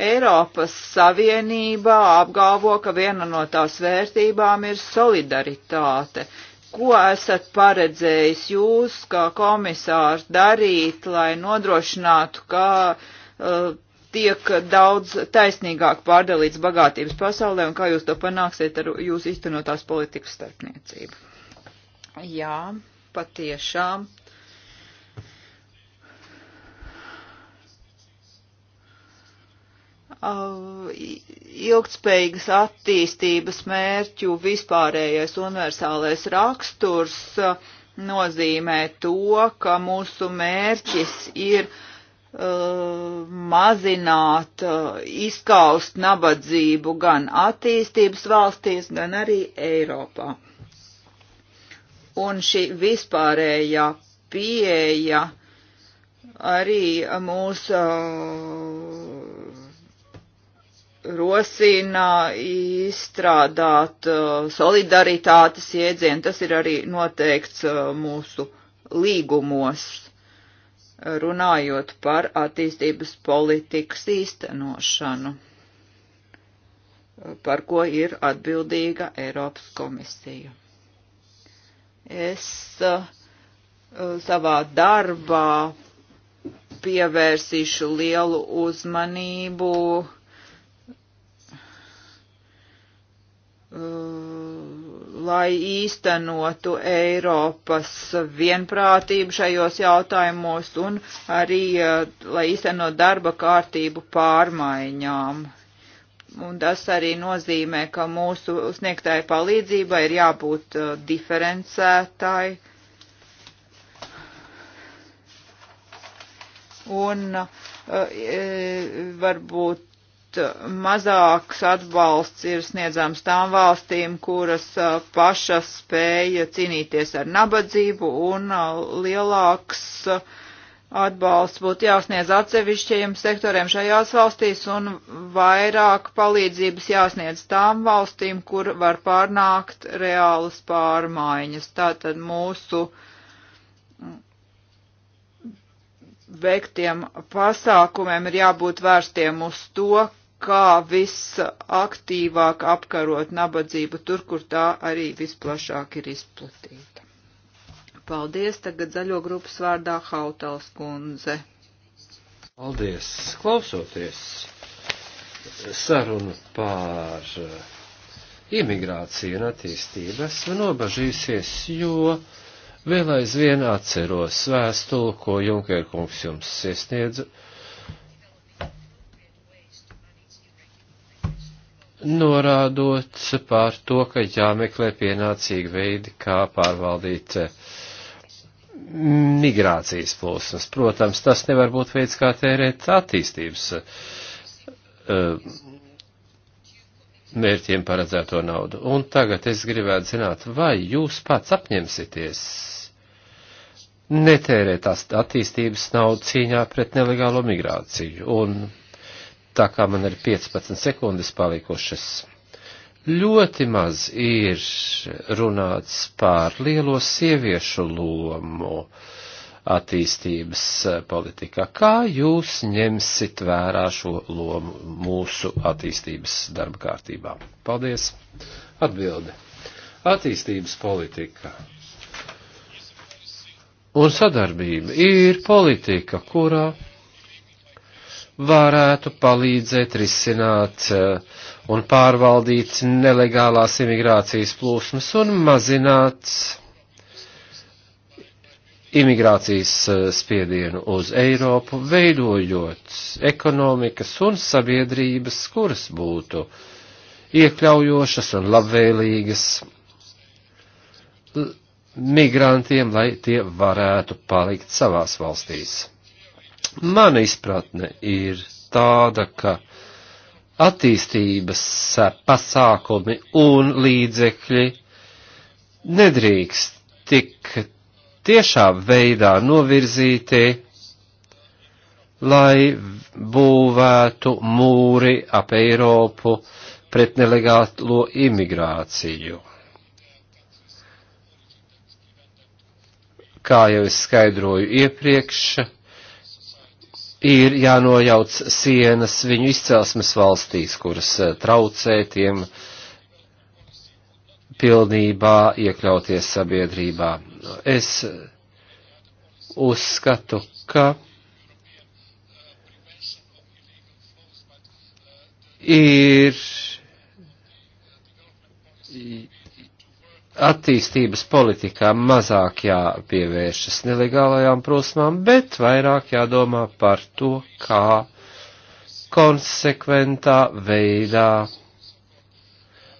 Eiropas Savienība apgalvo, ka viena no tās vērtībām ir solidaritāte. Ko esat paredzējis jūs, kā komisārs, darīt, lai nodrošinātu, ka uh, tiek daudz taisnīgāk pārdalīts bagātības pasaulē un kā jūs to panāksiet ar jūsu iztenotās politikas starpniecību. Jā, patiešām. Uh, ilgtspējīgas attīstības mērķu vispārējais universālais raksturs uh, nozīmē to, ka mūsu mērķis ir uh, Uh, mazināt, uh, izskaust nabadzību gan attīstības valstīs, gan arī Eiropā. Un šī vispārējā pieeja arī mūs uh, rosina izstrādāt solidaritātes iedzienu. Tas ir arī noteikts mūsu līgumos runājot par attīstības politikas īstenošanu, par ko ir atbildīga Eiropas komisija. Es uh, savā darbā pievērsīšu lielu uzmanību uh, lai īstenotu Eiropas vienprātību šajos jautājumos un arī, eh, lai īstenot darba kārtību pārmaiņām. Un tas arī nozīmē, ka mūsu sniegtāja palīdzība ir jābūt eh, diferencētai. Un eh, e, varbūt Uh, mazāks atbalsts ir sniedzams tām valstīm, kuras uh, pašas spēja cīnīties ar nabadzību, un uh, lielāks atbalsts būtu jāsniedz atsevišķajiem sektoriem šajās valstīs, un vairāk palīdzības jāsniedz tām valstīm, kur var pārnākt reālas pārmaiņas. Tātad mūsu mm, veiktiem pasākumiem ir jābūt vērstiem uz to, kā visaktīvāk apkarot nabadzību tur, kur tā arī visplašāk ir izplatīta. Paldies, tagad zaļo grupas vārdā Hautals kundze. Paldies, klausoties sarunu pār imigrāciju un attīstību, esmu nobažīsies, jo vēl aizvien atceros vēstuli, ko Junkerkungs jums iesniedza norādot pār to, ka jāmeklē pienācīgi veidi, kā pārvaldīt eh, migrācijas plūsmas. Protams, tas nevar būt veids, kā tērēt attīstības eh, mērķiem paredzēto naudu. Un tagad es gribētu zināt, vai jūs pats apņemsieties netērēt attīstības naudu cīņā pret nelegālo migrāciju un tā kā man ir 15 sekundes palikušas. Ļoti maz ir runāts par lielo sieviešu lomu attīstības politikā. Kā jūs ņemsit vērā šo lomu mūsu attīstības darba kārtībā? Paldies! Atbilde. Attīstības politika un sadarbība ir politika, kurā varētu palīdzēt risināt eh, un pārvaldīt nelegālās imigrācijas plūsmas un mazināt imigrācijas eh, spiedienu uz Eiropu, veidojot ekonomikas un sabiedrības, kuras būtu iekļaujošas un labvēlīgas migrantiem, lai tie varētu palikt savās valstīs. Mana izpratne ir tāda, ka attīstības pasākumi un līdzekļi nedrīkst tik tiešā veidā novirzīti, lai būvētu mūri ap Eiropu pret nelegālo imigrāciju. Kā jau es skaidroju iepriekš, ir jānojauc sienas viņu izcelsmes valstīs, kuras eh, traucē tiem pilnībā iekļauties sabiedrībā. Es uzskatu, ka ir attīstības politikā mazāk jāpievēršas nelegālajām prasmām, bet vairāk jādomā par to, kā konsekventā veidā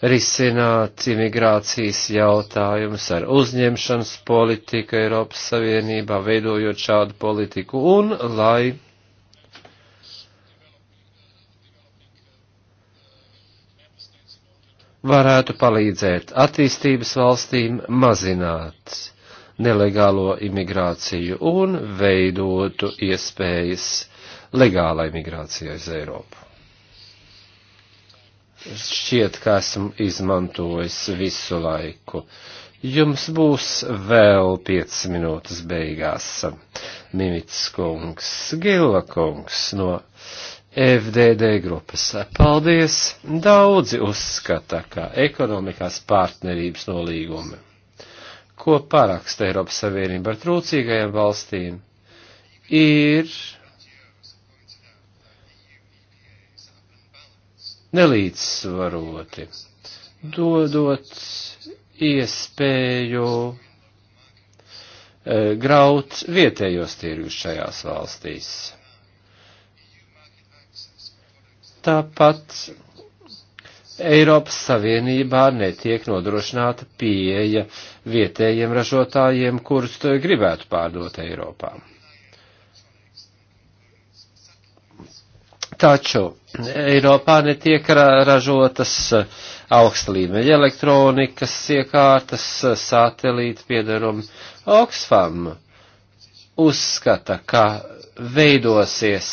risināt imigrācijas jautājumus ar uzņemšanas politiku Eiropas Savienībā, veidojot šādu politiku un lai varētu palīdzēt attīstības valstīm mazināt nelegālo imigrāciju un veidotu iespējas legālai migrācijai uz Eiropu. Šķiet, ka esmu izmantojis visu laiku. Jums būs vēl 5 minūtes beigās, Mimits kungs, Gila kungs no FDD grupas. Paldies! Daudzi uzskata, ka ekonomikās partnerības nolīgumi, ko paraksta Eiropas Savienība ar trūcīgajām valstīm, ir nelīdzsvaroti, dodot iespēju eh, graut vietējos tirgus šajās valstīs. Tāpat Eiropas Savienībā netiek nodrošināta pieeja vietējiem ražotājiem, kurus gribētu pārdot Eiropā. Taču Eiropā netiek ražotas augsta līmeņa elektronikas, iekārtas, satelīta piedarumi. Oxfam uzskata, ka veidosies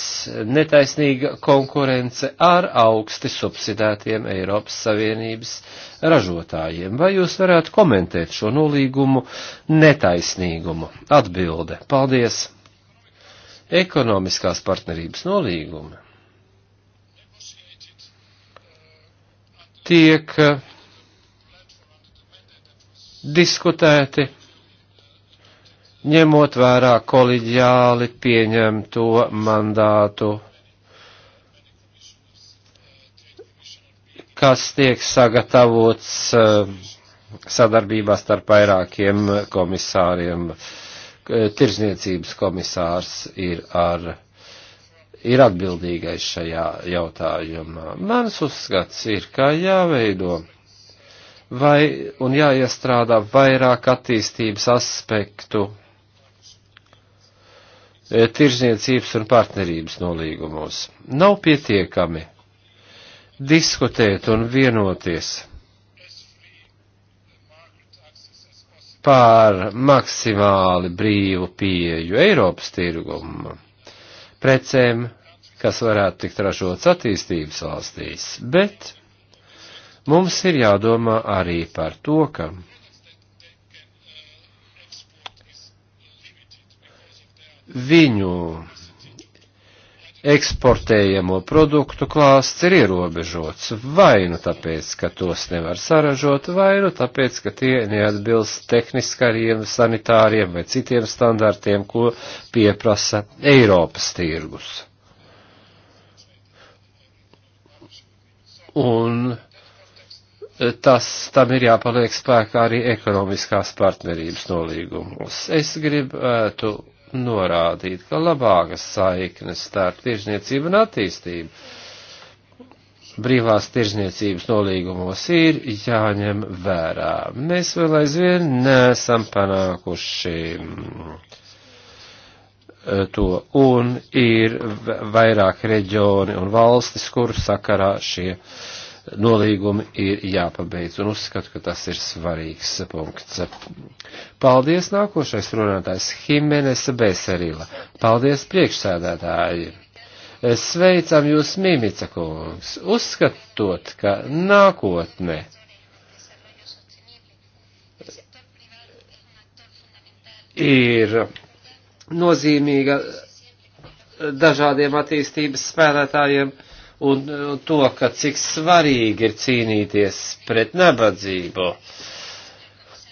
netaisnīga konkurence ar augsti subsidētiem Eiropas Savienības ražotājiem. Vai jūs varētu komentēt šo nolīgumu netaisnīgumu? Atbilde. Paldies. Ekonomiskās partnerības nolīgumi tiek eh, diskutēti ņemot vērā koliģiāli pieņemto mandātu, kas tiek sagatavots eh, sadarbībā starp vairākiem komisāriem. Tirzniecības komisārs ir ar ir atbildīgais šajā jautājumā. Mans uzskats ir, ka jāveido vai, un jāiestrādā vairāk attīstības aspektu E, tirzniecības un partnerības nolīgumos. Nav pietiekami diskutēt un vienoties pār maksimāli brīvu pieeju Eiropas tirgumu precēm, kas varētu tikt ražots attīstības valstīs, bet mums ir jādomā arī par to, ka viņu eksportējamo produktu klāsts ir ierobežots, vai nu tāpēc, ka tos nevar saražot, vai nu tāpēc, ka tie neatbilst tehniskajiem, sanitāriem vai citiem standartiem, ko pieprasa Eiropas tirgus. Un tas tam ir jāpaliek spēkā arī ekonomiskās partnerības nolīgumos. Es gribētu norādīt, ka labākas saiknes starp tirzniecību un attīstību brīvās tirzniecības nolīgumos ir jāņem vērā. Mēs vēl aizvien nesam panākuši mm, to, un ir vairāk reģioni un valstis, kuru sakarā šie uh, nolīgumi ir jāpabeidz, un uzskatu, ka tas ir svarīgs punkts. Paldies, nākošais runātājs Himenesa Beserila. Paldies, priekšsēdētāji! Sveicam jūs, Mimica kungs, uzskatot, ka nākotne ir nozīmīga dažādiem attīstības spēlētājiem un e, to, ka cik svarīgi ir cīnīties pret nabadzību,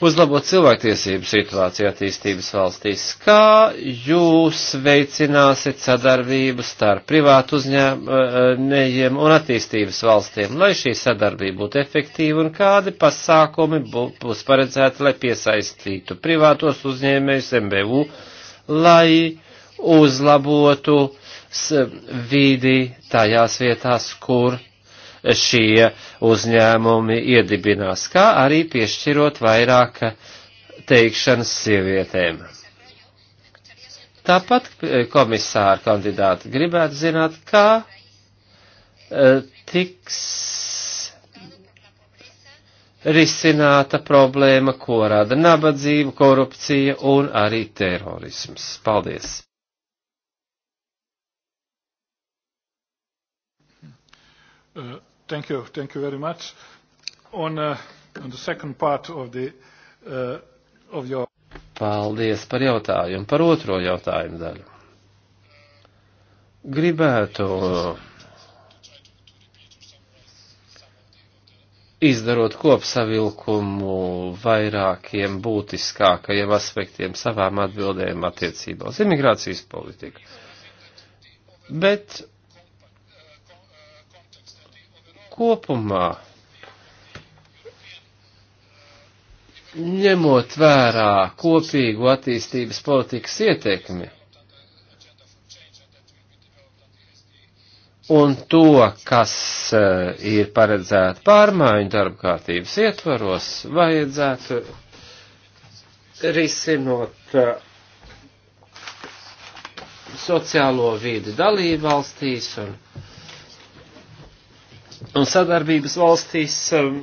uzlabot cilvēktiesību situāciju attīstības valstīs. Kā jūs veicināsiet sadarbību starp privātu uzņēmējiem un attīstības valstīm, lai šī sadarbība būtu efektīva un kādi pasākumi būs paredzēti, lai piesaistītu privātos uzņēmējus MBU, lai uzlabotu uh, vīdi tajās vietās, kur šie uzņēmumi iedibinās, kā arī piešķirot vairāk teikšanas sievietēm. Tāpat komisāra kandidāti gribētu zināt, kā e, tiks risināta problēma, ko rada nabadzība, korupcija un arī terorisms. Paldies! Uh, thank you. Thank you very much. On, uh, on the second part of the uh, of your Paldies par jautājumu, par otro jautājumu daļu. Gribētu izdarot kopsavilkumu vairākiem būtiskākajiem aspektiem savām atbildēm attiecībā uz imigrācijas politiku. Bet kopumā, ņemot vērā kopīgu attīstības politikas ietekmi un to, kas eh, ir paredzēta pārmaiņu darba kārtības ietvaros, vajadzētu risinot eh, sociālo vīdi dalību valstīs un un sadarbības valstīs um,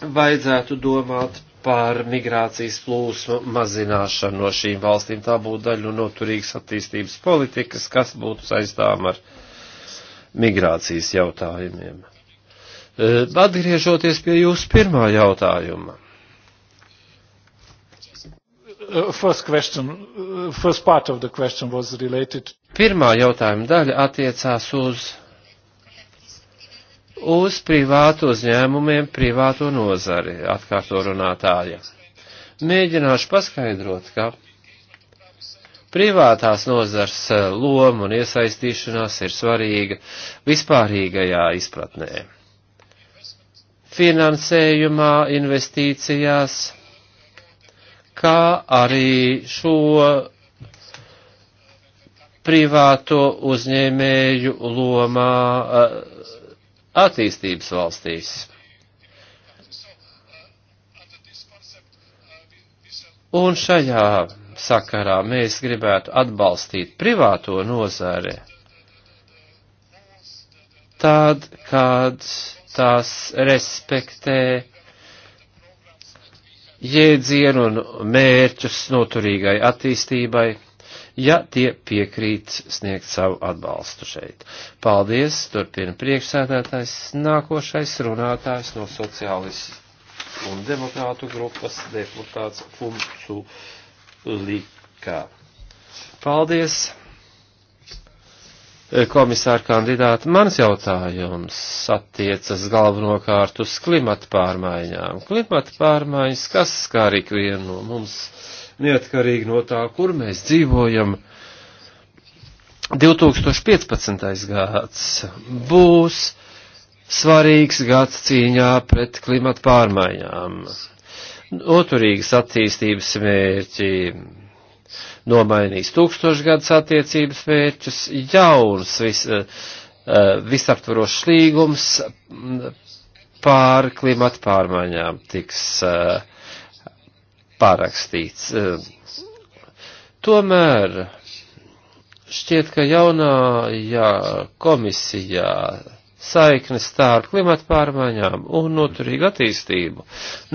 vajadzētu domāt par migrācijas plūsmu mazināšanu no šīm valstīm. Tā būtu daļa no noturīgas attīstības politikas, kas būtu saistām ar migrācijas jautājumiem. E, atgriežoties pie jūsu pirmā jautājuma. Uh, first question, uh, first part of the question was related. Pirmā jautājuma daļa attiecās uz uz privātu uzņēmumiem, privāto nozari, atkārto runātāja. Mēģināšu paskaidrot, ka privātās nozars eh, loma un iesaistīšanās ir svarīga vispārīgajā izpratnē. Finansējumā, investīcijās, kā arī šo privāto uzņēmēju lomā uh, attīstības valstīs. Un šajā sakarā mēs gribētu atbalstīt privāto nozare, tad, kad tās respektē jēdzienu un mērķus noturīgai attīstībai ja tie piekrīt sniegt savu atbalstu šeit. Paldies, turpina priekšsēdētājs, nākošais runātājs no sociālistu un demokrātu grupas deputāts Fumcu Likā. Paldies! komisāra kandidāti, mans jautājums attiecas galvenokārt uz klimata pārmaiņām. Klimata pārmaiņas, kas skar ikvienu no mums neatkarīgi no tā, kur mēs dzīvojam. 2015. gads būs svarīgs gads cīņā pret klimatu pārmaiņām. Noturīgas attīstības mērķi nomainīs tūkstošgadus attiecības mērķus, jauns vis, eh, visaptvarošs līgums pār klimatu pārmaiņām tiks uh, parakstīts. Tomēr šķiet, ka jaunajā komisijā saikne starp klimatu pārmaiņām un noturīgu attīstību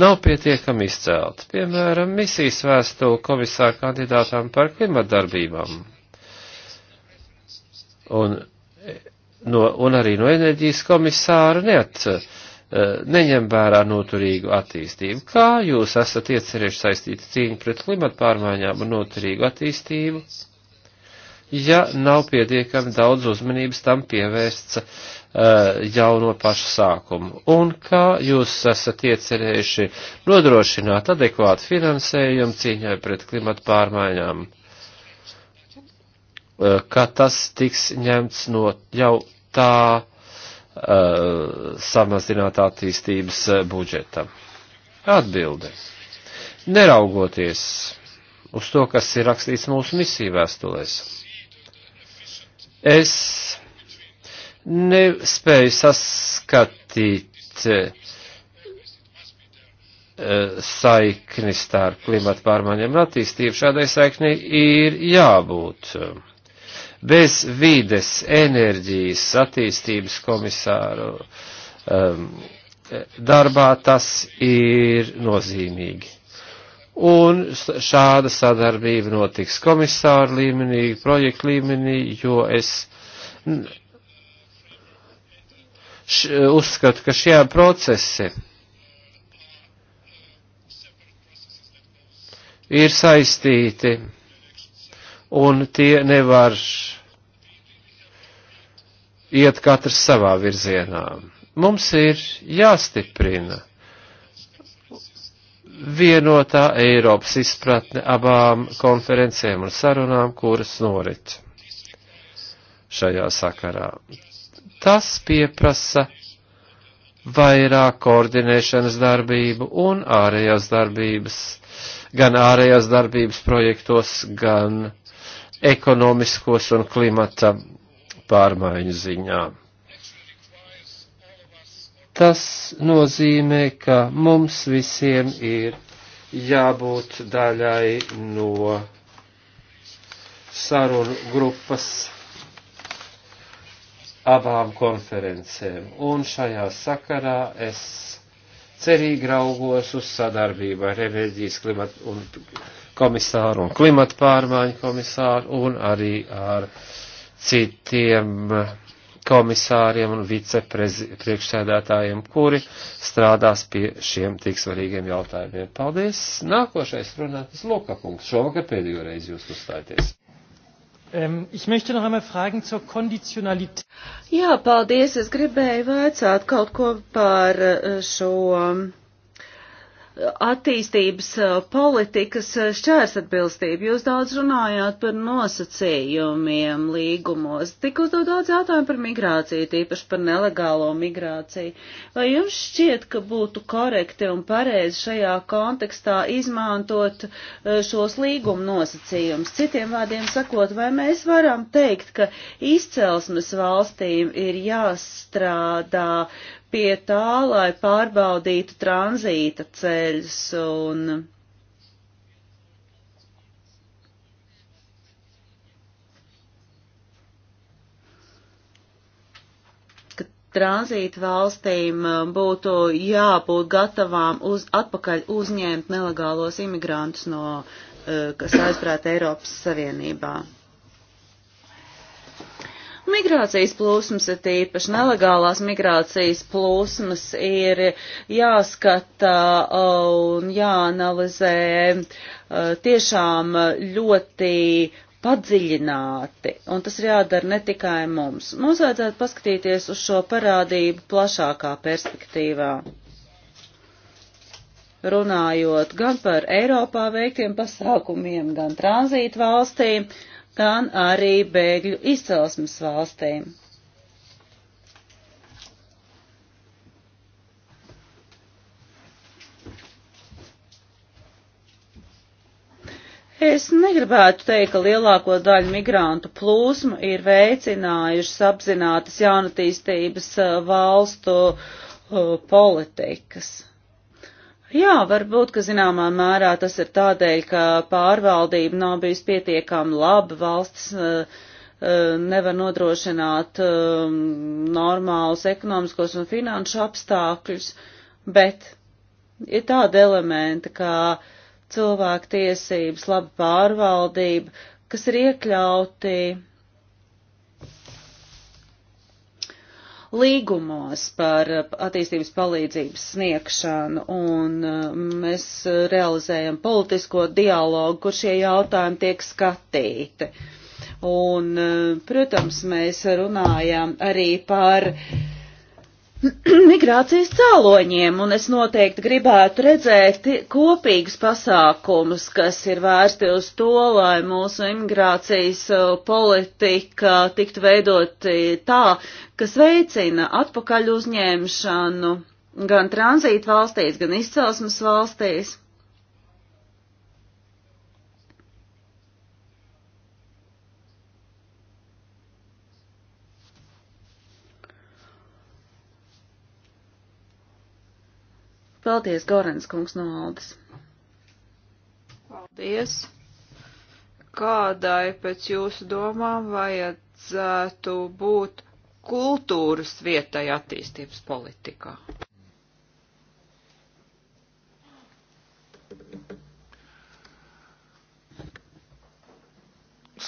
nav pietiekami izcēlta. Piemēram, misijas vēstule komisāra kandidātām par klimatu darbībām. Un, no, un arī no enerģijas komisāra neat Eh, neņem vērā noturīgu attīstību. Kā jūs esat iecerējuši saistīt cīņu pret klimatu pārmaiņām un noturīgu attīstību, ja nav pietiekami daudz uzmanības tam pievērsts uh, eh, jau no paša sākuma? Un kā jūs esat iecerējuši nodrošināt adekvātu finansējumu cīņai pret klimatu pārmaiņām? Uh, eh, kā tas tiks ņemts no jau tā Uh, samazināt attīstības uh, budžetam? Atbilde. Neraugoties uz to, kas ir rakstīts mūsu misiju vēstulēs, es nespēju saskatīt uh, saikni starp klimata pārmaiņām un attīstību. Šādai saikni ir jābūt. Uh, bez vides, enerģijas, attīstības komisāru um, darbā tas ir nozīmīgi. Un šāda sadarbība notiks komisāru līmenī, projektu līmenī, jo es uzskatu, ka šie procesi ir saistīti un tie nevar iet katrs savā virzienā. Mums ir jāstiprina vienotā Eiropas izpratne abām konferencēm un sarunām, kuras norit šajā sakarā. Tas pieprasa vairāk koordinēšanas darbību un ārējās darbības, gan ārējās darbības projektos, gan ekonomiskos un klimata pārmaiņu ziņā. Tas nozīmē, ka mums visiem ir jābūt daļai no sarunu grupas abām konferencēm. Un šajā sakarā es cerīgi raugos uz sadarbību ar enerģijas klimatu un komisāru un klimata pārmaiņu komisāru un arī ar citiem komisāriem un vicepriekšsēdētājiem, kuri strādās pie šiem tik svarīgiem jautājumiem. Paldies! Nākošais runātājs Lokakungs. Šovakar pēdējo reizi jūs uzstājaties. Ich möchte noch einmal fragen zur Konditionalität. Jā, paldies. Es gribēju vaicāt kaut ko par eh, šo attīstības politikas šķērs atbilstību. Jūs daudz runājāt par nosacījumiem līgumos. Tik uzdod daudz jautājumu par migrāciju, tīpaši par nelegālo migrāciju. Vai jums šķiet, ka būtu korekti un pareizi šajā kontekstā izmantot šos līguma nosacījumus? Citiem vārdiem sakot, vai mēs varam teikt, ka izcelsmes valstīm ir jāstrādā pie tā, lai pārbaudītu tranzīta ceļus un tranzīta valstīm uh, būtu jābūt gatavām uz, atpakaļ uzņemt nelegālos imigrantus no, uh, kas aizprāt Eiropas Savienībā. Migrācijas plūsmas ir tīpaši nelegālās migrācijas plūsmas ir jāskata uh, un jāanalizē uh, tiešām ļoti padziļināti, un tas ir jādara ne tikai mums. Mums vajadzētu paskatīties uz šo parādību plašākā perspektīvā. Runājot gan par Eiropā veiktiem pasākumiem, gan tranzītu valstīm, uh, gan arī bēgļu izcelsmes valstīm. Es negribētu teikt, ka lielāko daļu migrantu plūsmu ir veicinājušas apzinātas jaunatīstības uh, valstu uh, politikas. Jā, varbūt, ka zināmā mērā tas ir tādēļ, ka pārvaldība nav bijusi pietiekami laba, valsts uh, nevar nodrošināt um, normālus ekonomiskos un finanšu apstākļus, bet ir tāda elementa, kā cilvēku tiesības, laba pārvaldība, kas ir iekļauti līgumos par attīstības palīdzības sniegšanu, un uh, mēs realizējam politisko dialogu, kur šie jautājumi tiek skatīti. Un, uh, protams, mēs runājam arī par uh, migrācijas cēloņiem, un es noteikti gribētu redzēt kopīgus pasākumus, kas ir vērsti uz to, lai mūsu imigrācijas politika tiktu veidot tā, kas veicina atpakaļ uzņemšanu gan tranzītu valstīs, gan izcelsmes valstīs. Paldies, Gorens kungs no Aldas. Paldies. Kādai pēc jūsu domām vajadzētu būt kultūras vietai attīstības politikā?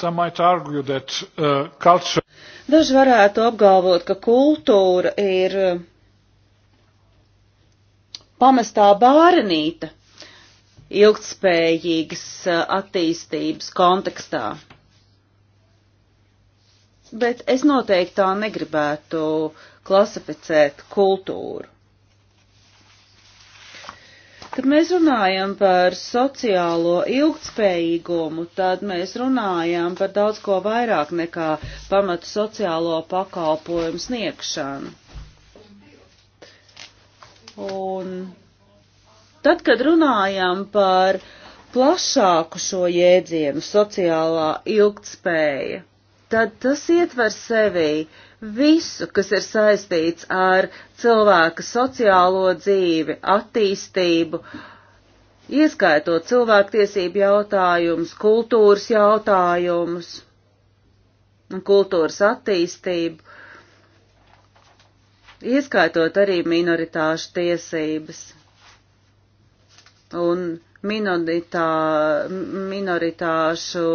That, uh, culture... Daži varētu apgalvot, ka kultūra ir uh, pamestā bārnīta ilgtspējīgas eh, attīstības kontekstā. Bet es noteikti tā negribētu klasificēt kultūru. Kad mēs runājam par sociālo ilgtspējīgumu, tad mēs runājam par daudz ko vairāk nekā pamatu sociālo pakalpojumu sniegšanu. Un tad, kad runājam par plašāku šo jēdzienu sociālā ilgtspēja, tad tas ietver sevī visu, kas ir saistīts ar cilvēka sociālo dzīvi, attīstību, ieskaitot cilvēktiesību jautājumus, kultūras jautājumus un kultūras attīstību, ieskaitot arī minoritāšu tiesības un minoritā, minoritāšu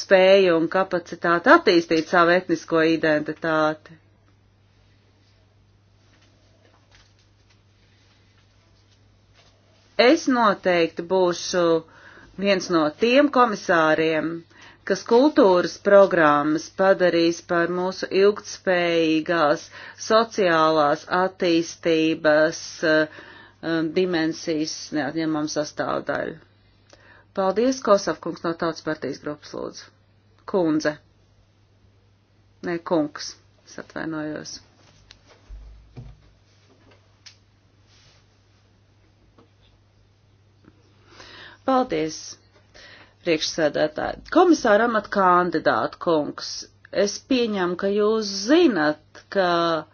spēju un kapacitāti attīstīt savu etnisko identitāti. Es noteikti būšu viens no tiem komisāriem, kas kultūras programmas padarīs par mūsu ilgtspējīgās sociālās attīstības eh, um, dimensijas neatņemam sastāvdaļu. Paldies, Kosovkungs no Tautas partijas grupas lūdzu. Kundze. Nē, kungs. Es atvainojos. Paldies! priekšsēdētāji. Komisāra amat kandidāta kungs, es pieņemu, ka jūs zinat, ka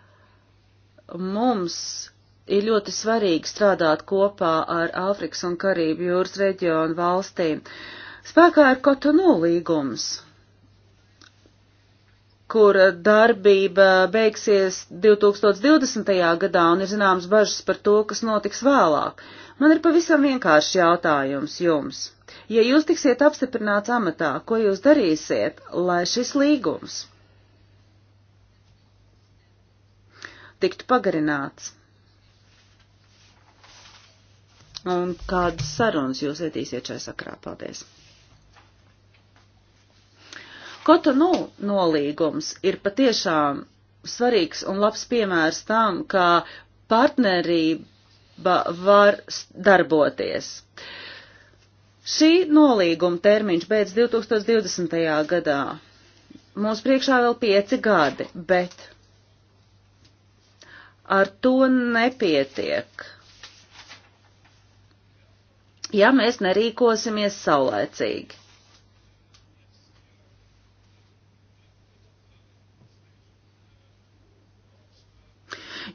mums ir ļoti svarīgi strādāt kopā ar Āfrikas un Karību jūras reģionu valstīm. Spēkā ir Kotonu līgums, kur darbība beigsies 2020. gadā un ir zināms bažas par to, kas notiks vēlāk. Man ir pavisam vienkārši jautājums jums. Ja jūs tiksiet apstiprināts amatā, ko jūs darīsiet, lai šis līgums tiktu pagarināts? Un kādas sarunas jūs ietīsiet šai sakrā? Paldies! Kotonu nolīgums ir patiešām svarīgs un labs piemērs tam, kā partnerība var darboties. Uh, Šī nolīguma termiņš beidz 2020. gadā. Mums priekšā vēl pieci gadi, bet ar to nepietiek. Ja mēs nerīkosimies saulēcīgi,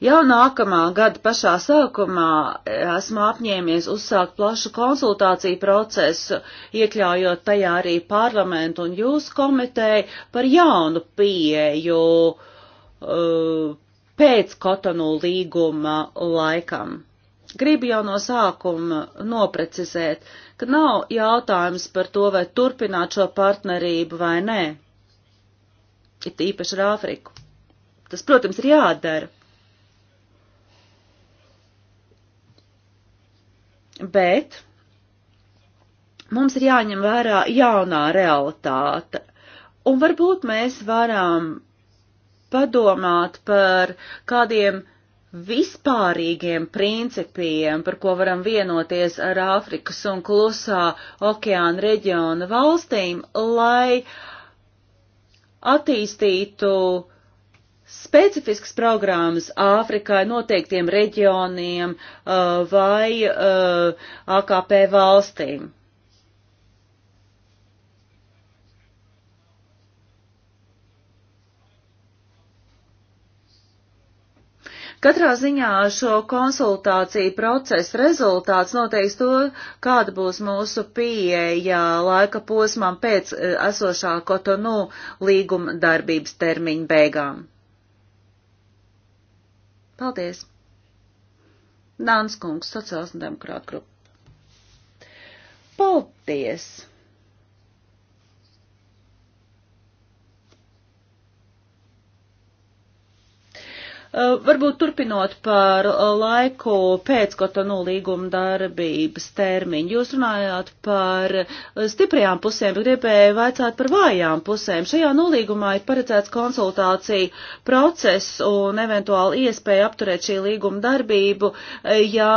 Jau nākamā gada pašā sākumā esmu apņēmies uzsākt plašu konsultāciju procesu, iekļaujot tajā arī parlamentu un jūsu komiteju par jaunu pieju uh, pēc Kotonu līguma laikam. Gribu jau no sākuma noprecizēt, ka nav jautājums par to, vai turpināt šo partnerību vai nē. It īpaši ar Āfriku. Tas, protams, ir jādara. bet mums ir jāņem vērā jaunā realitāte. Un varbūt mēs varam padomāt par kādiem vispārīgiem principiem, par ko varam vienoties ar Āfrikas un klusā okeāna reģiona valstīm, lai attīstītu specifiskas programmas Āfrikai noteiktiem reģioniem uh, vai uh, AKP valstīm. Katrā ziņā šo konsultāciju procesu rezultāts noteiks to, kāda būs mūsu pieeja laika posmam pēc eh, esošā Kotonu līguma darbības termiņa beigām. Paldies! Nāns kungs, sociāls un demokrāta grupa. Paldies! Eh, varbūt turpinot par laiku pēc Kotonu līguma darbības termiņu, jūs runājāt par stiprajām pusēm, bet gribēju vaicāt par vājām pusēm. Šajā nolīgumā ir paredzēts konsultāciju process un eventuāli iespēja apturēt šī līguma darbību, eh, ja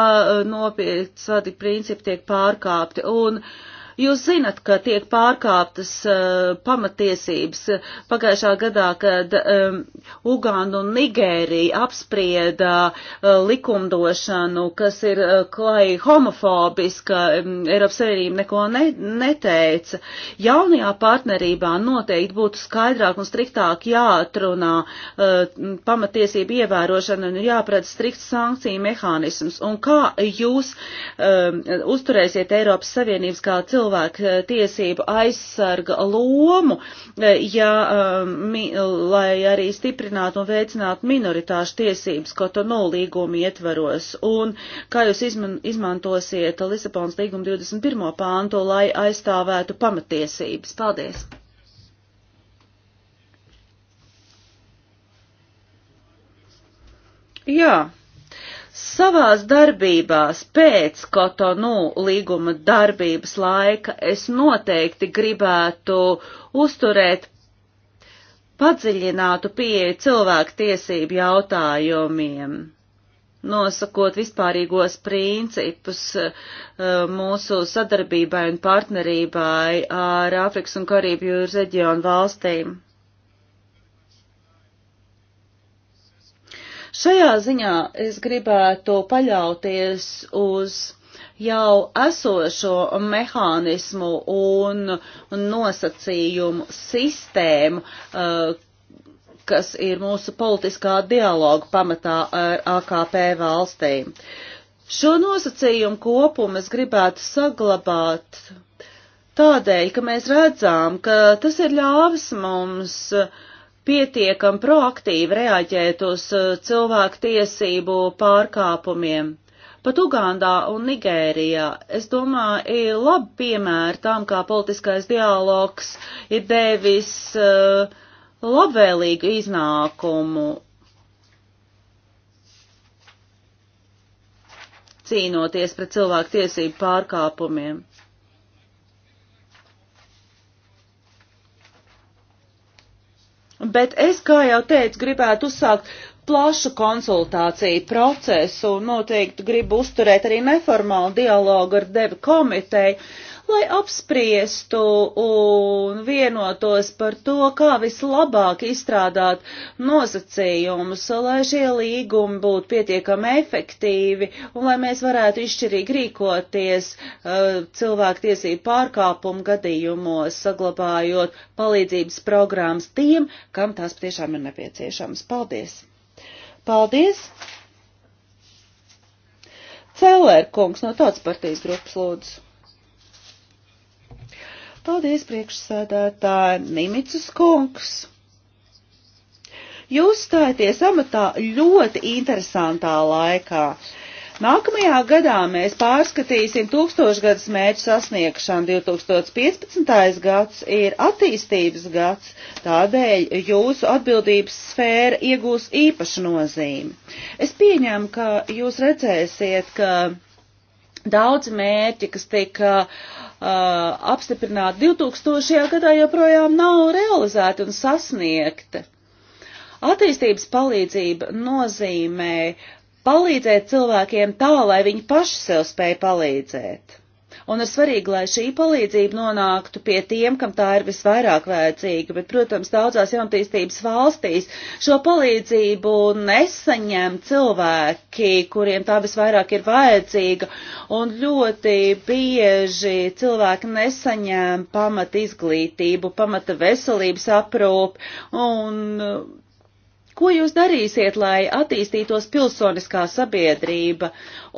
nopietni principi tiek pārkāpti. Un, uh, Jūs zinat, ka tiek pārkāptas uh, pamatiesības pagājušā gadā, kad um, Uganda un Nigērija apsprieda uh, likumdošanu, kas ir uh, klai homofobiska, um, Eiropas Savienība neko ne, neteica. Jaunajā partnerībā noteikti būtu skaidrāk un striktāk jāatrunā uh, pamatiesību ievērošana un jāpredz strikts sankciju mehānisms. Un kā jūs um, uzturēsiet Eiropas Savienības kā cilvēku? cilvēku eh, tiesību aizsarga lomu, eh, ja, eh, mi, lai arī stiprinātu un veicinātu minoritāšu tiesības Kotonu līgumu ietveros. Un kā jūs izman, izmantosiet Lisabonas līguma 21. pāntu, lai aizstāvētu pamatiesības? Paldies! Jā. Yeah. Savās darbībās pēc Kotonu līguma darbības laika es noteikti gribētu uzturēt padziļinātu pieeju cilvēku tiesību jautājumiem, nosakot vispārīgos principus eh, mūsu sadarbībai un partnerībai ar Āfrikas un Karību jūras reģionu valstīm. Šajā ziņā es gribētu paļauties uz jau esošo mehānismu un nosacījumu sistēmu, eh, kas ir mūsu politiskā dialoga pamatā ar AKP valstīm. Šo nosacījumu kopumu es gribētu saglabāt tādēļ, ka mēs redzām, ka tas ir ļāvis mums uh, pietiekam proaktīvi reaģēt uz uh, cilvēku tiesību pārkāpumiem. Pat Ugandā un Nigērijā, es domāju, ir labi piemēri tam, kā politiskais dialogs ir devis uh, labvēlīgu iznākumu cīnoties pret cilvēku tiesību pārkāpumiem. Bet es, kā jau teicu, gribētu uzsākt plašu konsultāciju procesu un noteikti gribu uzturēt arī neformālu dialogu ar devu komiteju, lai apspriestu un vienotos par to, kā vislabāk izstrādāt nosacījumus, lai šie līgumi būtu pietiekami efektīvi un lai mēs varētu izšķirīgi rīkoties uh, eh, cilvēku tiesību pārkāpumu gadījumos, saglabājot palīdzības programmas tiem, kam tās patiešām ir nepieciešamas. Paldies! Paldies! Cēlērkungs no Tautas partijas grupas lūdzu. Paldies, priekšsēdētāji, Nimicas kungs! Jūs stājaties amatā ļoti interesantā laikā. Nākamajā gadā mēs pārskatīsim tūkstošgadus mērķu sasniegšanu. 2015. gads ir attīstības gads, tādēļ jūsu atbildības sfēra iegūs īpašu nozīmi. Es pieņemu, ka jūs redzēsiet, ka Daudz mērķi, kas tika uh, apstiprināti 2000. gadā, joprojām nav realizēti un sasniegti. Attīstības palīdzība nozīmē palīdzēt cilvēkiem tā, lai viņi paši sev spēj palīdzēt un ir svarīgi, lai šī palīdzība nonāktu pie tiem, kam tā ir visvairāk vajadzīga, bet, protams, daudzās jaunatīstības valstīs šo palīdzību nesaņem cilvēki, kuriem tā visvairāk ir vajadzīga, un ļoti bieži cilvēki nesaņem pamat izglītību, pamata veselības aprūp, un Ko jūs darīsiet, lai attīstītos pilsoniskā sabiedrība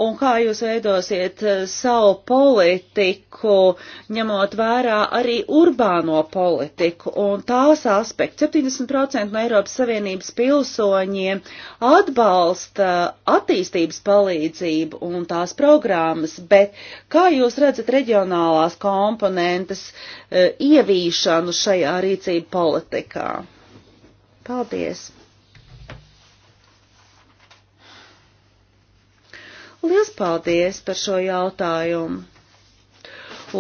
un kā jūs veidosiet eh, savu politiku, ņemot vērā arī urbāno politiku un tās aspektu? 70% no Eiropas Savienības pilsoņiem atbalsta attīstības palīdzību un tās programmas, bet kā jūs redzat reģionālās komponentes eh, ievīšanu šajā rīcību politikā? Paldies! Liels paldies par šo jautājumu!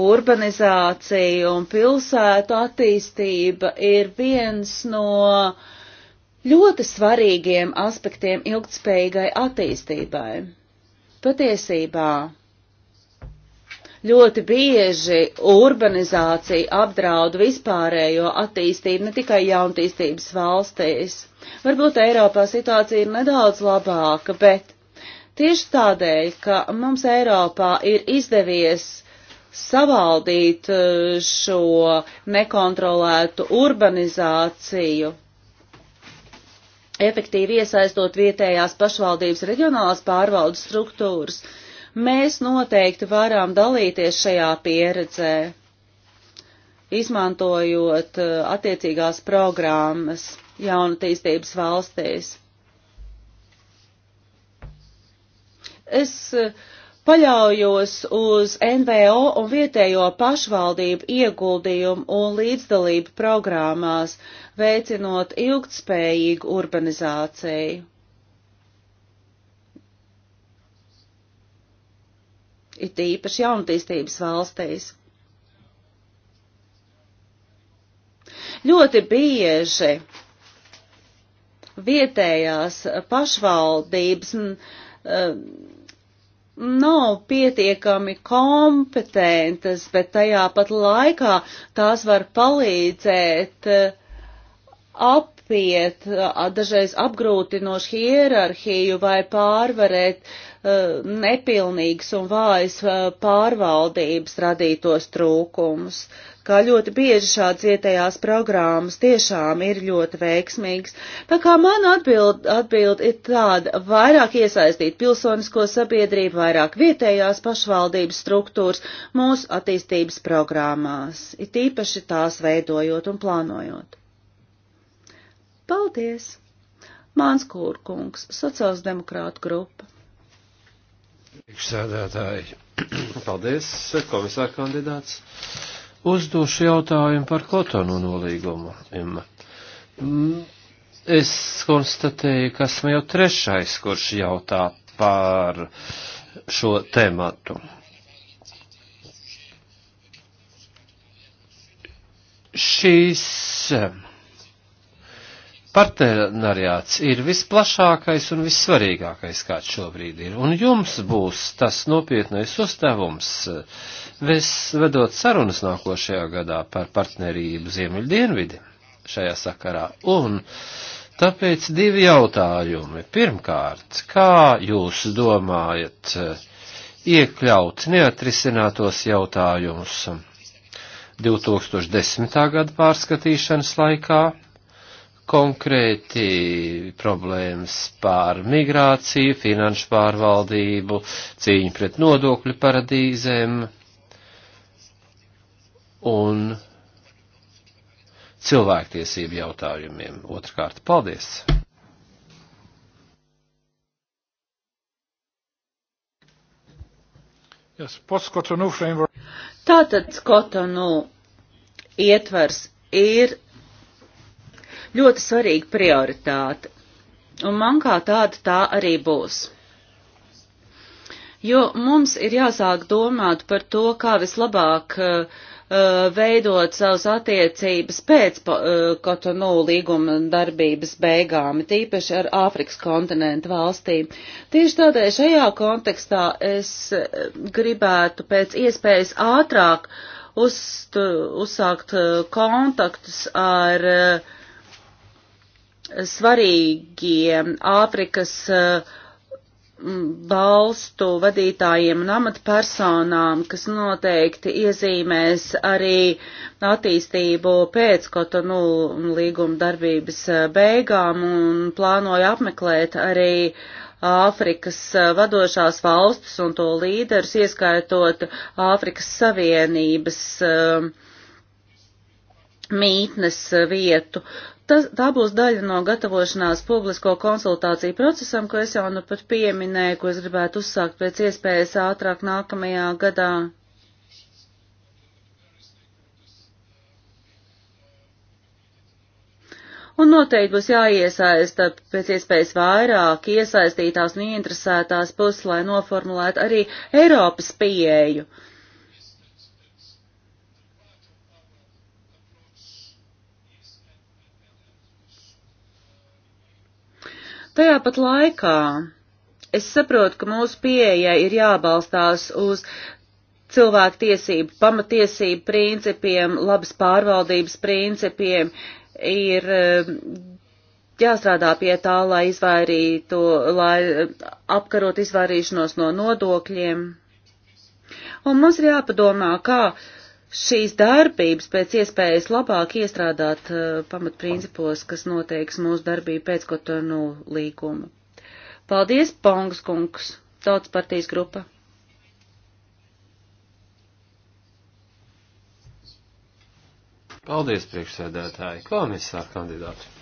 Urbanizācija un pilsētu attīstība ir viens no ļoti svarīgiem aspektiem ilgtspējīgai attīstībai. Patiesībā ļoti bieži urbanizācija apdraud vispārējo attīstību ne tikai jauntīstības valstīs. Varbūt Eiropā situācija ir nedaudz labāka, bet Tieši tādēļ, ka mums Eiropā ir izdevies savaldīt e, šo nekontrolētu urbanizāciju, efektīvi iesaistot vietējās pašvaldības reģionālās pārvaldes struktūras, mēs noteikti varam dalīties šajā pieredzē, izmantojot e, attiecīgās programmas jaunatīstības valstīs. Es eh, paļaujos uz NVO un vietējo pašvaldību ieguldījumu un līdzdalību programmās, veicinot ilgtspējīgu urbanizāciju. it īpaši jaunatīstības valstīs. Ļoti bieži vietējās pašvaldības m, m, eh, nav pietiekami kompetentas, bet tajā pat laikā tās var palīdzēt eh, apiet dažreiz apgrūtinošu hierarhiju vai pārvarēt uh, nepilnīgas un vājas eh, pārvaldības radītos trūkumus kā ļoti bieži šāds vietējās programmas tiešām ir ļoti veiksmīgs. Tā kā man atbild, atbild ir tāda vairāk iesaistīt pilsonisko sabiedrību, vairāk vietējās pašvaldības struktūras mūsu attīstības programmās, it īpaši tās veidojot un plānojot. Paldies! Māns Kūrkungs, sociālsdemokrāta grupa. Priekšsēdētāji, paldies, komisāra kandidāts uzdošu jautājumu par Kotonu nolīgumu. Es konstatēju, ka esmu jau trešais, kurš jautā par šo tēmatu. Šīs partneriāts ir visplašākais un vissvarīgākais, kāds šobrīd ir, un jums būs tas nopietnais uzdevums, vedot sarunas nākošajā gadā par partnerību Ziemeļdienvidi šajā sakarā. Un tāpēc divi jautājumi. Pirmkārt, kā jūs domājat iekļaut neatrisinātos jautājumus 2010. gada pārskatīšanas laikā? konkrēti problēmas pār migrāciju, finanšu pārvaldību, cīņu pret nodokļu paradīzēm un cilvēktiesību jautājumiem. Otrkārt, paldies! Yes, Tātad Skotonu ietvers ir ļoti svarīga prioritāte. Un man kā tāda tā arī būs. Jo mums ir jāsāk domāt par to, kā vislabāk uh, veidot savas attiecības pēc eh, Kotonu līguma darbības beigām, tīpaši ar Āfrikas kontinentu valstīm. Tieši tādēļ šajā kontekstā es gribētu pēc iespējas ātrāk uz, uzsākt kontaktus ar uh, svarīgiem Āfrikas eh, valstu vadītājiem un amatpersonām, kas noteikti iezīmēs arī attīstību pēc Kotonu līguma darbības eh, beigām un plānoju apmeklēt arī Āfrikas eh, vadošās valstis un to līderus, ieskaitot Āfrikas Savienības mītnes vietu. Uh, Tas, tā būs daļa no gatavošanās publisko konsultāciju procesam, ko es jau nu pat pieminēju, ko es gribētu uzsākt pēc iespējas ātrāk nākamajā gadā. Un noteikti būs jāiesaista pēc iespējas vairāk iesaistītās un ieinteresētās puses, lai noformulētu arī Eiropas pieeju. Uh, Tajā pat laikā es saprotu, ka mūsu pieeja ir jābalstās uz cilvēku tiesību, pamatiesību principiem, labas pārvaldības principiem, ir eh, jāstrādā pie tā, lai izvairītu, lai eh, apkarot izvairīšanos no nodokļiem. Un mums ir jāpadomā, kā šīs darbības pēc iespējas labāk iestrādāt uh, pamatprincipos, kas noteiks mūsu darbību pēc Kotonu līguma. Paldies, Pongs kungs, Tautas partijas grupa. Paldies, priekšsēdētāji, komisāra kandidāti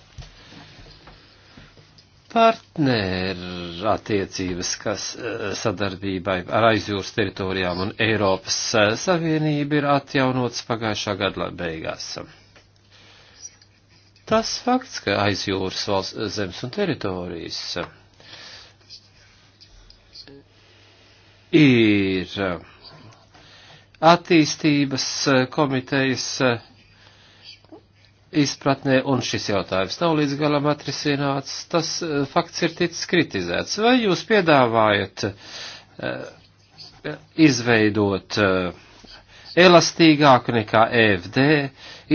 partneru attiecības, kas eh, sadarbībai ar aizjūras teritorijām un Eiropas eh, Savienību ir atjaunots pagājušā gada beigās. Tas fakts, ka aizjūras valsts eh, zemes un teritorijas ir attīstības komitejas izpratnē, un šis jautājums nav līdz galam atrisināts, tas eh, fakts ir ticis kritizēts. Vai jūs piedāvājat eh, izveidot eh, elastīgāku nekā EFD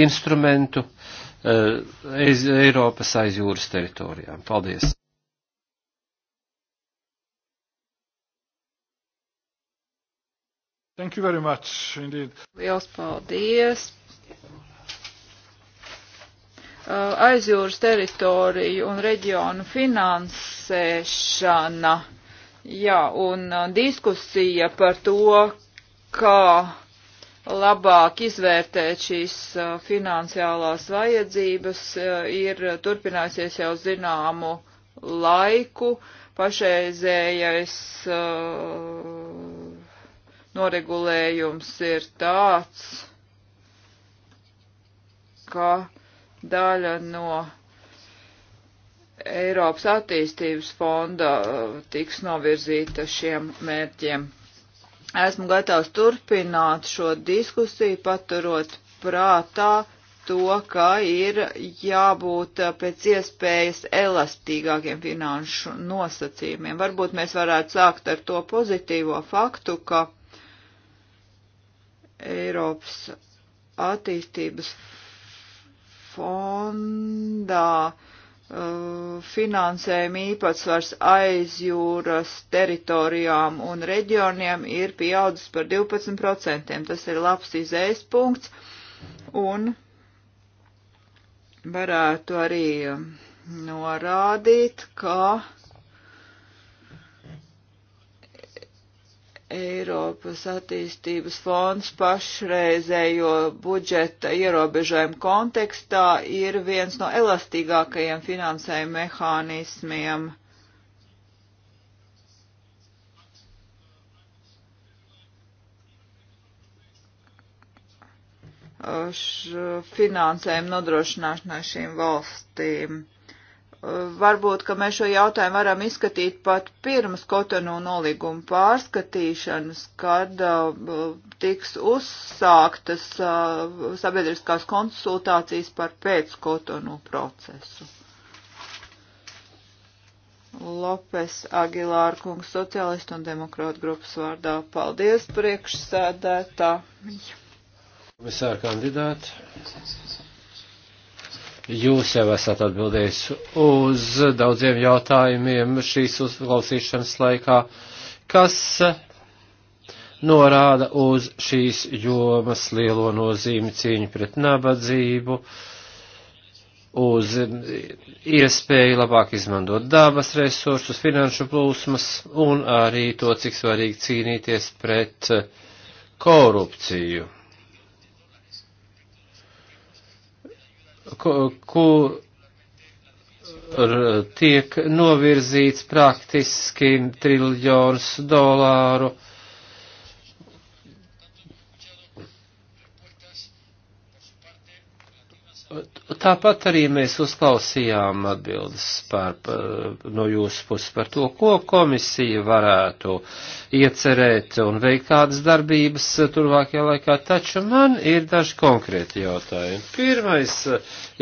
instrumentu aiz Eiropas aizjūras teritorijām? Paldies! Thank you very much indeed. Liels paldies Uh, aizjūras teritoriju un reģionu finansēšana. Jā, un uh, diskusija par to, kā labāk izvērtēt šīs uh, finansiālās vajadzības, ir turpinājusies jau zināmu laiku. Pašreizējais noregulējums ir tāds, ka daļa no Eiropas attīstības fonda uh, tiks novirzīta šiem mērķiem. Esmu gatavs turpināt šo diskusiju, paturot prātā to, ka ir jābūt uh, pēc iespējas elastīgākiem finanšu nosacījumiem. Varbūt mēs varētu sākt ar to pozitīvo faktu, ka Eiropas attīstības fondā uh, finansējuma īpatsvars aiz jūras teritorijām un reģioniem ir pieaudzis par 12%. Tas ir labs izējas punkts un varētu arī norādīt, ka Eiropas attīstības fonds pašreizējo budžeta ierobežojumu kontekstā ir viens no elastīgākajiem finansējuma mehānismiem. finansējumu nodrošināšanai šīm valstīm varbūt, ka mēs šo jautājumu varam izskatīt pat pirms kotonu nolīguma pārskatīšanas, kad uh, tiks uzsāktas uh, sabiedriskās konsultācijas par pēckotonu procesu. Lopes Agilāra kungs, sociālistu un demokrātu grupas vārdā. Paldies, priekšsēdētā. Komisāra kandidāte. Jūs jau esat atbildējis uz daudziem jautājumiem šīs uzklausīšanas laikā, kas norāda uz šīs jomas lielo nozīmi cīņu pret nabadzību, uz iespēju labāk izmantot dabas resursus, finanšu plūsmas un arī to, cik svarīgi cīnīties pret korupciju kur tiek novirzīts praktiski triljons dolāru Tāpat arī mēs uzklausījām atbildes par, par, no jūsu puses par to, ko komisija varētu iecerēt un veikt kādas darbības turvākajā laikā, taču man ir daži konkrēti jautājumi. Pirmais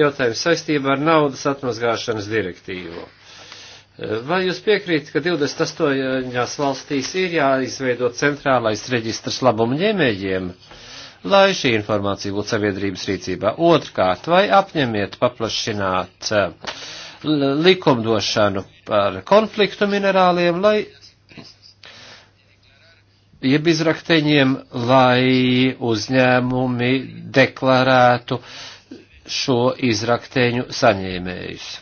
jautājums saistībā ar naudas atmazgāšanas direktīvu. Vai jūs piekrītat, ka 28 valstīs ir jāizveido centrālais reģistrs labumu ņēmējiem? Uh, lai šī informācija būtu sabiedrības rīcībā. Otrkārt, vai apņemiet paplašināt eh, likumdošanu par konfliktu minerāliem, lai jeb izrakteņiem, lai uzņēmumi deklarētu šo izrakteņu saņēmējus.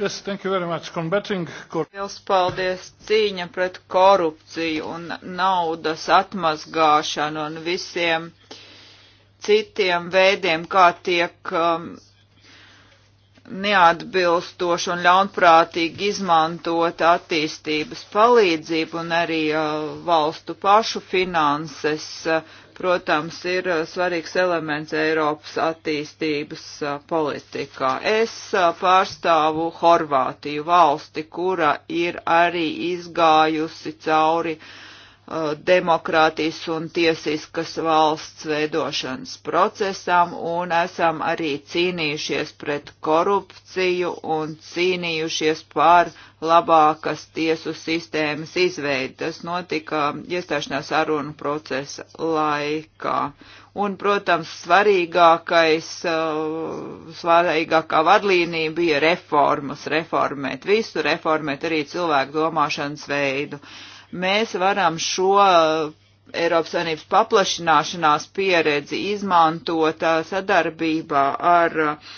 Yes, thank you very much. Combating Liels paldies cīņa pret korupciju un naudas atmazgāšanu un visiem citiem veidiem, kā tiek um, neatbilstoši un ļaunprātīgi izmantot attīstības palīdzību un arī uh, valstu pašu finanses. Uh, protams, ir uh, svarīgs elements Eiropas attīstības uh, politikā. Es uh, pārstāvu Horvātiju valsti, kura ir arī izgājusi cauri uh, demokrātijas un tiesiskas valsts veidošanas procesam un esam arī cīnījušies pret korupciju un cīnījušies pār labākas tiesu sistēmas izveidi. Tas notika iestāšanās arunu procesa laikā. Un, protams, svarīgākais, uh, svarīgākā vadlīnija bija reformas, reformēt visu, reformēt arī cilvēku domāšanas veidu. Uh, mēs varam šo uh, Eiropas Savienības paplašināšanās pieredzi izmantot uh, sadarbībā ar uh,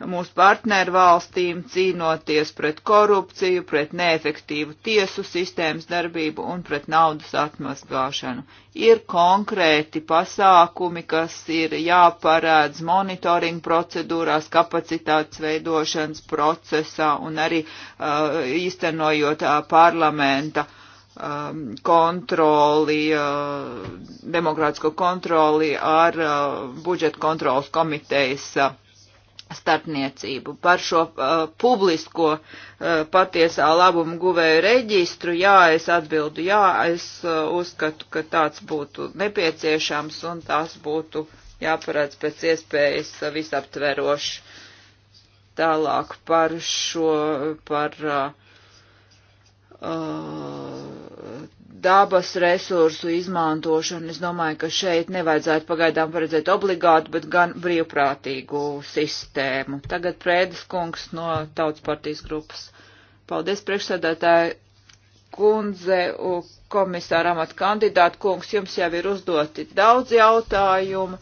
mūsu partneru valstīm, cīnoties pret korupciju, pret neefektīvu tiesu sistēmas darbību un pret naudas atmazgāšanu. Ir konkrēti pasākumi, kas ir jāparādz monitoringa procedūrās, kapacitātes veidošanas procesā un arī uh, īstenojot uh, parlamenta uh, um, kontroli, uh, demokrātisko kontroli ar uh, budžeta kontrolas komitejas uh, starpniecību. Par šo uh, publisko uh, patiesā labumu guvēju reģistru, jā, es atbildu, jā, es uh, uzskatu, ka tāds būtu nepieciešams un tās būtu jāparāds pēc iespējas uh, visaptveroši. Tālāk par šo, par uh, uh, dabas resursu izmantošanu. Es domāju, ka šeit nevajadzētu pagaidām paredzēt obligātu, bet gan brīvprātīgu sistēmu. Tagad Prēdas kungs no Tautas partijas grupas. Paldies priekšsēdētāji kundze, komisāra amata kandidāta kungs, jums jau ir uzdoti daudz jautājumu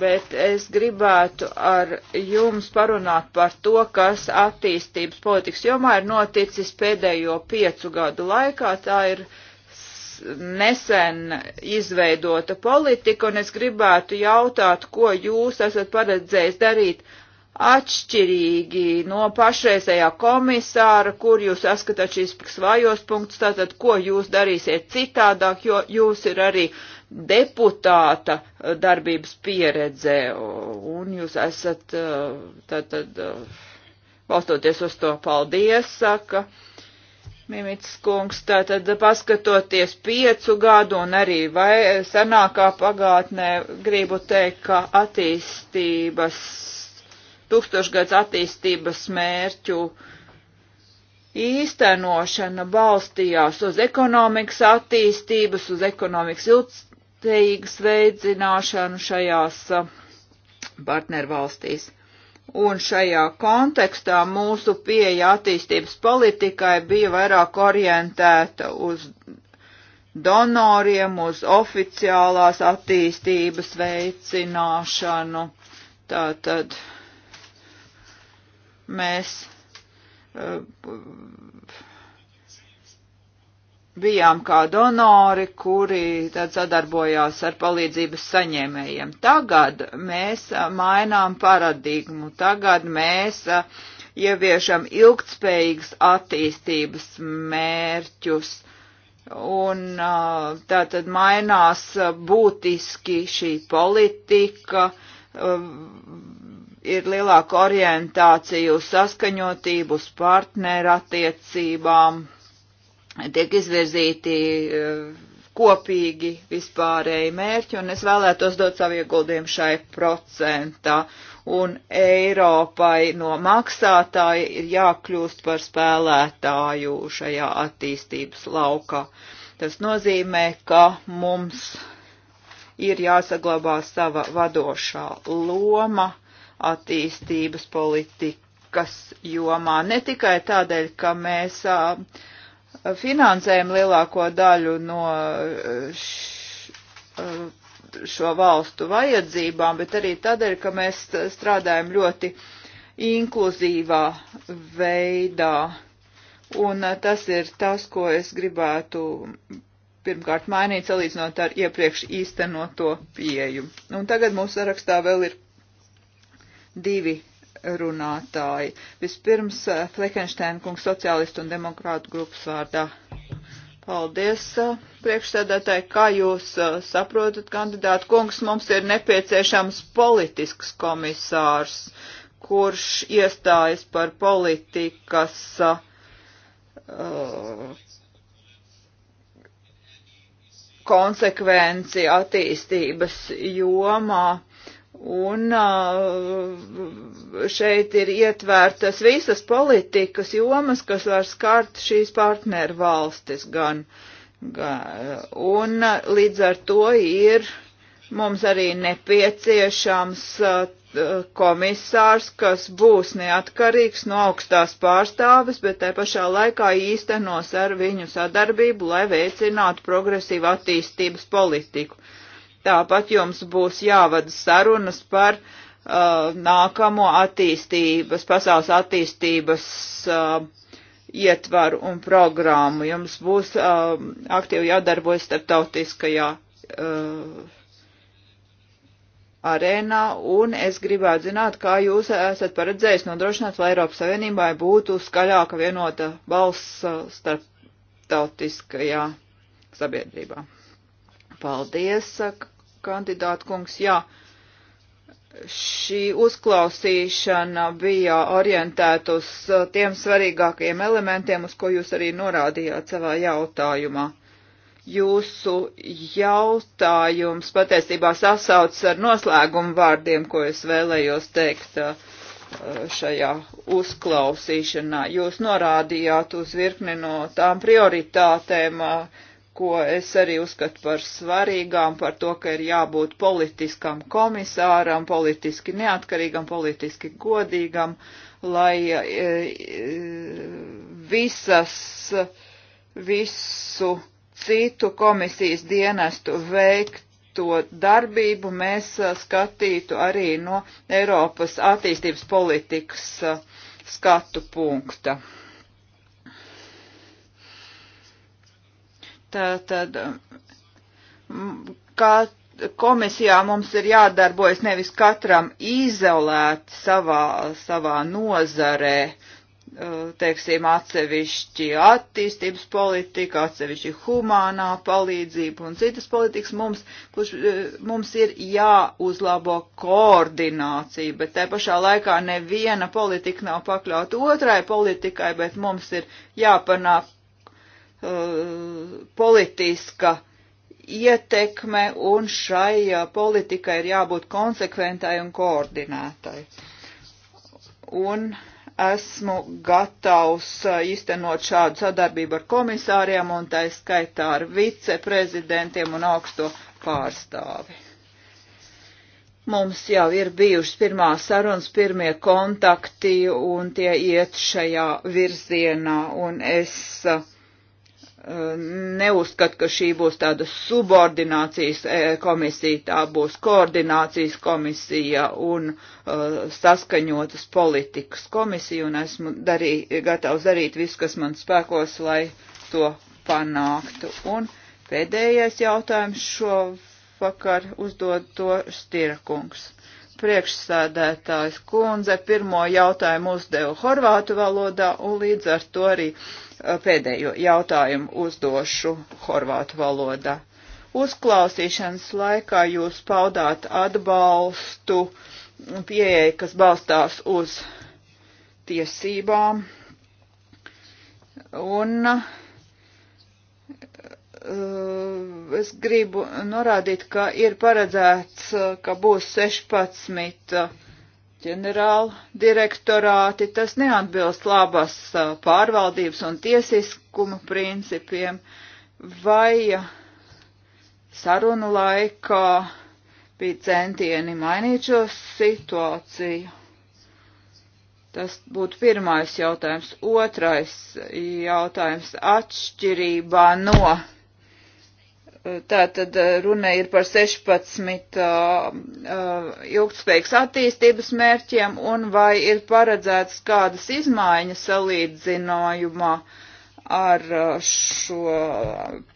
bet es gribētu ar jums parunāt par to, kas attīstības politikas jomā ir noticis pēdējo piecu gadu laikā. Tā ir nesen izveidota politika, un es gribētu jautāt, ko jūs esat paredzējis darīt atšķirīgi no pašreizējā komisāra, kur jūs saskatāt šīs svājos punktus, tātad ko jūs darīsiet citādāk, jo jūs ir arī deputāta darbības pieredze, un jūs esat, tātad, balstoties uz to, paldies, saka. Mimits kungs, tātad paskatoties piecu gadu un arī vai senākā pagātnē, gribu teikt, ka attīstības, tūkstošgads attīstības mērķu īstenošana balstījās uz ekonomikas attīstības, uz ekonomikas ilgspējīgas veidzināšanu šajās uh, partnervalstīs. Un šajā kontekstā mūsu pieeja attīstības politikai bija vairāk orientēta uz donoriem, uz oficiālās attīstības veicināšanu. Tātad mēs eh, bijām kā donori, kuri tad sadarbojās ar palīdzības saņēmējiem. Tagad mēs mainām paradigmu, tagad mēs ieviešam ilgtspējīgas attīstības mērķus. Un tā tad mainās būtiski šī politika, ir lielāka orientācija uz saskaņotību, uz partnerattiecībām. attiecībām tiek izvirzīti e, kopīgi vispārēji mērķi, un es vēlētos dot savu ieguldījumu šai procentā. Un Eiropai no maksātāja ir jākļūst par spēlētāju šajā attīstības laukā. Tas nozīmē, ka mums ir jāsaglabā sava vadošā loma attīstības politikas jomā. Ne tikai tādēļ, ka mēs uh, finansējumu lielāko daļu no eh, eh, šo valstu vajadzībām, bet arī tādēļ, ka mēs strādājam ļoti inkluzīvā veidā. Un eh, tas ir tas, ko es gribētu pirmkārt mainīt, salīdzinot ar iepriekš īstenoto pieju. Un tagad mūsu sarakstā vēl ir divi runātāji. Vispirms eh, Flekenštēna kungs sociālistu un demokrātu grupas vārdā. Paldies, eh, priekšsēdētāji, kā jūs eh, saprotat, kandidātu kungs, mums ir nepieciešams politisks komisārs, kurš iestājas par politikas uh, konsekvenci attīstības jomā Un šeit ir ietvērtas visas politikas jomas, kas var skart šīs partneru valstis gan. gan un līdz ar to ir mums arī nepieciešams komisārs, kas būs neatkarīgs no augstās pārstāves, bet tai pašā laikā īstenos ar viņu sadarbību, lai veicinātu progresīvu attīstības politiku. Tāpat jums būs jāvada sarunas par uh, nākamo attīstības, pasaules attīstības uh, ietvaru un programmu. Jums būs uh, aktīvi jādarbojas starptautiskajā uh, arēnā, un es gribētu zināt, kā jūs esat paredzējis nodrošināt, lai Eiropas Savienībai būtu skaļāka vienota balss uh, starptautiskajā sabiedrībā. Paldies, saka kandidāta kungs, jā, šī uzklausīšana bija orientēta uz uh, tiem svarīgākajiem elementiem, uz ko jūs arī norādījāt savā jautājumā. Jūsu jautājums patiesībā sasaucas ar noslēgumu vārdiem, ko es vēlējos teikt uh, uh, šajā uzklausīšanā. Jūs norādījāt uz virkni no tām prioritātēm, uh, ko es arī uzskatu par svarīgām, par to, ka ir jābūt politiskam komisāram, politiski neatkarīgam, politiski godīgam, lai e, visas, visu citu komisijas dienestu veikt to darbību mēs e, skatītu arī no Eiropas attīstības politikas e, skatu punkta. Tātad kā komisijā mums ir jādarbojas nevis katram izolēti savā, savā nozarē, e, teiksim, atsevišķi attīstības politika, atsevišķi humānā palīdzība un citas politikas mums, kurš e, mums ir jāuzlabo koordinācija, bet tai pašā laikā neviena politika nav pakļauta otrai politikai, bet mums ir jāpanāk Uh, politiska ietekme un šai uh, politikai ir jābūt konsekventai un koordinētai. Un esmu gatavs īstenot uh, šādu sadarbību ar komisāriem un tā skaitā ar viceprezidentiem un augsto pārstāvi. Mums jau ir bijušas pirmās sarunas, pirmie kontakti, un tie iet šajā virzienā, un es uh, neuzskat, ka šī būs tāda subordinācijas e, komisija, tā būs koordinācijas komisija un uh, saskaņotas politikas komisija, un esmu darī, gatavs darīt visu, kas man spēkos, lai to panāktu. Un pēdējais jautājums šo vakar uzdod to Stirakungs. Priekšsēdētājs kundze pirmo jautājumu uzdeva horvātu valodā, un līdz ar to arī uh, pēdējo jautājumu uzdošu horvātu valodā. Uzklausīšanas laikā jūs paudāt atbalstu pieeja, kas balstās uz tiesībām un es gribu norādīt, ka ir paredzēts, ka būs 16 ģenerāla direktorāti, tas neatbilst labas pārvaldības un tiesiskuma principiem, vai sarunu laikā bija centieni mainīt šo situāciju. Tas būtu pirmais jautājums. Otrais jautājums - atšķirībā no Tātad eh, runa ir par 16 uh, uh, ilgspējīgas attīstības mērķiem un vai ir paredzēts kādas izmaiņas salīdzinājumā ar eh, šo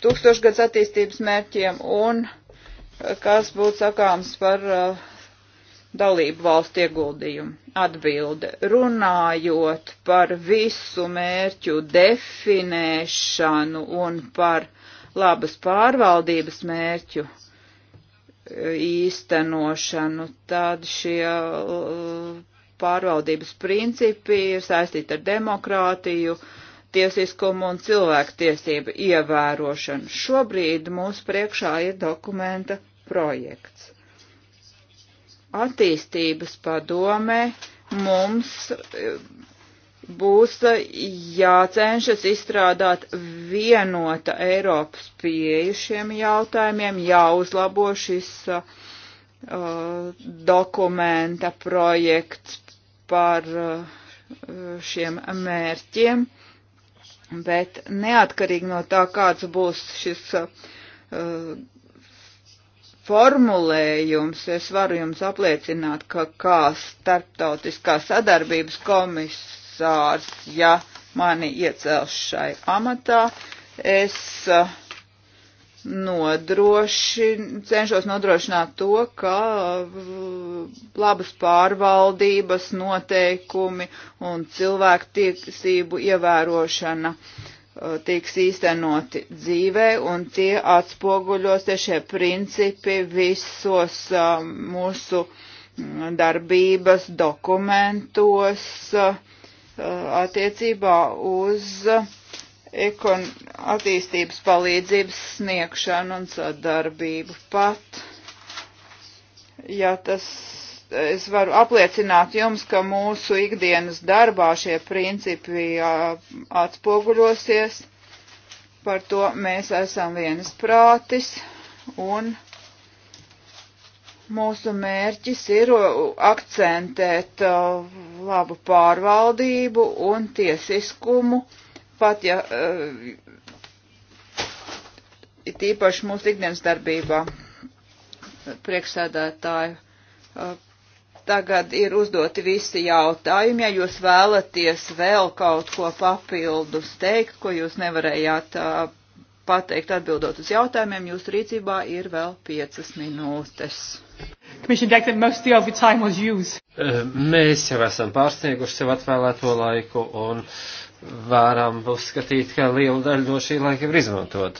tūkstošgads attīstības mērķiem un eh, kas būtu sakāms par uh, dalību valstu ieguldījumu. Atbilde. Runājot par visu mērķu definēšanu un par uh, labas pārvaldības mērķu e, īstenošanu, tad šie e, pārvaldības principi ir saistīti ar demokrātiju, tiesiskumu un cilvēktiesību ievērošanu. Šobrīd mūsu priekšā ir dokumenta projekts. Attīstības padome mums e, būs jācenšas izstrādāt vienota Eiropas pieeja šiem jautājumiem, jāuzlabo šis uh, dokumenta projekts par uh, šiem mērķiem, bet neatkarīgi no tā, kāds būs šis uh, formulējums, es varu jums apliecināt, ka kā starptautiskā sadarbības komisija, komisārs, ja mani iecels šai amatā, es uh, nodrošin, cenšos nodrošināt to, ka uh, labas pārvaldības noteikumi un cilvēku tiesību ievērošana uh, tiks īstenoti dzīvē, un tie atspoguļos tiešie principi visos mūsu mm, darbības dokumentos, uh, Uh, attiecībā uz ekon attīstības palīdzības sniegšanu un sadarbību pat. Ja tas, es varu apliecināt jums, ka mūsu ikdienas darbā šie principi uh, atspoguļosies, par to mēs esam vienas prātis un Mūsu mērķis ir akcentēt labu pārvaldību un tiesiskumu, pat ja e, it īpaši mūsu ikdienas darbībā priekšsēdētāju. E, tagad ir uzdoti visi jautājumi. Ja jūs vēlaties vēl kaut ko papildus teikt, ko jūs nevarējāt e, pateikt atbildot uz jautājumiem. Jūsu rīcībā ir vēl piecas minūtes. Eh, mēs jau esam pārsnieguši sev atvēlēto laiku un varam uzskatīt, ka liela daļa no šī laika ir izmantot.